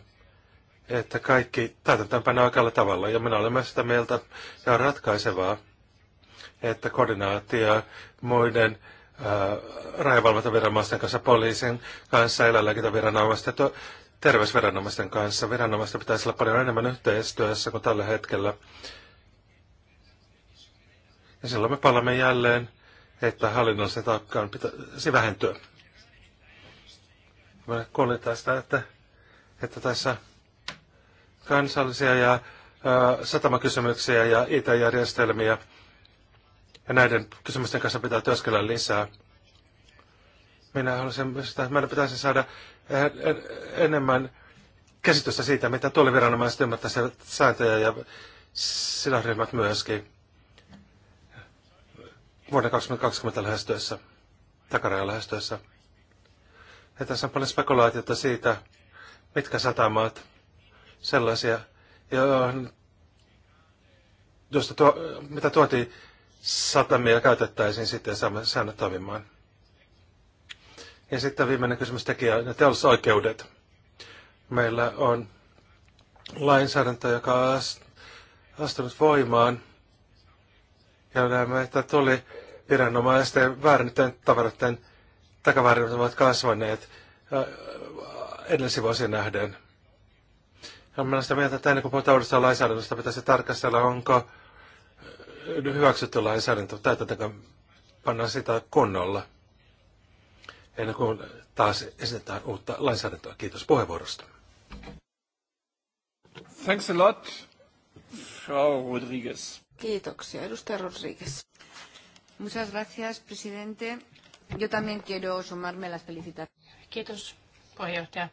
että kaikki täytäntöönpanoa oikealla tavalla. Ja minä olen myös sitä mieltä, ja on ratkaisevaa, että koordinaatio muiden äh, rajavalvontaviranomaisten kanssa, poliisin kanssa, eläinlääkintäviranomaisten ja terveysviranomaisten kanssa. Viranomaisten pitäisi olla paljon enemmän yhteistyössä kuin tällä hetkellä. Ja silloin me palaamme jälleen, että hallinnollisen taakkaan pitäisi vähentyä. Mä kuulin tästä, että, että tässä kansallisia ja ä, äh, satamakysymyksiä ja IT-järjestelmiä ja näiden kysymysten kanssa pitää työskennellä lisää. Minä haluaisin myös, että meidän pitäisi saada eh, enemmän käsitystä siitä, mitä tuolla viranomaiset ymmärtäisivät sääntöjä ja sidosryhmät myöskin vuoden 2020 lähestyessä, takarajan lähestyessä. Ja tässä on paljon spekulaatiota siitä, mitkä satamaat sellaisia, joista tuo, mitä tuotiin satamia käytettäisiin sitten säännöt toimimaan. Ja sitten viimeinen kysymys tekijä, ne teollisoikeudet. Meillä on lainsäädäntö, joka on astunut voimaan. Ja näemme, että tuli viranomaisten väärinnytön tavaroiden takavarinut ovat kasvaneet edellisiä vuosia nähden. Ja olen sitä mieltä, että ennen kuin puhutaan uudestaan lainsäädännöstä, pitäisi tarkastella, onko hyväksytty lainsäädäntö, täytetäänkö panna sitä kunnolla, ennen kuin taas esitetään uutta lainsäädäntöä. Kiitos puheenvuorosta. Thanks a lot, Frau Rodriguez. Kiitoksia, edustaja Rodriguez. Muchas gracias, presidente. Yo también quiero sumarme las felicitaciones. Kiitos, puheenjohtaja.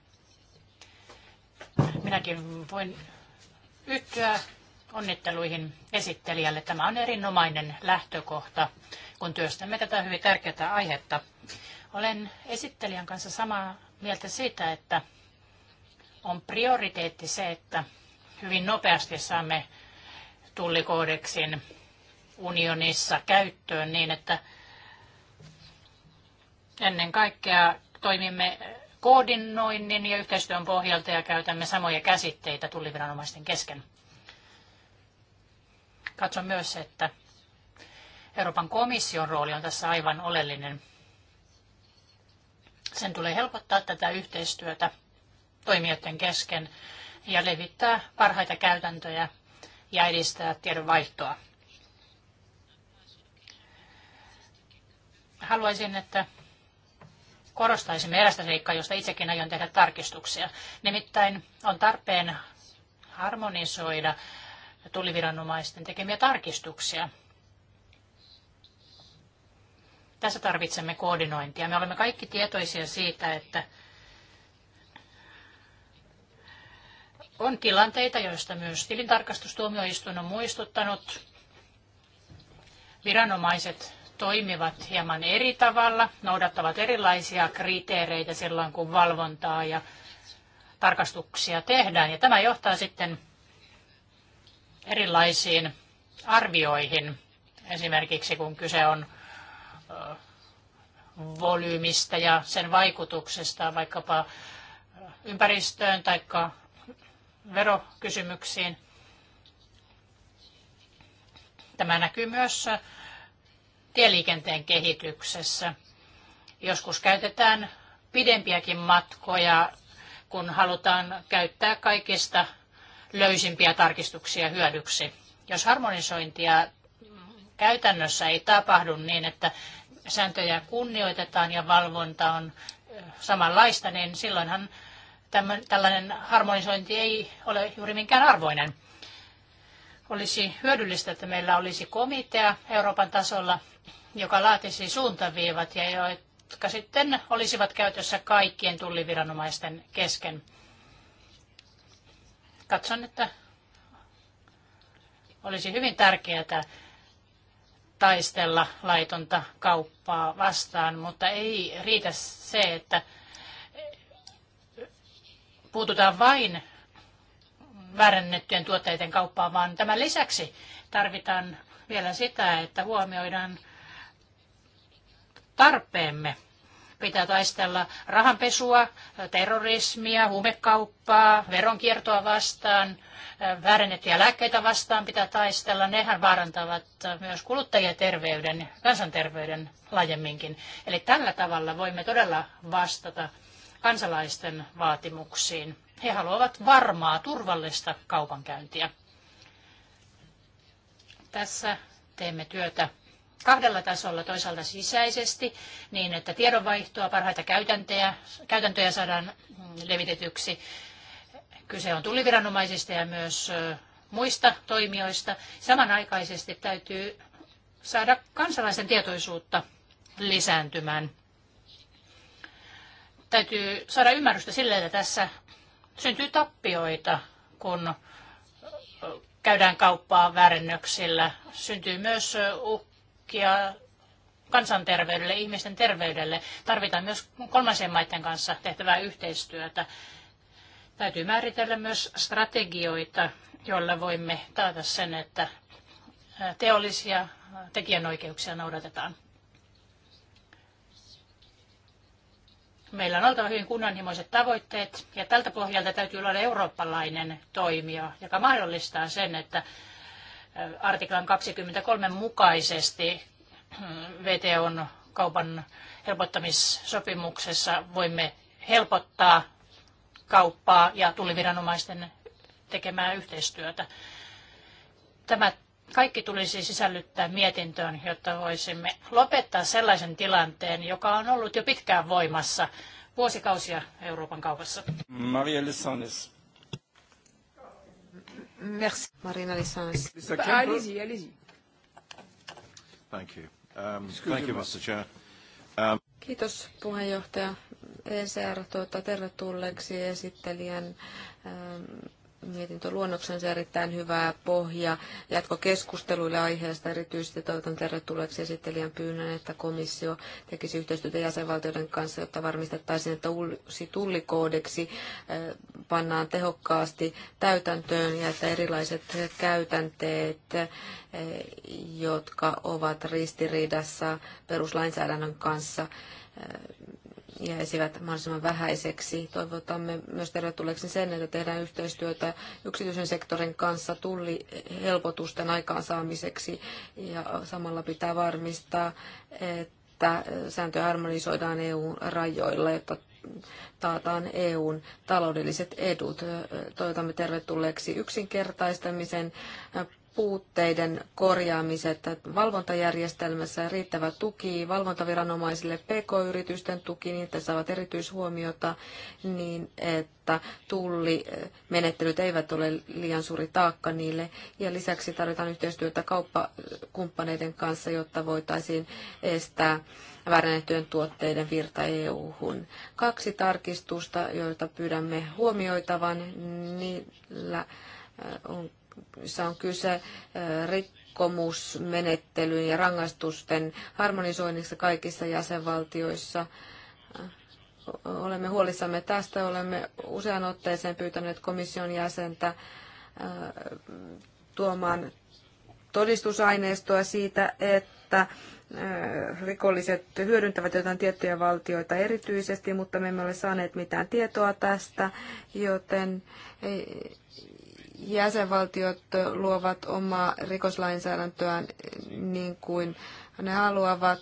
Minäkin voin yhtyä onnitteluihin esittelijälle. Tämä on erinomainen lähtökohta, kun työstämme tätä hyvin tärkeää aihetta. Olen esittelijän kanssa samaa mieltä siitä, että on prioriteetti se, että hyvin nopeasti saamme tullikoodeksin unionissa käyttöön niin, että ennen kaikkea toimimme koordinoinnin ja yhteistyön pohjalta ja käytämme samoja käsitteitä tulliviranomaisten kesken. Katson myös, että Euroopan komission rooli on tässä aivan oleellinen. Sen tulee helpottaa tätä yhteistyötä toimijoiden kesken ja levittää parhaita käytäntöjä ja edistää tiedonvaihtoa. Haluaisin, että korostaisimme erästä seikkaa, josta itsekin aion tehdä tarkistuksia. Nimittäin on tarpeen harmonisoida tulliviranomaisten tekemiä tarkistuksia. Tässä tarvitsemme koordinointia. Me olemme kaikki tietoisia siitä, että on tilanteita, joista myös tilintarkastustuomioistuin on muistuttanut. Viranomaiset toimivat hieman eri tavalla, noudattavat erilaisia kriteereitä silloin, kun valvontaa ja tarkastuksia tehdään. Ja tämä johtaa sitten erilaisiin arvioihin, esimerkiksi kun kyse on volyymista ja sen vaikutuksesta vaikkapa ympäristöön tai verokysymyksiin. Tämä näkyy myös tieliikenteen kehityksessä. Joskus käytetään pidempiäkin matkoja, kun halutaan käyttää kaikista löysimpiä tarkistuksia hyödyksi. Jos harmonisointia käytännössä ei tapahdu niin, että sääntöjä kunnioitetaan ja valvonta on samanlaista, niin silloinhan tämän, tällainen harmonisointi ei ole juuri minkään arvoinen. Olisi hyödyllistä, että meillä olisi komitea Euroopan tasolla, joka laatisi suuntaviivat ja jotka sitten olisivat käytössä kaikkien tulliviranomaisten kesken. Katson, että olisi hyvin tärkeää taistella laitonta kauppaa vastaan, mutta ei riitä se, että puututaan vain väärännettyjen tuotteiden kauppaan, vaan tämän lisäksi tarvitaan vielä sitä, että huomioidaan tarpeemme Pitää taistella rahanpesua, terrorismia, huumekauppaa, veronkiertoa vastaan, väärennettyjä lääkkeitä vastaan pitää taistella. Nehän vaarantavat myös kuluttajien terveyden, kansanterveyden laajemminkin. Eli tällä tavalla voimme todella vastata kansalaisten vaatimuksiin. He haluavat varmaa, turvallista kaupankäyntiä. Tässä teemme työtä kahdella tasolla, toisaalta sisäisesti, niin että tiedonvaihtoa, parhaita käytäntöjä, käytäntöjä saadaan mm, levitetyksi. Kyse on tulliviranomaisista ja myös muista toimijoista. Samanaikaisesti täytyy saada kansalaisten tietoisuutta lisääntymään. Täytyy saada ymmärrystä sille, että tässä syntyy tappioita, kun käydään kauppaa väärennöksillä. Syntyy myös uhkaa kaikkia kansanterveydelle, ihmisten terveydelle. Tarvitaan myös kolmansien maiden kanssa tehtävää yhteistyötä. Täytyy määritellä myös strategioita, joilla voimme taata sen, että teollisia tekijänoikeuksia noudatetaan. Meillä on oltava hyvin kunnanhimoiset tavoitteet ja tältä pohjalta täytyy olla eurooppalainen toimija, joka mahdollistaa sen, että artiklan 23 mukaisesti VTOn kaupan helpottamissopimuksessa voimme helpottaa kauppaa ja tulliviranomaisten tekemää yhteistyötä. Tämä kaikki tulisi sisällyttää mietintöön, jotta voisimme lopettaa sellaisen tilanteen, joka on ollut jo pitkään voimassa vuosikausia Euroopan kaupassa. Maria Lissanis. Merci. Marina Allez-y, allez-y. Thank you. Um, thank you, Mr. Chair. Um... Kiitos puheenjohtaja. ECR tuota, tervetulleeksi esittelijän ähm, mietintöluonnoksensa erittäin hyvää pohja jatkokeskusteluille aiheesta. Erityisesti toivotan tervetulleeksi esittelijän pyynnön, että komissio tekisi yhteistyötä jäsenvaltioiden kanssa, jotta varmistettaisiin, että uusi tullikoodeksi eh, pannaan tehokkaasti täytäntöön ja että erilaiset käytänteet, eh, jotka ovat ristiriidassa peruslainsäädännön kanssa, eh, jäisivät mahdollisimman vähäiseksi. Toivotamme myös tervetulleeksi sen, että tehdään yhteistyötä yksityisen sektorin kanssa tullihelpotusten aikaansaamiseksi ja samalla pitää varmistaa, että sääntöjä harmonisoidaan EU-rajoilla, jotta taataan EUn taloudelliset edut. Toivotamme tervetulleeksi yksinkertaistamisen puutteiden korjaamiset valvontajärjestelmässä, riittävä tuki valvontaviranomaisille pk-yritysten tuki, niin että saavat erityishuomiota niin, että tullimenettelyt eivät ole liian suuri taakka niille. Ja lisäksi tarvitaan yhteistyötä kauppakumppaneiden kanssa, jotta voitaisiin estää väärennettyjen tuotteiden virta EU-hun. Kaksi tarkistusta, joita pyydämme huomioitavan, niillä on jossa on kyse rikkomusmenettelyn ja rangaistusten harmonisoinnissa kaikissa jäsenvaltioissa. Olemme huolissamme tästä, olemme usean otteeseen pyytäneet komission jäsentä tuomaan todistusaineistoa siitä, että rikolliset hyödyntävät jotain tiettyjä valtioita erityisesti, mutta me emme ole saaneet mitään tietoa tästä, joten jäsenvaltiot luovat omaa rikoslainsäädäntöään niin kuin ne haluavat,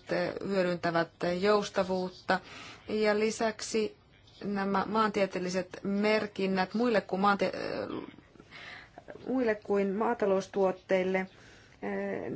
hyödyntävät joustavuutta. Ja lisäksi nämä maantieteelliset merkinnät muille kuin, maantie- muille kuin maataloustuotteille. Eh,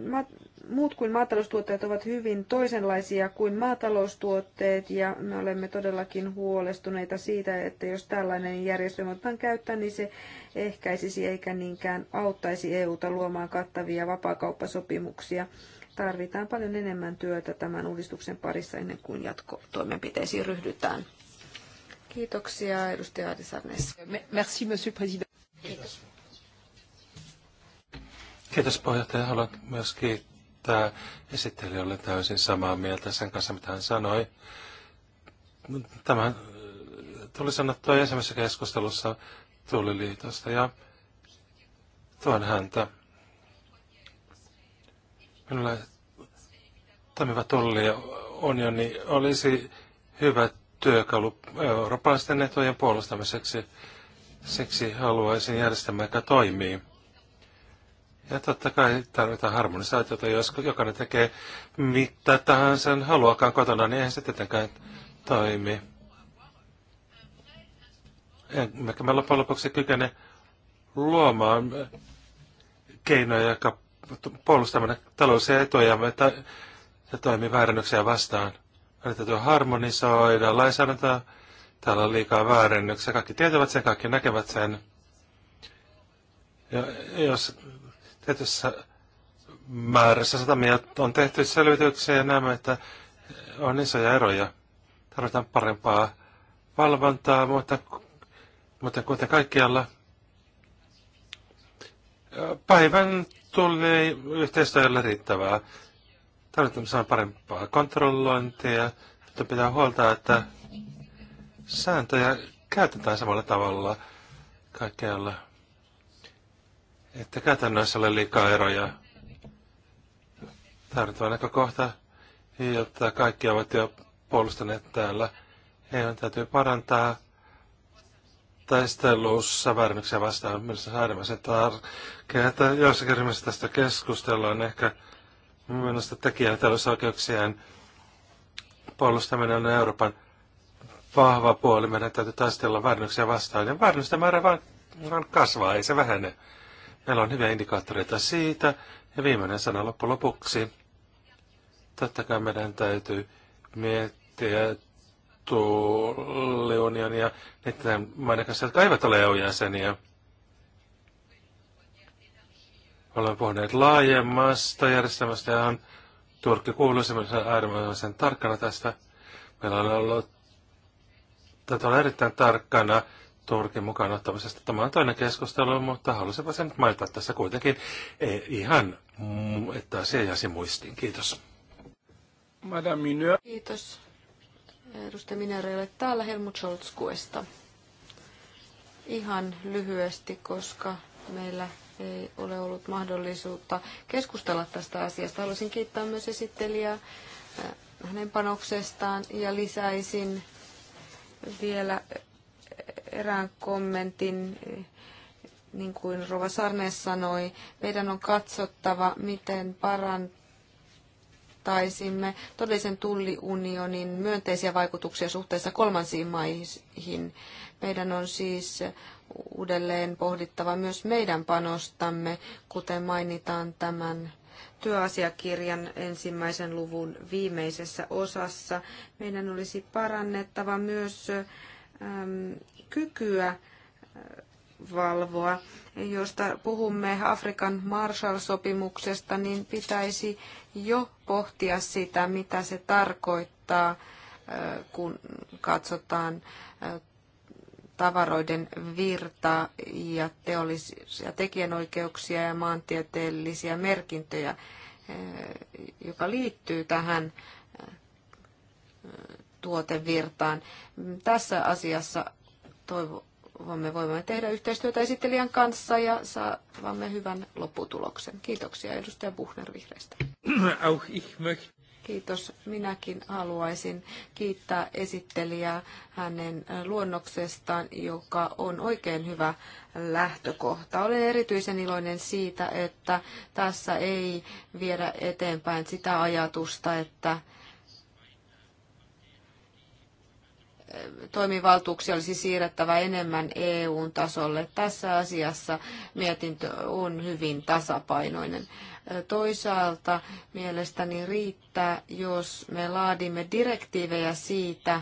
muut kuin maataloustuotteet ovat hyvin toisenlaisia kuin maataloustuotteet ja me olemme todellakin huolestuneita siitä, että jos tällainen järjestelmä otetaan käyttöön, niin se ehkäisisi eikä niinkään auttaisi EUta luomaan kattavia vapaakauppasopimuksia. Tarvitaan paljon enemmän työtä tämän uudistuksen parissa ennen kuin jatkotoimenpiteisiin ryhdytään. Kiitoksia edustaja Adisarnes. Merci, monsieur président. Kiitos. Kiitos puheenjohtaja. Haluan myös kiittää tämä esittelijä. oli täysin samaa mieltä sen kanssa, mitä hän sanoi. Tämä äh, tuli sanottua ensimmäisessä keskustelussa Tuuliliitosta ja tuon häntä. Minulla toimiva Tulli ja unioni olisi hyvä työkalu eurooppalaisten etujen puolustamiseksi. Siksi haluaisin järjestelmä, joka toimii. Ja totta kai tarvitaan harmonisaatiota, jos jokainen tekee mitä tahansa haluakaan kotona, niin eihän se tietenkään toimi. Emmekä me loppujen lopuksi kykene luomaan keinoja, jotka puolustavat taloudellisia etujamme ja toimii väärännyksiä vastaan. Eli täytyy harmonisoida lainsäädäntöä. Täällä on liikaa väärännyksiä. Kaikki tietävät sen, kaikki näkevät sen. Ja jos tietyssä määrässä satamia on tehty selvityksiä ja näemme, että on isoja eroja. Tarvitaan parempaa valvontaa, mutta, mutta kuten kaikkialla päivän tuli yhteistyöllä riittävää. Tarvitaan parempaa kontrollointia. Nyt pitää huolta, että sääntöjä käytetään samalla tavalla kaikkialla että käytännössä ole liikaa eroja. aika kohta, jotta kaikki ovat jo puolustaneet täällä. Heidän täytyy parantaa taistelussa väärinnyksiä vastaan. missä saadaan tärkeää, että joissakin ryhmissä tästä keskustellaan. Ehkä minusta tekijän talousoikeuksien puolustaminen on Euroopan vahva puoli. Meidän täytyy taistella väärinnyksiä vastaan. Ja väärännysten määrä vaan, vaan kasvaa, ei se vähene. Meillä on hyviä indikaattoreita siitä. Ja viimeinen sana loppu lopuksi. Totta kai meidän täytyy miettiä tulliunionia niiden maiden kanssa, jotka eivät ole EU-jäseniä. Olemme puhuneet laajemmasta järjestelmästä ja on Turkki kuuluisemmin äärimmäisen tarkkana tästä. Meillä on ollut, tätä on erittäin tarkkana Turkin mukaan ottamisesta. Tämä on toinen keskustelu, mutta halusin sen mainita tässä kuitenkin e, ihan, että se jäisi muistiin. Kiitos. Madame Minö. Kiitos. Edustaja Minöreille täällä Helmut Scholzkuesta. Ihan lyhyesti, koska meillä ei ole ollut mahdollisuutta keskustella tästä asiasta. Haluaisin kiittää myös esittelijää eh, hänen panoksestaan ja lisäisin vielä erään kommentin, eh, niin kuin Rova Sarne sanoi, meidän on katsottava, miten parantaisimme todellisen tulliunionin myönteisiä vaikutuksia suhteessa kolmansiin maihin. Meidän on siis uudelleen pohdittava myös meidän panostamme, kuten mainitaan tämän työasiakirjan ensimmäisen luvun viimeisessä osassa. Meidän olisi parannettava myös kykyä valvoa. Josta puhumme Afrikan Marshall-sopimuksesta, niin pitäisi jo pohtia sitä, mitä se tarkoittaa, kun katsotaan tavaroiden virtaa ja teollisia tekijänoikeuksia ja maantieteellisiä merkintöjä, joka liittyy tähän tuotevirtaan. Tässä asiassa toivomme voimme tehdä yhteistyötä esittelijän kanssa ja saavamme hyvän lopputuloksen. Kiitoksia edustaja Buchner vihreistä. Kiitos. Minäkin haluaisin kiittää esittelijää hänen luonnoksestaan, joka on oikein hyvä lähtökohta. Olen erityisen iloinen siitä, että tässä ei viedä eteenpäin sitä ajatusta, että toimivaltuuksia olisi siirrettävä enemmän EUn tasolle. Tässä asiassa mietintö on hyvin tasapainoinen. Toisaalta mielestäni riittää, jos me laadimme direktiivejä siitä,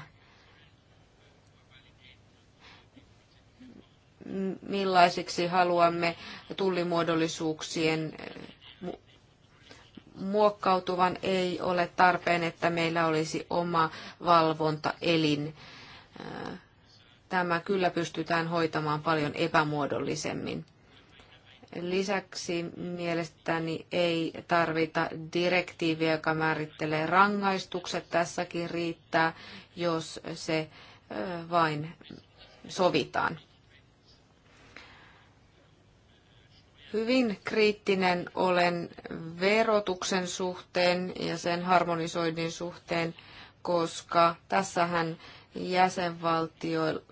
millaisiksi haluamme tullimuodollisuuksien muokkautuvan ei ole tarpeen, että meillä olisi oma valvontaelin tämä kyllä pystytään hoitamaan paljon epämuodollisemmin. Lisäksi mielestäni ei tarvita direktiiviä, joka määrittelee rangaistukset. Tässäkin riittää, jos se vain sovitaan. Hyvin kriittinen olen verotuksen suhteen ja sen harmonisoinnin suhteen, koska tässähän jäsenvaltioille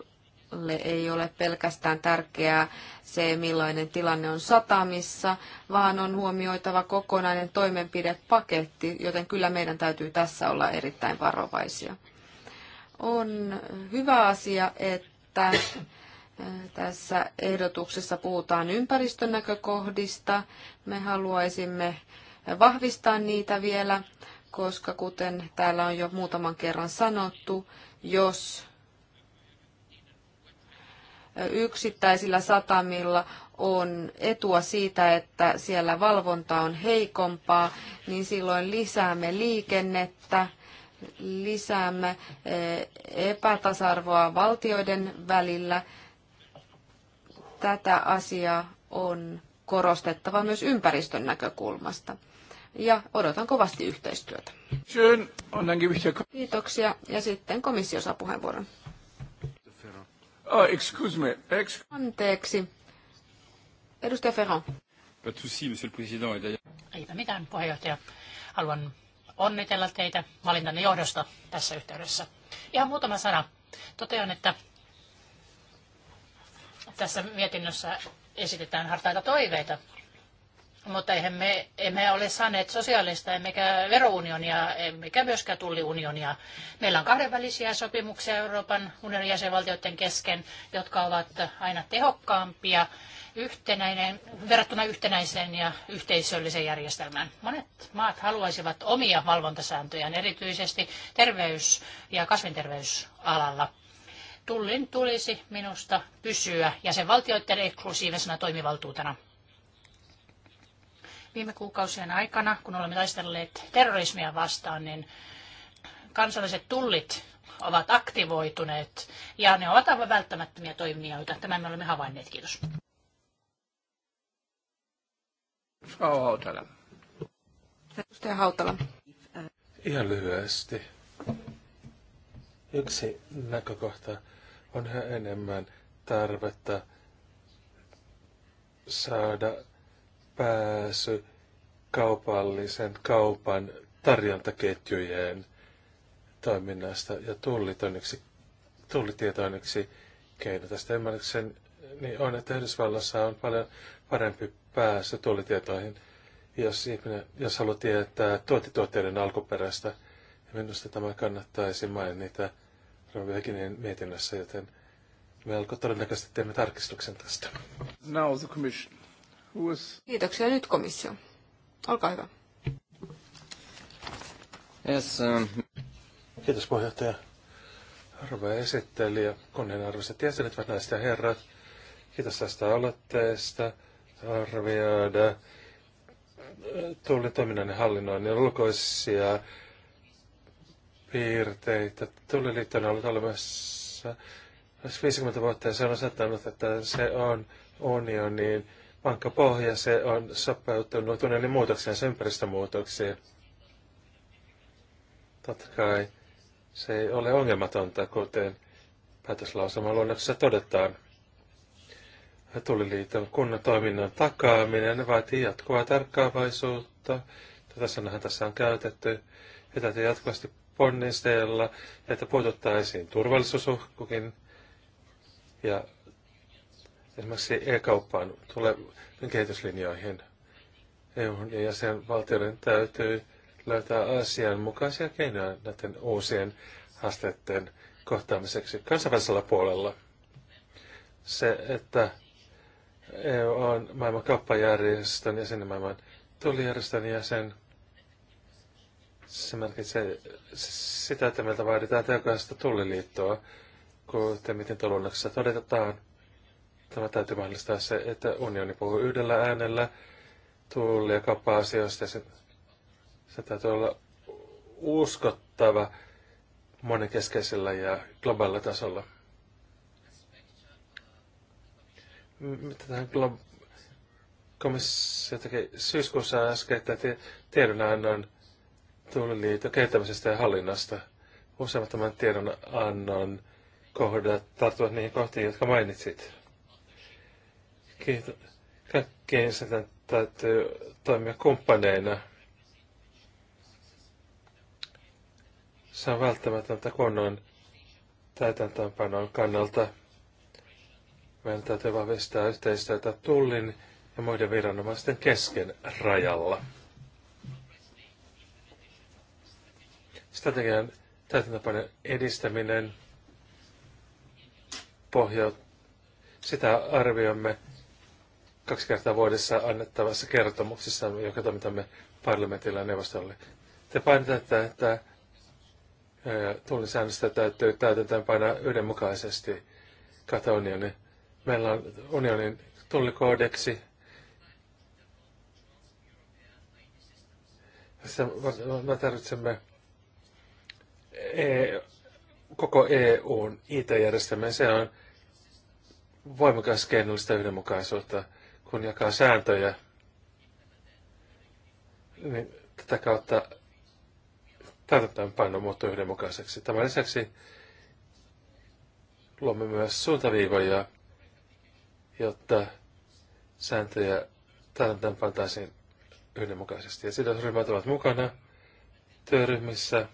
ei ole pelkästään tärkeää se, millainen tilanne on satamissa, vaan on huomioitava kokonainen toimenpidepaketti, joten kyllä meidän täytyy tässä olla erittäin varovaisia. On hyvä asia, että äh, tässä ehdotuksessa puhutaan ympäristön näkökohdista. Me haluaisimme vahvistaa niitä vielä, koska kuten täällä on jo muutaman kerran sanottu, jos yksittäisillä satamilla on etua siitä, että siellä valvonta on heikompaa, niin silloin lisäämme liikennettä, lisäämme eh, epätasarvoa valtioiden välillä. Tätä asiaa on korostettava myös ympäristön näkökulmasta ja odotan kovasti yhteistyötä. Kiitoksia ja sitten komissio saa puheenvuoron. Oh, excuse me. Ex- Anteeksi. Edustaja Ferron. Pas Eipä mitään, puheenjohtaja. Haluan onnitella teitä valintanne johdosta tässä yhteydessä. Ihan muutama sana. Totean, että tässä mietinnössä esitetään hartaita toiveita mutta eihän me, emme ole saaneet sosiaalista, emmekä verounionia, emmekä myöskään tulliunionia. Meillä on kahdenvälisiä sopimuksia Euroopan unionin jäsenvaltioiden kesken, jotka ovat aina tehokkaampia yhtenäinen, verrattuna yhtenäiseen ja yhteisölliseen järjestelmään. Monet maat haluaisivat omia valvontasääntöjään, erityisesti terveys- ja kasvinterveysalalla. Tullin tulisi minusta pysyä jäsenvaltioiden eksklusiivisena toimivaltuutena. Viime kuukausien aikana, kun olemme taistelleet terrorismia vastaan, niin kansalliset tullit ovat aktivoituneet ja ne ovat aivan välttämättömiä toimijoita. Tämän me olemme havainneet. Kiitos. Frau Hautala. Edustaja Hautala. Ihan lyhyesti. Yksi näkökohta on enemmän tarvetta saada pääsy kaupallisen kaupan tarjontaketjujen toiminnasta ja tullit yksi, tullitieto on yksi keino. Tästä ymmärryksen niin on, että Yhdysvallassa on paljon parempi pääsy tullitietoihin, jos, ihminen, jos haluaa tietää tuotituotteiden alkuperäistä, Ja minusta tämä kannattaisi mainita Rovekinin mietinnössä, joten melko todennäköisesti teemme tarkistuksen tästä. Now the commission. Kiitoksia nyt komissio. Olkaa hyvä. Yes, um... Kiitos puheenjohtaja. Arvoa esittelijä, kunnianarvoiset jäsenet, hyvät näistä ja herrat. Kiitos tästä aloitteesta arvioida äh, tullin toiminnan ja hallinnoinnin ulkoisia piirteitä. liittyen on ollut olemassa 50 vuotta ja se on osoittanut, että se on unionin vankka pohja, se on sopeutunut tunnelin muutokseen, sen ympäristömuutoksiin. Totta kai se ei ole ongelmatonta, kuten päätöslauselman luonnoksessa todetaan. Tuliliiton kunnan toiminnan takaaminen vaatii jatkuvaa tarkkaavaisuutta. Tätä sanahan tässä on käytetty. Ja jatkuvasti ponnistella, että puututtaisiin turvallisuusuhkukin ja esimerkiksi e-kauppaan tulee kehityslinjoihin. EUn ja jäsenvaltioiden täytyy löytää asianmukaisia keinoja näiden uusien haasteiden kohtaamiseksi kansainvälisellä puolella. Se, että EU on maailman kauppajärjestön jäsen sinne maailman tulijärjestön jäsen, se merkitsee sitä, että meiltä vaaditaan tehokasta tulliliittoa, kuten miten tulonnaksessa todetetaan – Tämä täytyy mahdollistaa se, että unioni puhuu yhdellä äänellä tuuli- ja kauppa-asioista. Se, se täytyy olla uskottava monikeskeisellä ja globaalilla tasolla. Mitä tähän glo- komissio teki syyskuussa äsken tiedonannon tuuliliiton kehittämisestä ja hallinnasta. Useimmat tämän tiedonannon kohdat tarttuvat niihin kohtiin, jotka mainitsit. Kiitos. Kaikkeen sitä täytyy toimia kumppaneina. Se on välttämätöntä kunnon täytäntöönpanon kannalta. Meidän täytyy vahvistaa yhteistyötä tullin ja muiden viranomaisten kesken rajalla. Strategian täytäntöönpanon edistäminen pohjautuu sitä arvioimme kaksi kertaa vuodessa annettavassa kertomuksessa, joka toimitamme parlamentille ja neuvostolle. Te painotatte, että tullisäännöstä täytyy täytäntöön painaa yhdenmukaisesti kautta unioni. Meillä on unionin tullikoodeksi. Me tarvitsemme e, koko EUn IT-järjestelmän. Se on voimakas keinollista yhdenmukaisuutta kun jakaa sääntöjä, niin tätä kautta täytäntöönpaino muuttuu yhdenmukaiseksi. Tämän lisäksi luomme myös suuntaviivoja, jotta sääntöjä pantaisiin yhdenmukaisesti. Ja sidosryhmät ovat mukana työryhmissä,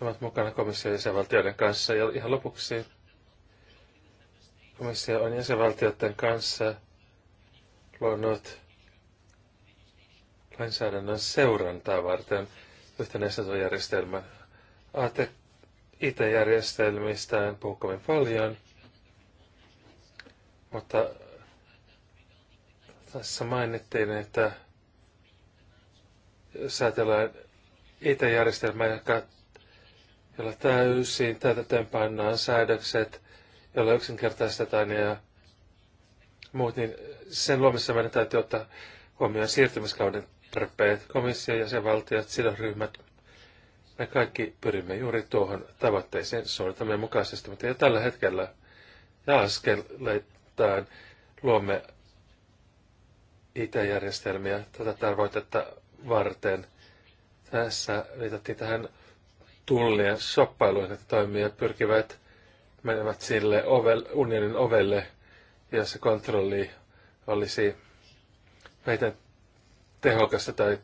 ovat mukana komission jäsenvaltioiden kanssa. Ja ihan lopuksi Komissio on jäsenvaltioiden kanssa luonut lainsäädännön seurantaa varten yhtenäisöjärjestelmän IT-järjestelmistä en puhu kovin paljon, mutta tässä mainittiin, että jos ajatellaan IT-järjestelmää, jolla täysin täytäntöön pannaan säädökset jolla yksinkertaistetaan niin, ja muut, niin sen luomissa meidän täytyy ottaa huomioon siirtymiskauden tarpeet, komissio, jäsenvaltiot, sidosryhmät. Me kaikki pyrimme juuri tuohon tavoitteeseen suunnitelmien mukaisesti, mutta jo tällä hetkellä ja askeleittain luomme IT-järjestelmiä tätä tavoitetta varten. Tässä viitattiin tähän tullien shoppailuihin, että toimijat pyrkivät menevät sille ovel, unionin ovelle, jossa kontrolli olisi meidän tehokasta tai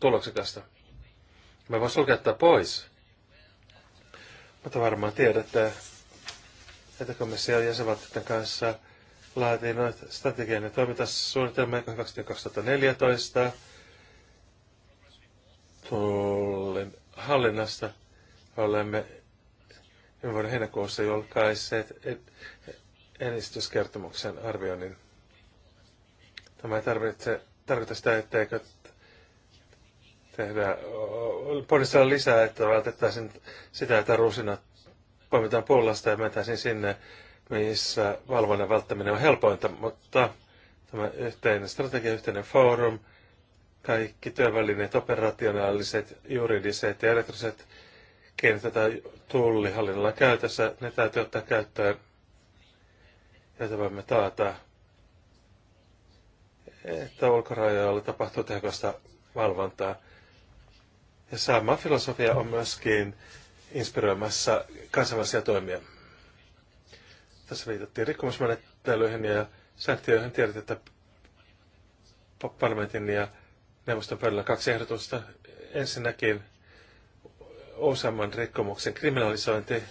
tuloksekasta. Mä voin sulkea tämä pois. Mutta varmaan tiedätte, että komissio jäsenvaltioiden kanssa laatii noita strategian ja toimintasuunnitelmia 2014 tullin hallinnasta. Olemme viime vuoden heinäkuussa julkaisseet edistyskertomuksen arvioinnin. Tämä ei tarvitse, tarkoita sitä, etteikö tehdä, ponnistella lisää, että vältettäisiin sitä, että rusinat poimitaan pullasta ja mentäisiin sinne, missä valvonnan välttäminen on helpointa, mutta tämä yhteinen strategia, yhteinen foorum, kaikki työvälineet, operationaaliset, juridiset ja elektriset keinoja tätä tullihallinnolla käytössä, ne täytyy ottaa käyttöön, tämä voimme taata, että ulkorajoilla tapahtuu tehokasta valvontaa. Ja sama filosofia on myöskin inspiroimassa kansainvälisiä toimia. Tässä viitattiin rikkomusmenettelyihin ja sanktioihin. Tiedät, että parlamentin ja neuvoston pöydällä kaksi ehdotusta. Ensinnäkin useamman rikkomuksen kriminalisointi,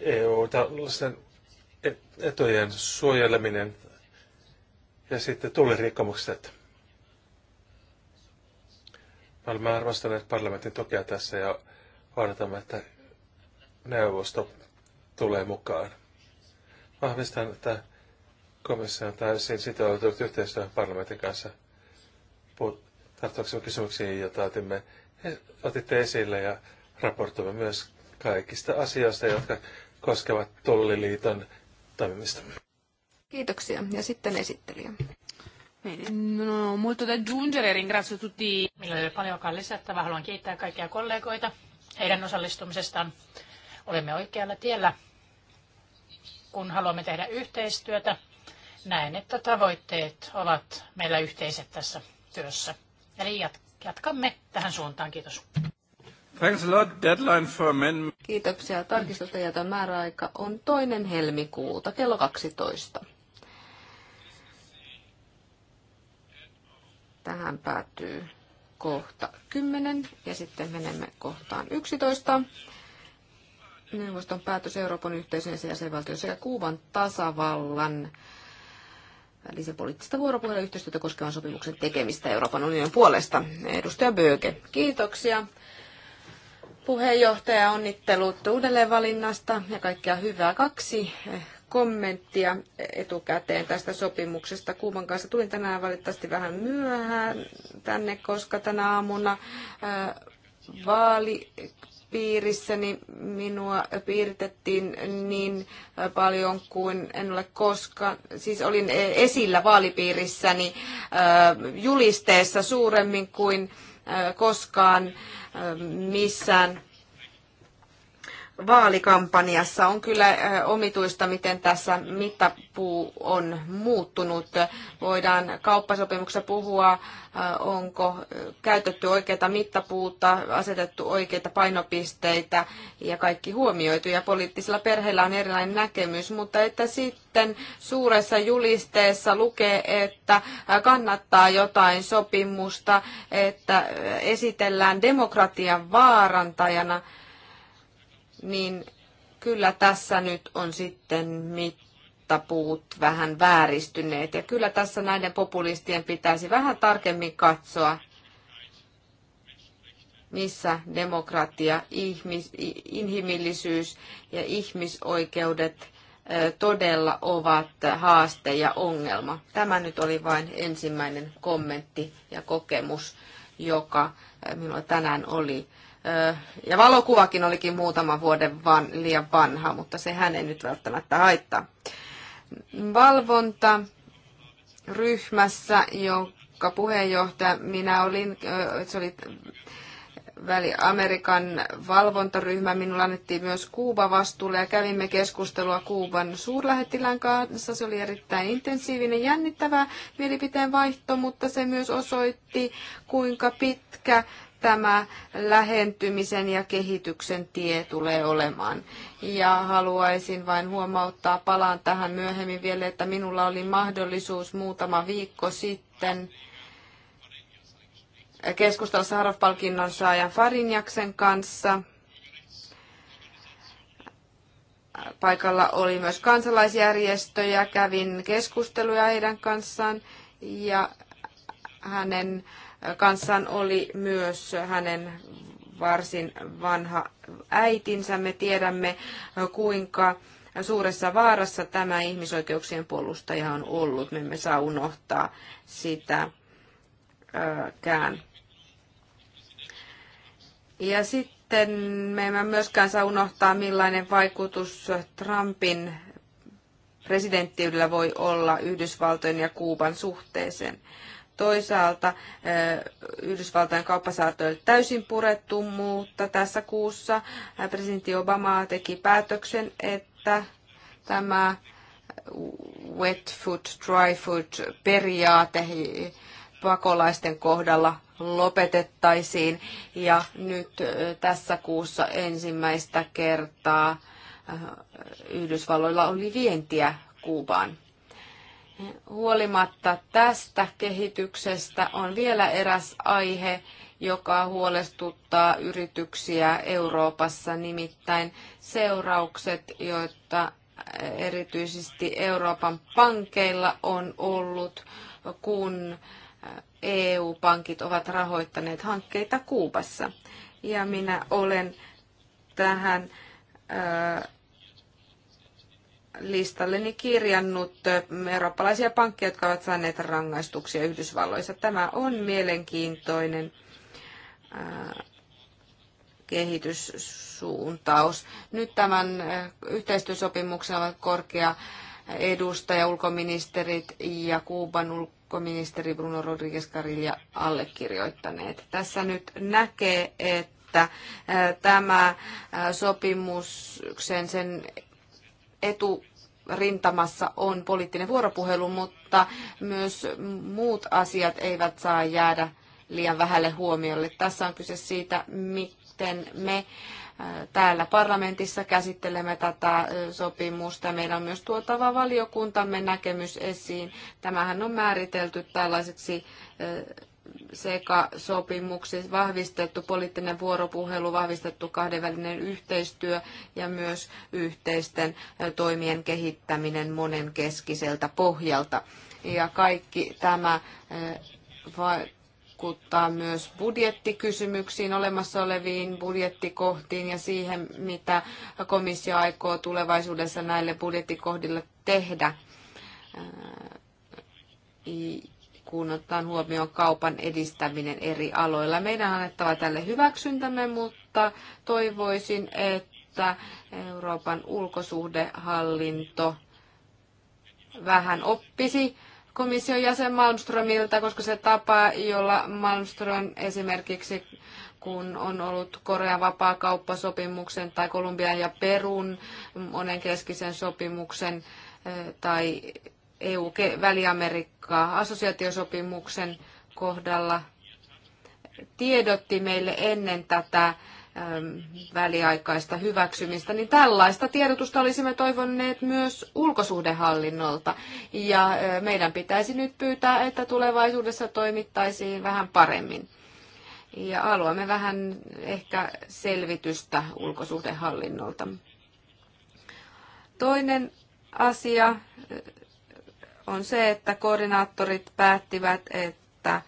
EU-tällaisten e e- etujen suojeleminen ja sitten tullirikkomukset. Me olemme arvostaneet parlamentin tukea tässä ja odotamme, että neuvosto tulee mukaan. Vahvistan, että komissio on täysin sitoutunut yhteistyöhön parlamentin kanssa. Tarttuaksemme kysymyksiin, joita otimme otitte esille ja raportoimme myös kaikista asioista, jotka koskevat Tolliliiton toimimista. Kiitoksia. Ja sitten esittelijä. No, molto da aggiungere, ringrazio tutti. Meillä oli paljon paljonkaan lisättävää. Haluan kiittää kaikkia kollegoita heidän osallistumisestaan. Olemme oikealla tiellä, kun haluamme tehdä yhteistyötä. Näen, että tavoitteet ovat meillä yhteiset tässä työssä. Eli jatkaa jatkamme tähän suuntaan. Kiitos. Thanks a lot. Deadline for men. Kiitoksia. Tarkistusta jätön määräaika on toinen helmikuuta kello 12. Tähän päätyy kohta 10 ja sitten menemme kohtaan 11. Neuvoston päätös Euroopan yhteisön jäsenvaltion sekä Kuuban tasavallan välisen poliittista vuoropuhelua yhteistyötä koskevan sopimuksen tekemistä Euroopan unionin puolesta. Edustaja Böke. kiitoksia. Puheenjohtaja, onnittelut uudelleenvalinnasta ja kaikkea hyvää. Kaksi eh, kommenttia etukäteen tästä sopimuksesta. Kuuman kanssa tulin tänään valitettavasti vähän myöhään tänne, koska tänä aamuna eh, vaali piirissäni niin minua piiritettiin niin paljon kuin en ole koskaan, siis olin e- esillä vaalipiirissäni julisteessa suuremmin kuin koskaan missään vaalikampanjassa on kyllä omituista, miten tässä mittapuu on muuttunut. Voidaan kauppasopimuksessa puhua, onko käytetty oikeita mittapuuta, asetettu oikeita painopisteitä ja kaikki huomioitu. Ja poliittisilla perheillä on erilainen näkemys, mutta että sitten suuressa julisteessa lukee, että kannattaa jotain sopimusta, että esitellään demokratian vaarantajana – niin kyllä tässä nyt on sitten mittapuut vähän vääristyneet. Ja kyllä tässä näiden populistien pitäisi vähän tarkemmin katsoa, missä demokratia, ihmis, inhimillisyys ja ihmisoikeudet todella ovat haaste ja ongelma. Tämä nyt oli vain ensimmäinen kommentti ja kokemus, joka minulla tänään oli ja valokuvakin olikin muutama vuoden van, liian vanha, mutta se hän ei nyt välttämättä haittaa. Valvonta ryhmässä, jonka puheenjohtaja minä olin, se oli väli Amerikan valvontaryhmä. Minulla annettiin myös Kuuba vastuulle ja kävimme keskustelua Kuuban suurlähettilän kanssa. Se oli erittäin intensiivinen, jännittävä mielipiteen vaihto, mutta se myös osoitti, kuinka pitkä tämä lähentymisen ja kehityksen tie tulee olemaan. Ja haluaisin vain huomauttaa, palaan tähän myöhemmin vielä, että minulla oli mahdollisuus muutama viikko sitten keskustella Saharov-palkinnon saajan Farinjaksen kanssa. Paikalla oli myös kansalaisjärjestöjä, kävin keskusteluja heidän kanssaan ja hänen äh, kanssaan oli myös hänen varsin vanha äitinsä. Me tiedämme, kuinka suuressa vaarassa tämä ihmisoikeuksien puolustaja on ollut. Me emme saa unohtaa sitäkään. Ja sitten me emme myöskään saa unohtaa, millainen vaikutus Trumpin presidenttiydellä voi olla Yhdysvaltojen ja Kuuban suhteeseen. Toisaalta eh, Yhdysvaltain kauppasaarto oli täysin purettu, mutta tässä kuussa eh, presidentti Obama teki päätöksen, että tämä wet food, dry food periaate eh, pakolaisten kohdalla lopetettaisiin. Ja nyt tässä kuussa ensimmäistä kertaa Yhdysvalloilla oli vientiä Kuubaan. Huolimatta tästä kehityksestä on vielä eräs aihe, joka huolestuttaa yrityksiä Euroopassa, nimittäin seuraukset, joita erityisesti Euroopan pankeilla on ollut, kun EU-pankit ovat rahoittaneet hankkeita Kuubassa. Ja minä olen tähän listalleni kirjannut eurooppalaisia pankkeja, jotka ovat saaneet rangaistuksia Yhdysvalloissa. Tämä on mielenkiintoinen kehityssuuntaus. Nyt tämän yhteistyösopimuksen ovat korkea edustaja, ulkoministerit ja Kuuban ulkoministeri Bruno Rodriguez Carilla allekirjoittaneet. Tässä nyt näkee, että tämä sopimuksen sen eturintamassa on poliittinen vuoropuhelu, mutta myös muut asiat eivät saa jäädä liian vähälle huomiolle. Tässä on kyse siitä, miten me äh, täällä parlamentissa käsittelemme tätä äh, sopimusta. Meillä on myös tuotava valiokuntamme näkemys esiin. Tämähän on määritelty tällaiseksi äh, sopimuksissa vahvistettu poliittinen vuoropuhelu, vahvistettu kahdenvälinen yhteistyö ja myös yhteisten toimien kehittäminen monenkeskiseltä pohjalta. Ja kaikki tämä vaikuttaa myös budjettikysymyksiin, olemassa oleviin budjettikohtiin ja siihen, mitä komissio aikoo tulevaisuudessa näille budjettikohdille tehdä kun otetaan huomioon kaupan edistäminen eri aloilla. Meidän on annettava tälle hyväksyntämme, mutta toivoisin, että Euroopan ulkosuhdehallinto vähän oppisi komission jäsen Malmströmiltä, koska se tapa, jolla Malmström esimerkiksi kun on ollut Korean vapaakauppasopimuksen tai Kolumbian ja Perun monenkeskisen sopimuksen eh, tai EU-Väli-Amerikkaa assosiaatiosopimuksen kohdalla tiedotti meille ennen tätä väliaikaista hyväksymistä, niin tällaista tiedotusta olisimme toivoneet myös ulkosuhdehallinnolta. Ja meidän pitäisi nyt pyytää, että tulevaisuudessa toimittaisiin vähän paremmin. Ja haluamme vähän ehkä selvitystä ulkosuhdehallinnolta. Toinen asia on se, että koordinaattorit päättivät, että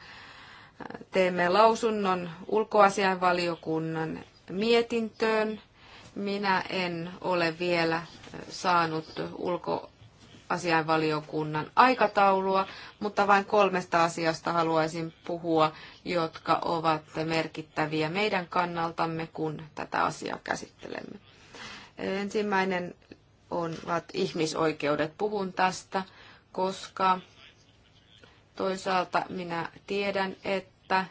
teemme lausunnon ulkoasiainvaliokunnan mietintöön. Minä en ole vielä saanut ulkoasiainvaliokunnan aikataulua, mutta vain kolmesta asiasta haluaisin puhua, jotka ovat merkittäviä meidän kannaltamme, kun tätä asiaa käsittelemme. Ensimmäinen on, ovat ihmisoikeudet. Puhun tästä koska toisaalta minä tiedän, että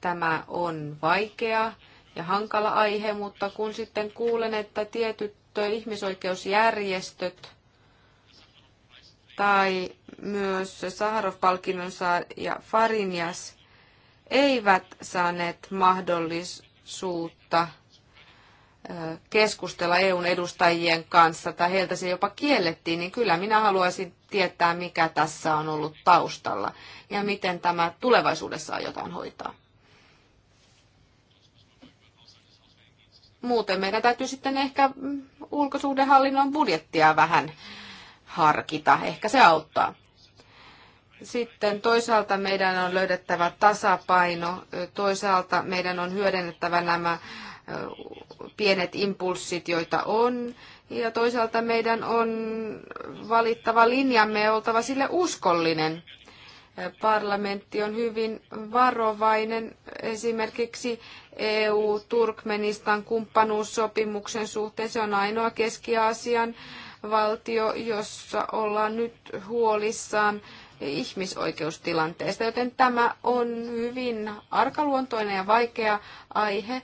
tämä on vaikea ja hankala aihe, mutta kun sitten kuulen, että tietyt ihmisoikeusjärjestöt tai myös Saharov-palkinnon ja Farinjas eivät saaneet mahdollisuutta keskustella EUn edustajien kanssa tai heiltä se jopa kiellettiin, niin kyllä minä haluaisin tietää, mikä tässä on ollut taustalla ja miten tämä tulevaisuudessa aiotaan hoitaa. Muuten meidän täytyy sitten ehkä mm, ulkosuhdehallinnon budjettia vähän harkita. Ehkä se auttaa. Sitten toisaalta meidän on löydettävä tasapaino, toisaalta meidän on hyödynnettävä nämä pienet impulssit, joita on. Ja toisaalta meidän on valittava linjamme ja oltava sille uskollinen. Parlamentti on hyvin varovainen esimerkiksi EU-Turkmenistan kumppanuussopimuksen suhteen. Se on ainoa Keski-Aasian valtio, jossa ollaan nyt huolissaan ihmisoikeustilanteesta, joten tämä on hyvin arkaluontoinen ja vaikea aihe,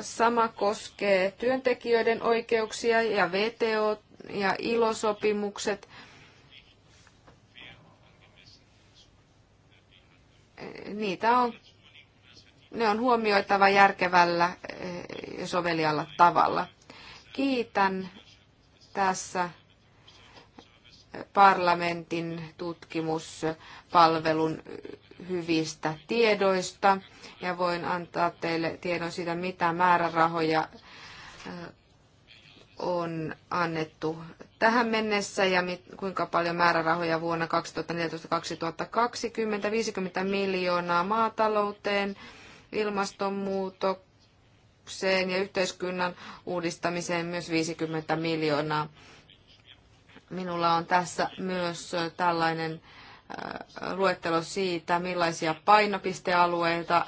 Sama koskee työntekijöiden oikeuksia ja VTO ja ilosopimukset. Niitä on, ne on huomioitava järkevällä ja sovelialla tavalla. Kiitän tässä parlamentin tutkimuspalvelun hyvistä tiedoista ja voin antaa teille tiedon siitä, mitä määrärahoja on annettu tähän mennessä ja kuinka paljon määrärahoja vuonna 2014-2020, 50 miljoonaa maatalouteen, ilmastonmuutokseen ja yhteiskunnan uudistamiseen myös 50 miljoonaa. Minulla on tässä myös tällainen Äh, luettelo siitä, millaisia painopistealueita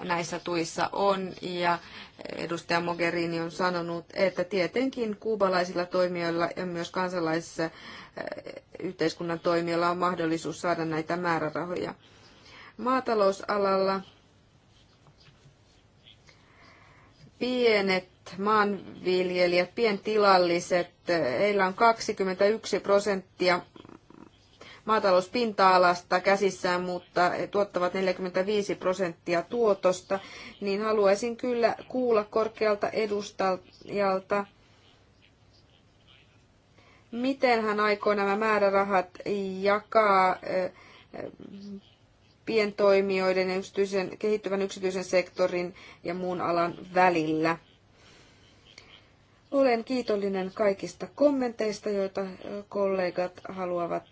näissä tuissa on. Ja edustaja Mogherini on sanonut, että tietenkin kuubalaisilla toimijoilla ja myös kansalaisissa äh, yhteiskunnan toimijoilla on mahdollisuus saada näitä määrärahoja. Maatalousalalla pienet maanviljelijät, pientilalliset, heillä on 21 prosenttia maatalouspinta-alasta käsissään, mutta tuottavat 45 prosenttia tuotosta, niin haluaisin kyllä kuulla korkealta edustajalta, miten hän aikoo nämä määrärahat jakaa eh, pientoimijoiden ja yksityisen, kehittyvän yksityisen sektorin ja muun alan välillä. Olen kiitollinen kaikista kommenteista, joita kollegat haluavat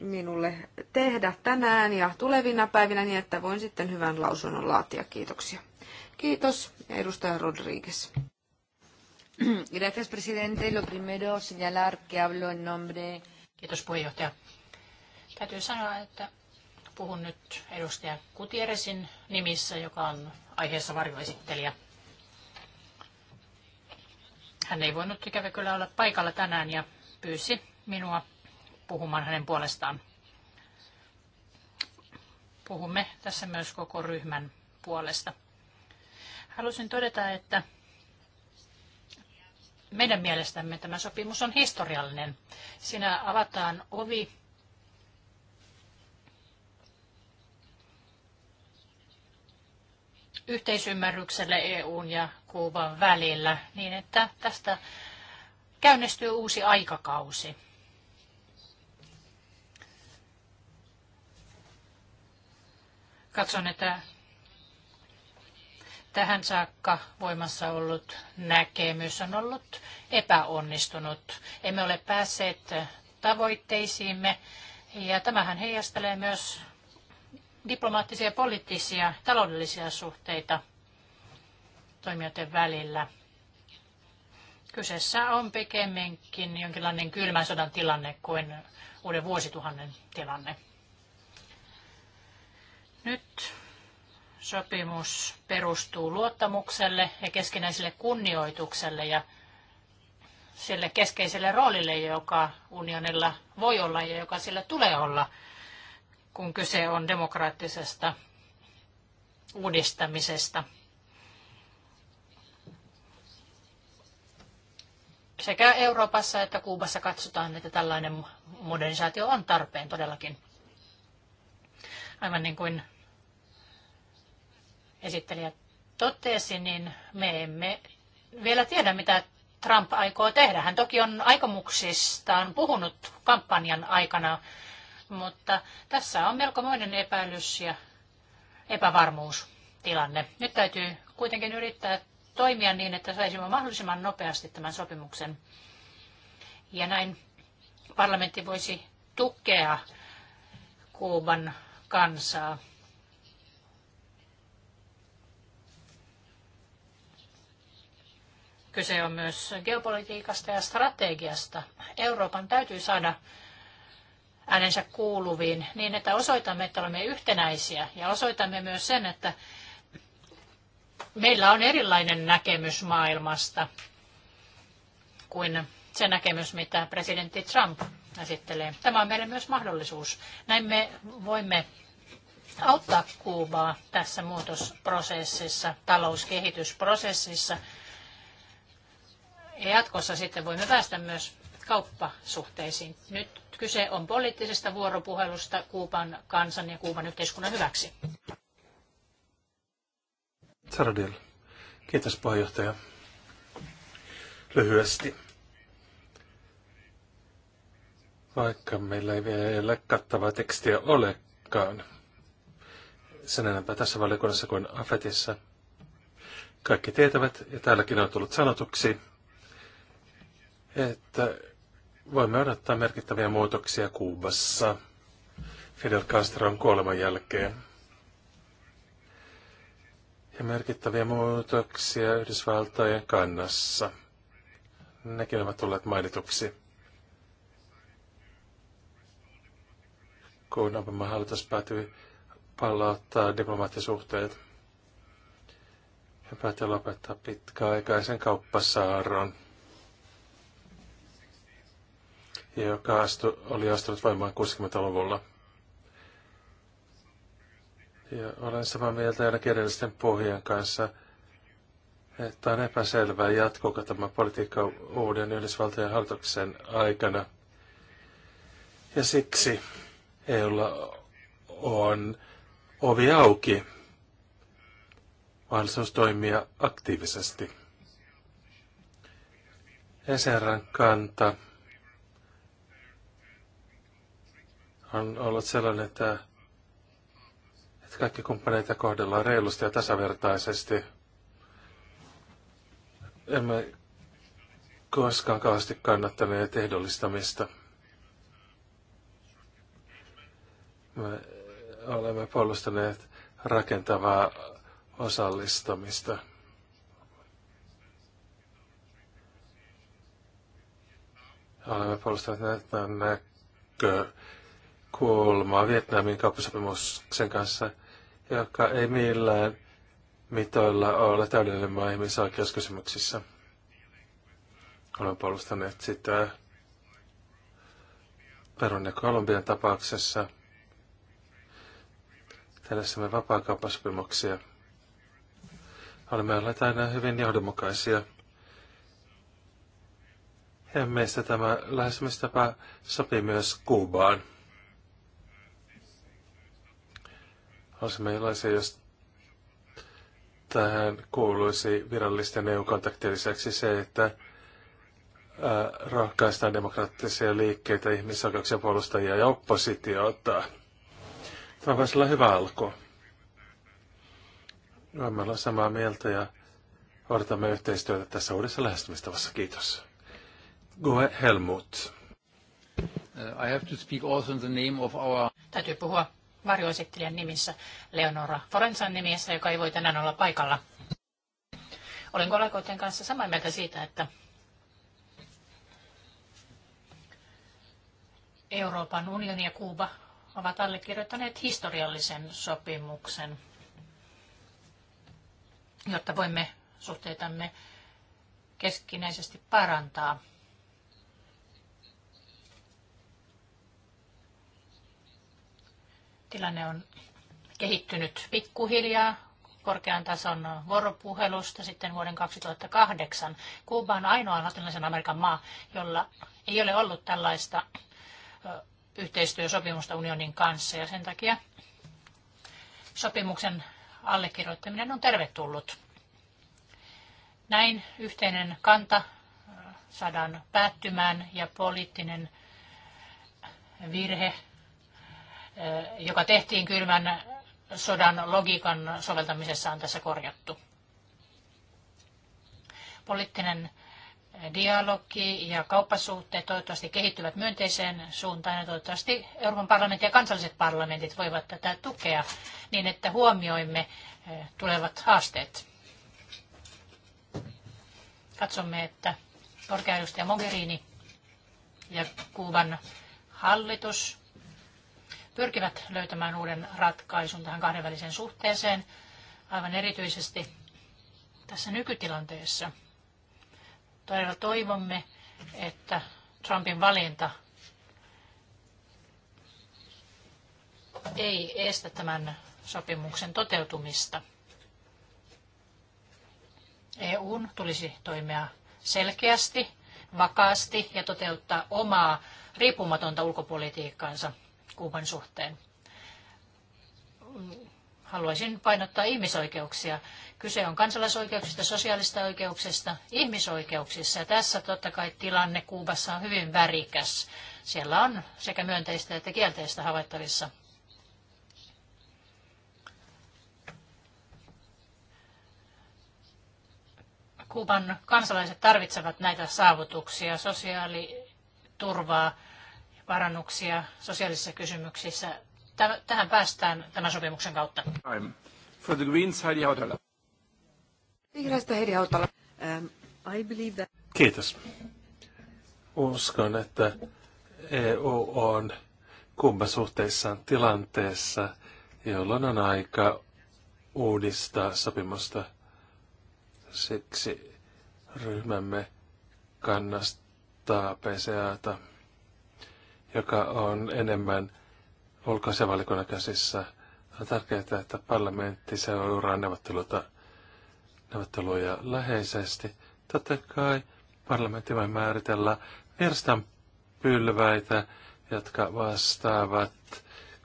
minulle tehdä tänään ja tulevina päivinä niin, että voin sitten hyvän lausunnon laatia. Kiitoksia. Kiitos, edustaja Rodriguez. Gracias, presidente. Lo primero señalar que hablo en nombre... Kiitos, puheenjohtaja. Täytyy sanoa, että puhun nyt edustaja Kutieresin nimissä, joka on aiheessa varjoesittelijä. Hän ei voinut ikävä kyllä olla paikalla tänään ja pyysi minua puhumaan hänen puolestaan. Puhumme tässä myös koko ryhmän puolesta. Halusin todeta, että meidän mielestämme tämä sopimus on historiallinen. Siinä avataan ovi yhteisymmärrykselle EUn ja Kuuban välillä niin, että tästä käynnistyy uusi aikakausi. Katson, että tähän saakka voimassa ollut näkemys on ollut epäonnistunut. Emme ole päässeet tavoitteisiimme ja tämähän heijastelee myös diplomaattisia, poliittisia ja taloudellisia suhteita toimijoiden välillä. Kyseessä on pikemminkin jonkinlainen kylmän sodan tilanne kuin uuden vuosituhannen tilanne. Nyt sopimus perustuu luottamukselle ja keskinäiselle kunnioitukselle ja sille keskeiselle roolille, joka unionilla voi olla ja joka sillä tulee olla – kun kyse on demokraattisesta uudistamisesta. Sekä Euroopassa että Kuubassa katsotaan, että tällainen modernisaatio on tarpeen todellakin. Aivan niin kuin esittelijä totesi, niin me emme vielä tiedä, mitä Trump aikoo tehdä. Hän toki on aikomuksistaan puhunut kampanjan aikana mutta tässä on melkomoinen epäilys ja epävarmuustilanne. Nyt täytyy kuitenkin yrittää toimia niin, että saisimme mahdollisimman nopeasti tämän sopimuksen. Ja näin parlamentti voisi tukea Kuuban kansaa. Kyse on myös geopolitiikasta ja strategiasta. Euroopan täytyy saada äänensä kuuluviin niin, että osoitamme, että olemme yhtenäisiä ja osoitamme myös sen, että meillä on erilainen näkemys maailmasta kuin se näkemys, mitä presidentti Trump esittelee. Tämä on meille myös mahdollisuus. Näin me voimme auttaa Kuubaa tässä muutosprosessissa, talouskehitysprosessissa. Ja jatkossa sitten voimme päästä myös kauppasuhteisiin. Nyt kyse on poliittisesta vuoropuhelusta Kuuban kansan ja Kuuban yhteiskunnan hyväksi. Saradil. Kiitos puheenjohtaja. Lyhyesti. Vaikka meillä ei vielä kattavaa tekstiä olekaan, sen enempää tässä valiokunnassa kuin Afetissa, kaikki tietävät, ja täälläkin on tullut sanotuksi, että Voimme odottaa merkittäviä muutoksia Kuubassa Fidel Castron kuoleman jälkeen. Ja merkittäviä muutoksia Yhdysvaltojen kannassa. Nekin ovat tulleet mainituksi. Kun Obama hallitus päätyi palauttaa diplomaattisuhteet, he päätti lopettaa pitkäaikaisen kauppasaaron joka astu, oli astunut voimaan 60-luvulla. Ja olen samaa mieltä aina edellisten pohjien kanssa, että on epäselvää, jatkuuko tämä politiikka uuden Yhdysvaltojen hallituksen aikana. Ja siksi EUlla on ovi auki mahdollisuus toimia aktiivisesti. Eseran kanta on ollut sellainen, että, että kaikki kumppaneita kohdellaan reilusti ja tasavertaisesti. Emme koskaan kauheasti kannattaneet ehdollistamista. Me olemme puolustaneet rakentavaa osallistamista. Olemme puolustaneet näitä kuolemaa Vietnamin kauppasopimuksen kanssa, joka ei millään mitoilla ole täydellinen maa ihmisoikeuskysymyksissä. Olemme puolustaneet sitä Perun ja Kolumbian tapauksessa. Tehdessämme vapaakauppasopimuksia. Olemme olleet aina hyvin johdonmukaisia. Ja meistä tämä lähestymistapa sopii myös Kuubaan. Olisimme iloisia, jos tähän kuuluisi virallisten EU-kontaktien lisäksi se, että rohkaistaan demokraattisia liikkeitä, ihmisoikeuksia, puolustajia ja oppositiota. Tämä voisi olla hyvä alku. Voimme olla samaa mieltä ja odotamme yhteistyötä tässä uudessa lähestymistavassa. Kiitos. Goe Helmut. I have to speak also in the name of our... Täytyy puhua varjoesittelijän nimissä, Leonora Forensan nimissä, joka ei voi tänään olla paikalla. Olen kollegoiden kanssa samaa mieltä siitä, että Euroopan unioni ja Kuuba ovat allekirjoittaneet historiallisen sopimuksen, jotta voimme suhteitamme keskinäisesti parantaa. Tilanne on kehittynyt pikkuhiljaa korkean tason vuoropuhelusta sitten vuoden 2008. Kuuba on ainoa latinalaisen Amerikan maa, jolla ei ole ollut tällaista yhteistyösopimusta unionin kanssa ja sen takia sopimuksen allekirjoittaminen on tervetullut. Näin yhteinen kanta saadaan päättymään ja poliittinen virhe joka tehtiin kylmän sodan logiikan soveltamisessa, on tässä korjattu. Poliittinen dialogi ja kauppasuhteet toivottavasti kehittyvät myönteiseen suuntaan ja toivottavasti Euroopan parlamentti ja kansalliset parlamentit voivat tätä tukea niin, että huomioimme tulevat haasteet. Katsomme, että korkea Mogherini ja Kuuban hallitus pyrkivät löytämään uuden ratkaisun tähän kahdenväliseen suhteeseen, aivan erityisesti tässä nykytilanteessa. Todella toivomme, että Trumpin valinta ei estä tämän sopimuksen toteutumista. EUn tulisi toimia selkeästi, vakaasti ja toteuttaa omaa riippumatonta ulkopolitiikkaansa kuuman suhteen. Haluaisin painottaa ihmisoikeuksia. Kyse on kansalaisoikeuksista, sosiaalista oikeuksista, ihmisoikeuksissa. Ja tässä totta kai tilanne Kuubassa on hyvin värikäs. Siellä on sekä myönteistä että kielteistä havaittavissa. Kuuban kansalaiset tarvitsevat näitä saavutuksia, sosiaaliturvaa, parannuksia sosiaalisissa kysymyksissä. Tähän päästään tämän sopimuksen kautta. For the Greens, Heidi Hautala. Vihreästä Heidi Hautala. Um, I believe that... Kiitos. Uskon, että EU on kummasuhteissaan tilanteessa, jolloin on aika uudistaa sopimusta. Siksi ryhmämme kannastaa PCAta joka on enemmän ulkoisevalikunnan käsissä. On tärkeää, että parlamentti seuraa neuvotteluita, neuvotteluja läheisesti. Totta kai parlamentti voi määritellä virstanpylväitä, jotka vastaavat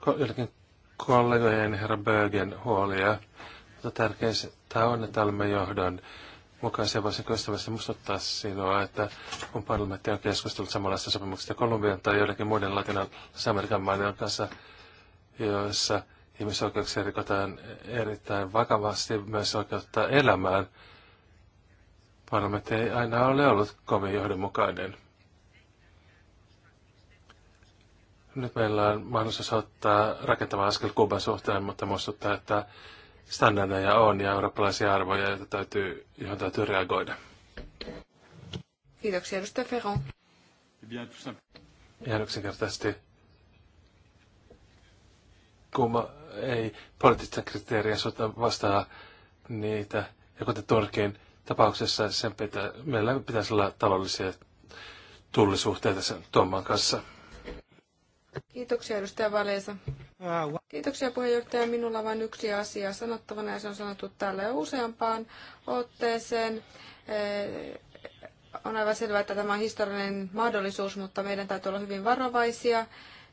joidenkin kollegojen herra Bögen huolia. Mutta tärkeintä on, että olemme johdon mukaisia voisin kestävästi muistuttaa sinua, että kun parlamentti on keskustellut samanlaista sopimuksista Kolumbian tai joidenkin muiden latinalaisen Amerikan maiden kanssa, joissa ihmisoikeuksia rikotaan erittäin vakavasti, myös oikeutta elämään, parlamentti ei aina ole ollut kovin johdonmukainen. Nyt meillä on mahdollisuus ottaa rakentava askel Kuuban suhteen, mutta muistuttaa, että standardeja on ja eurooppalaisia arvoja, joita täytyy, johon täytyy reagoida. Kiitoksia, edustaja Ferron. Ihan yksinkertaisesti, kun ei poliittista kriteeriä vastaa niitä, ja kuten Turkin tapauksessa, sen pitä, meillä pitäisi olla taloudellisia tullisuhteita sen Tomman kanssa. Kiitoksia edustaja Valeesa. Kiitoksia puheenjohtaja. Minulla on vain yksi asia sanottavana ja se on sanottu täällä jo useampaan otteeseen. Eh, on aivan selvää, että tämä on historiallinen mahdollisuus, mutta meidän täytyy olla hyvin varovaisia,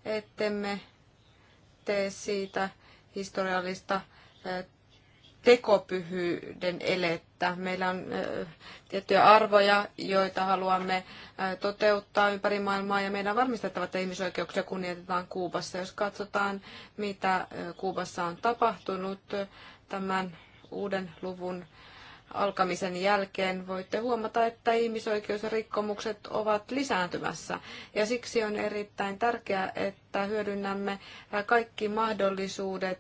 ettemme tee siitä historiallista eh, tekopyhyyden elettä. Meillä on tiettyjä arvoja, joita haluamme toteuttaa ympäri maailmaa ja meidän on varmistettava, että ihmisoikeuksia kunnioitetaan Kuubassa. Jos katsotaan, mitä Kuubassa on tapahtunut tämän uuden luvun alkamisen jälkeen voitte huomata, että ihmisoikeusrikkomukset ovat lisääntymässä. Ja siksi on erittäin tärkeää, että hyödynnämme kaikki mahdollisuudet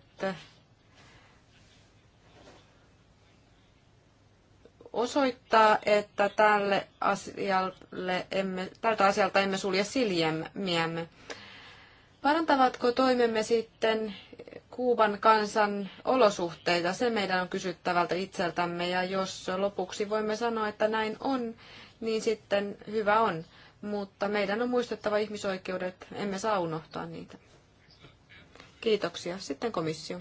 osoittaa, että tälle asialle emme, tältä asialta emme sulje silmiämme. Parantavatko toimemme sitten Kuuban kansan olosuhteita? Se meidän on kysyttävältä itseltämme ja jos lopuksi voimme sanoa, että näin on, niin sitten hyvä on. Mutta meidän on muistettava ihmisoikeudet, emme saa unohtaa niitä. Kiitoksia. Sitten komissio.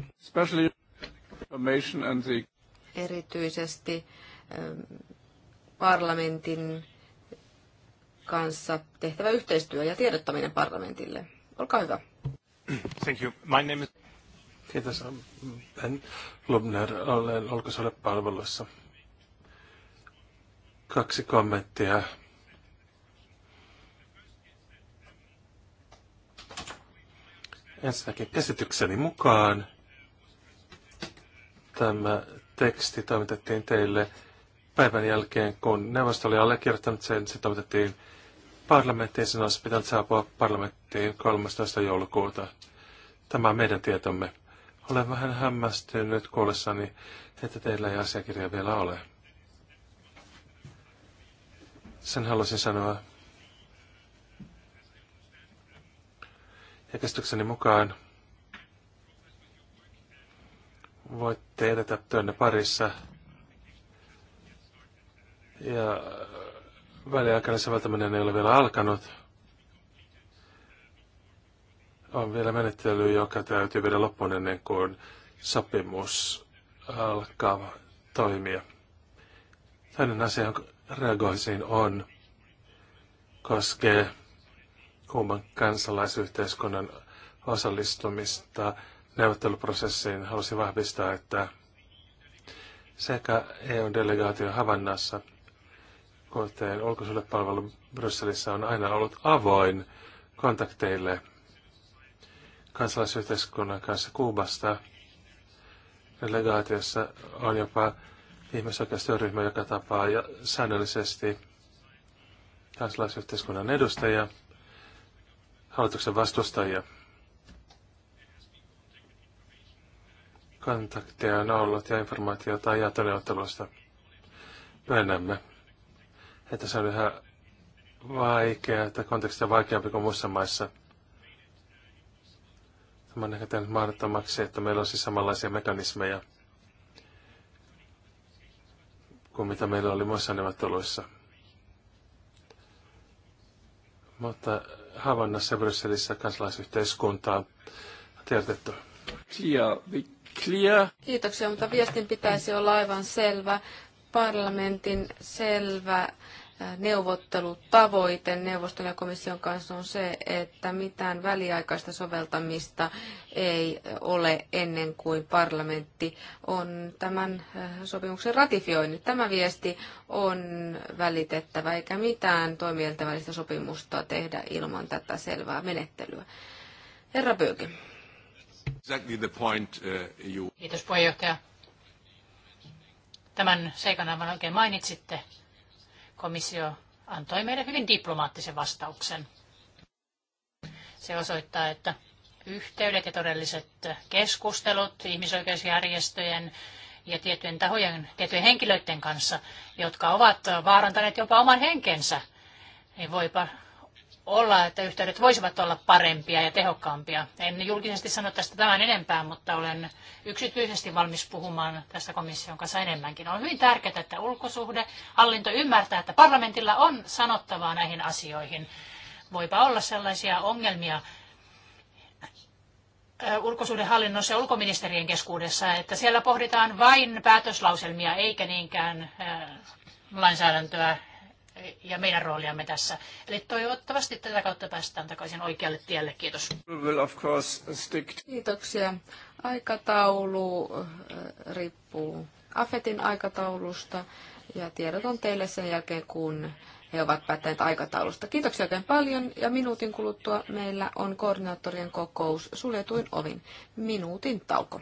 Erityisesti Ähm, parlamentin kanssa tehtävä yhteistyö ja tiedottaminen parlamentille. Olkaa hyvä. Thank you. My name is... Kiitos. Ben Lubner, olen ulkosuhdepalvelussa. Kaksi kommenttia. Ensinnäkin käsitykseni mukaan tämä teksti toimitettiin teille päivän jälkeen, kun neuvosto oli allekirjoittanut sen, se toimitettiin parlamenttiin. Sen olisi pitänyt saapua parlamenttiin 13. joulukuuta. Tämä on meidän tietomme. Olen vähän hämmästynyt kuollessani, että teillä ei asiakirja vielä ole. Sen halusin sanoa. Ja käsitykseni mukaan voitte edetä työnne parissa – ja väliaikainen säveltäminen ei ole vielä alkanut. On vielä menettely, joka täytyy vielä loppuun ennen kuin sopimus alkaa toimia. Toinen asia, jonka reagoisin, on koskee Kuuman kansalaisyhteiskunnan osallistumista neuvotteluprosessiin. Haluaisin vahvistaa, että sekä EU-delegaatio Havannassa – KTn ulkosuhdepalvelu Brysselissä on aina ollut avoin kontakteille kansalaisyhteiskunnan kanssa Kuubasta. Delegaatiossa on jopa ihmisoikeustyöryhmä, joka tapaa ja säännöllisesti kansalaisyhteiskunnan edustajia, hallituksen vastustajia. Kontakteja on ollut ja informaatiota ja ajatuneottelusta myönnämme että se on yhä vaikea, että konteksti on vaikeampi kuin muissa maissa. Tämä on ehkä tehnyt mahdottomaksi, että meillä on siis samanlaisia mekanismeja kuin mitä meillä oli muissa neuvotteluissa. Mutta Havannassa ja Brysselissä kansalaisyhteiskuntaa on tiedotettu. Kiitoksia, mutta viestin pitäisi olla aivan selvä. Parlamentin selvä neuvottelutavoite neuvoston ja komission kanssa on se, että mitään väliaikaista soveltamista ei ole ennen kuin parlamentti on tämän äh, sopimuksen ratifioinut. Tämä viesti on välitettävä, eikä mitään toimielten välistä sopimusta tehdä ilman tätä selvää menettelyä. Herra Böge. Exactly the point, uh, you... Kiitos puheenjohtaja. Tämän seikan aivan oikein mainitsitte komissio antoi meille hyvin diplomaattisen vastauksen. Se osoittaa, että yhteydet ja todelliset keskustelut ihmisoikeusjärjestöjen ja tiettyjen tahojen, tiettyjen henkilöiden kanssa, jotka ovat vaarantaneet jopa oman henkensä, niin voipa olla, että yhteydet voisivat olla parempia ja tehokkaampia. En julkisesti sano tästä tämän enempää, mutta olen yksityisesti valmis puhumaan tästä komission kanssa enemmänkin. On hyvin tärkeää, että ulkosuhde, hallinto ymmärtää, että parlamentilla on sanottavaa näihin asioihin. Voipa olla sellaisia ongelmia ulkosuhdehallinnossa ja ulkoministerien keskuudessa, että siellä pohditaan vain päätöslauselmia eikä niinkään lainsäädäntöä ja meidän rooliamme tässä. Eli toivottavasti tätä kautta päästään takaisin oikealle tielle. Kiitos. Kiitoksia. Aikataulu äh, riippuu AFETin aikataulusta ja tiedot on teille sen jälkeen, kun he ovat päättäneet aikataulusta. Kiitoksia oikein paljon ja minuutin kuluttua meillä on koordinaattorien kokous suljetuin ovin. Minuutin tauko.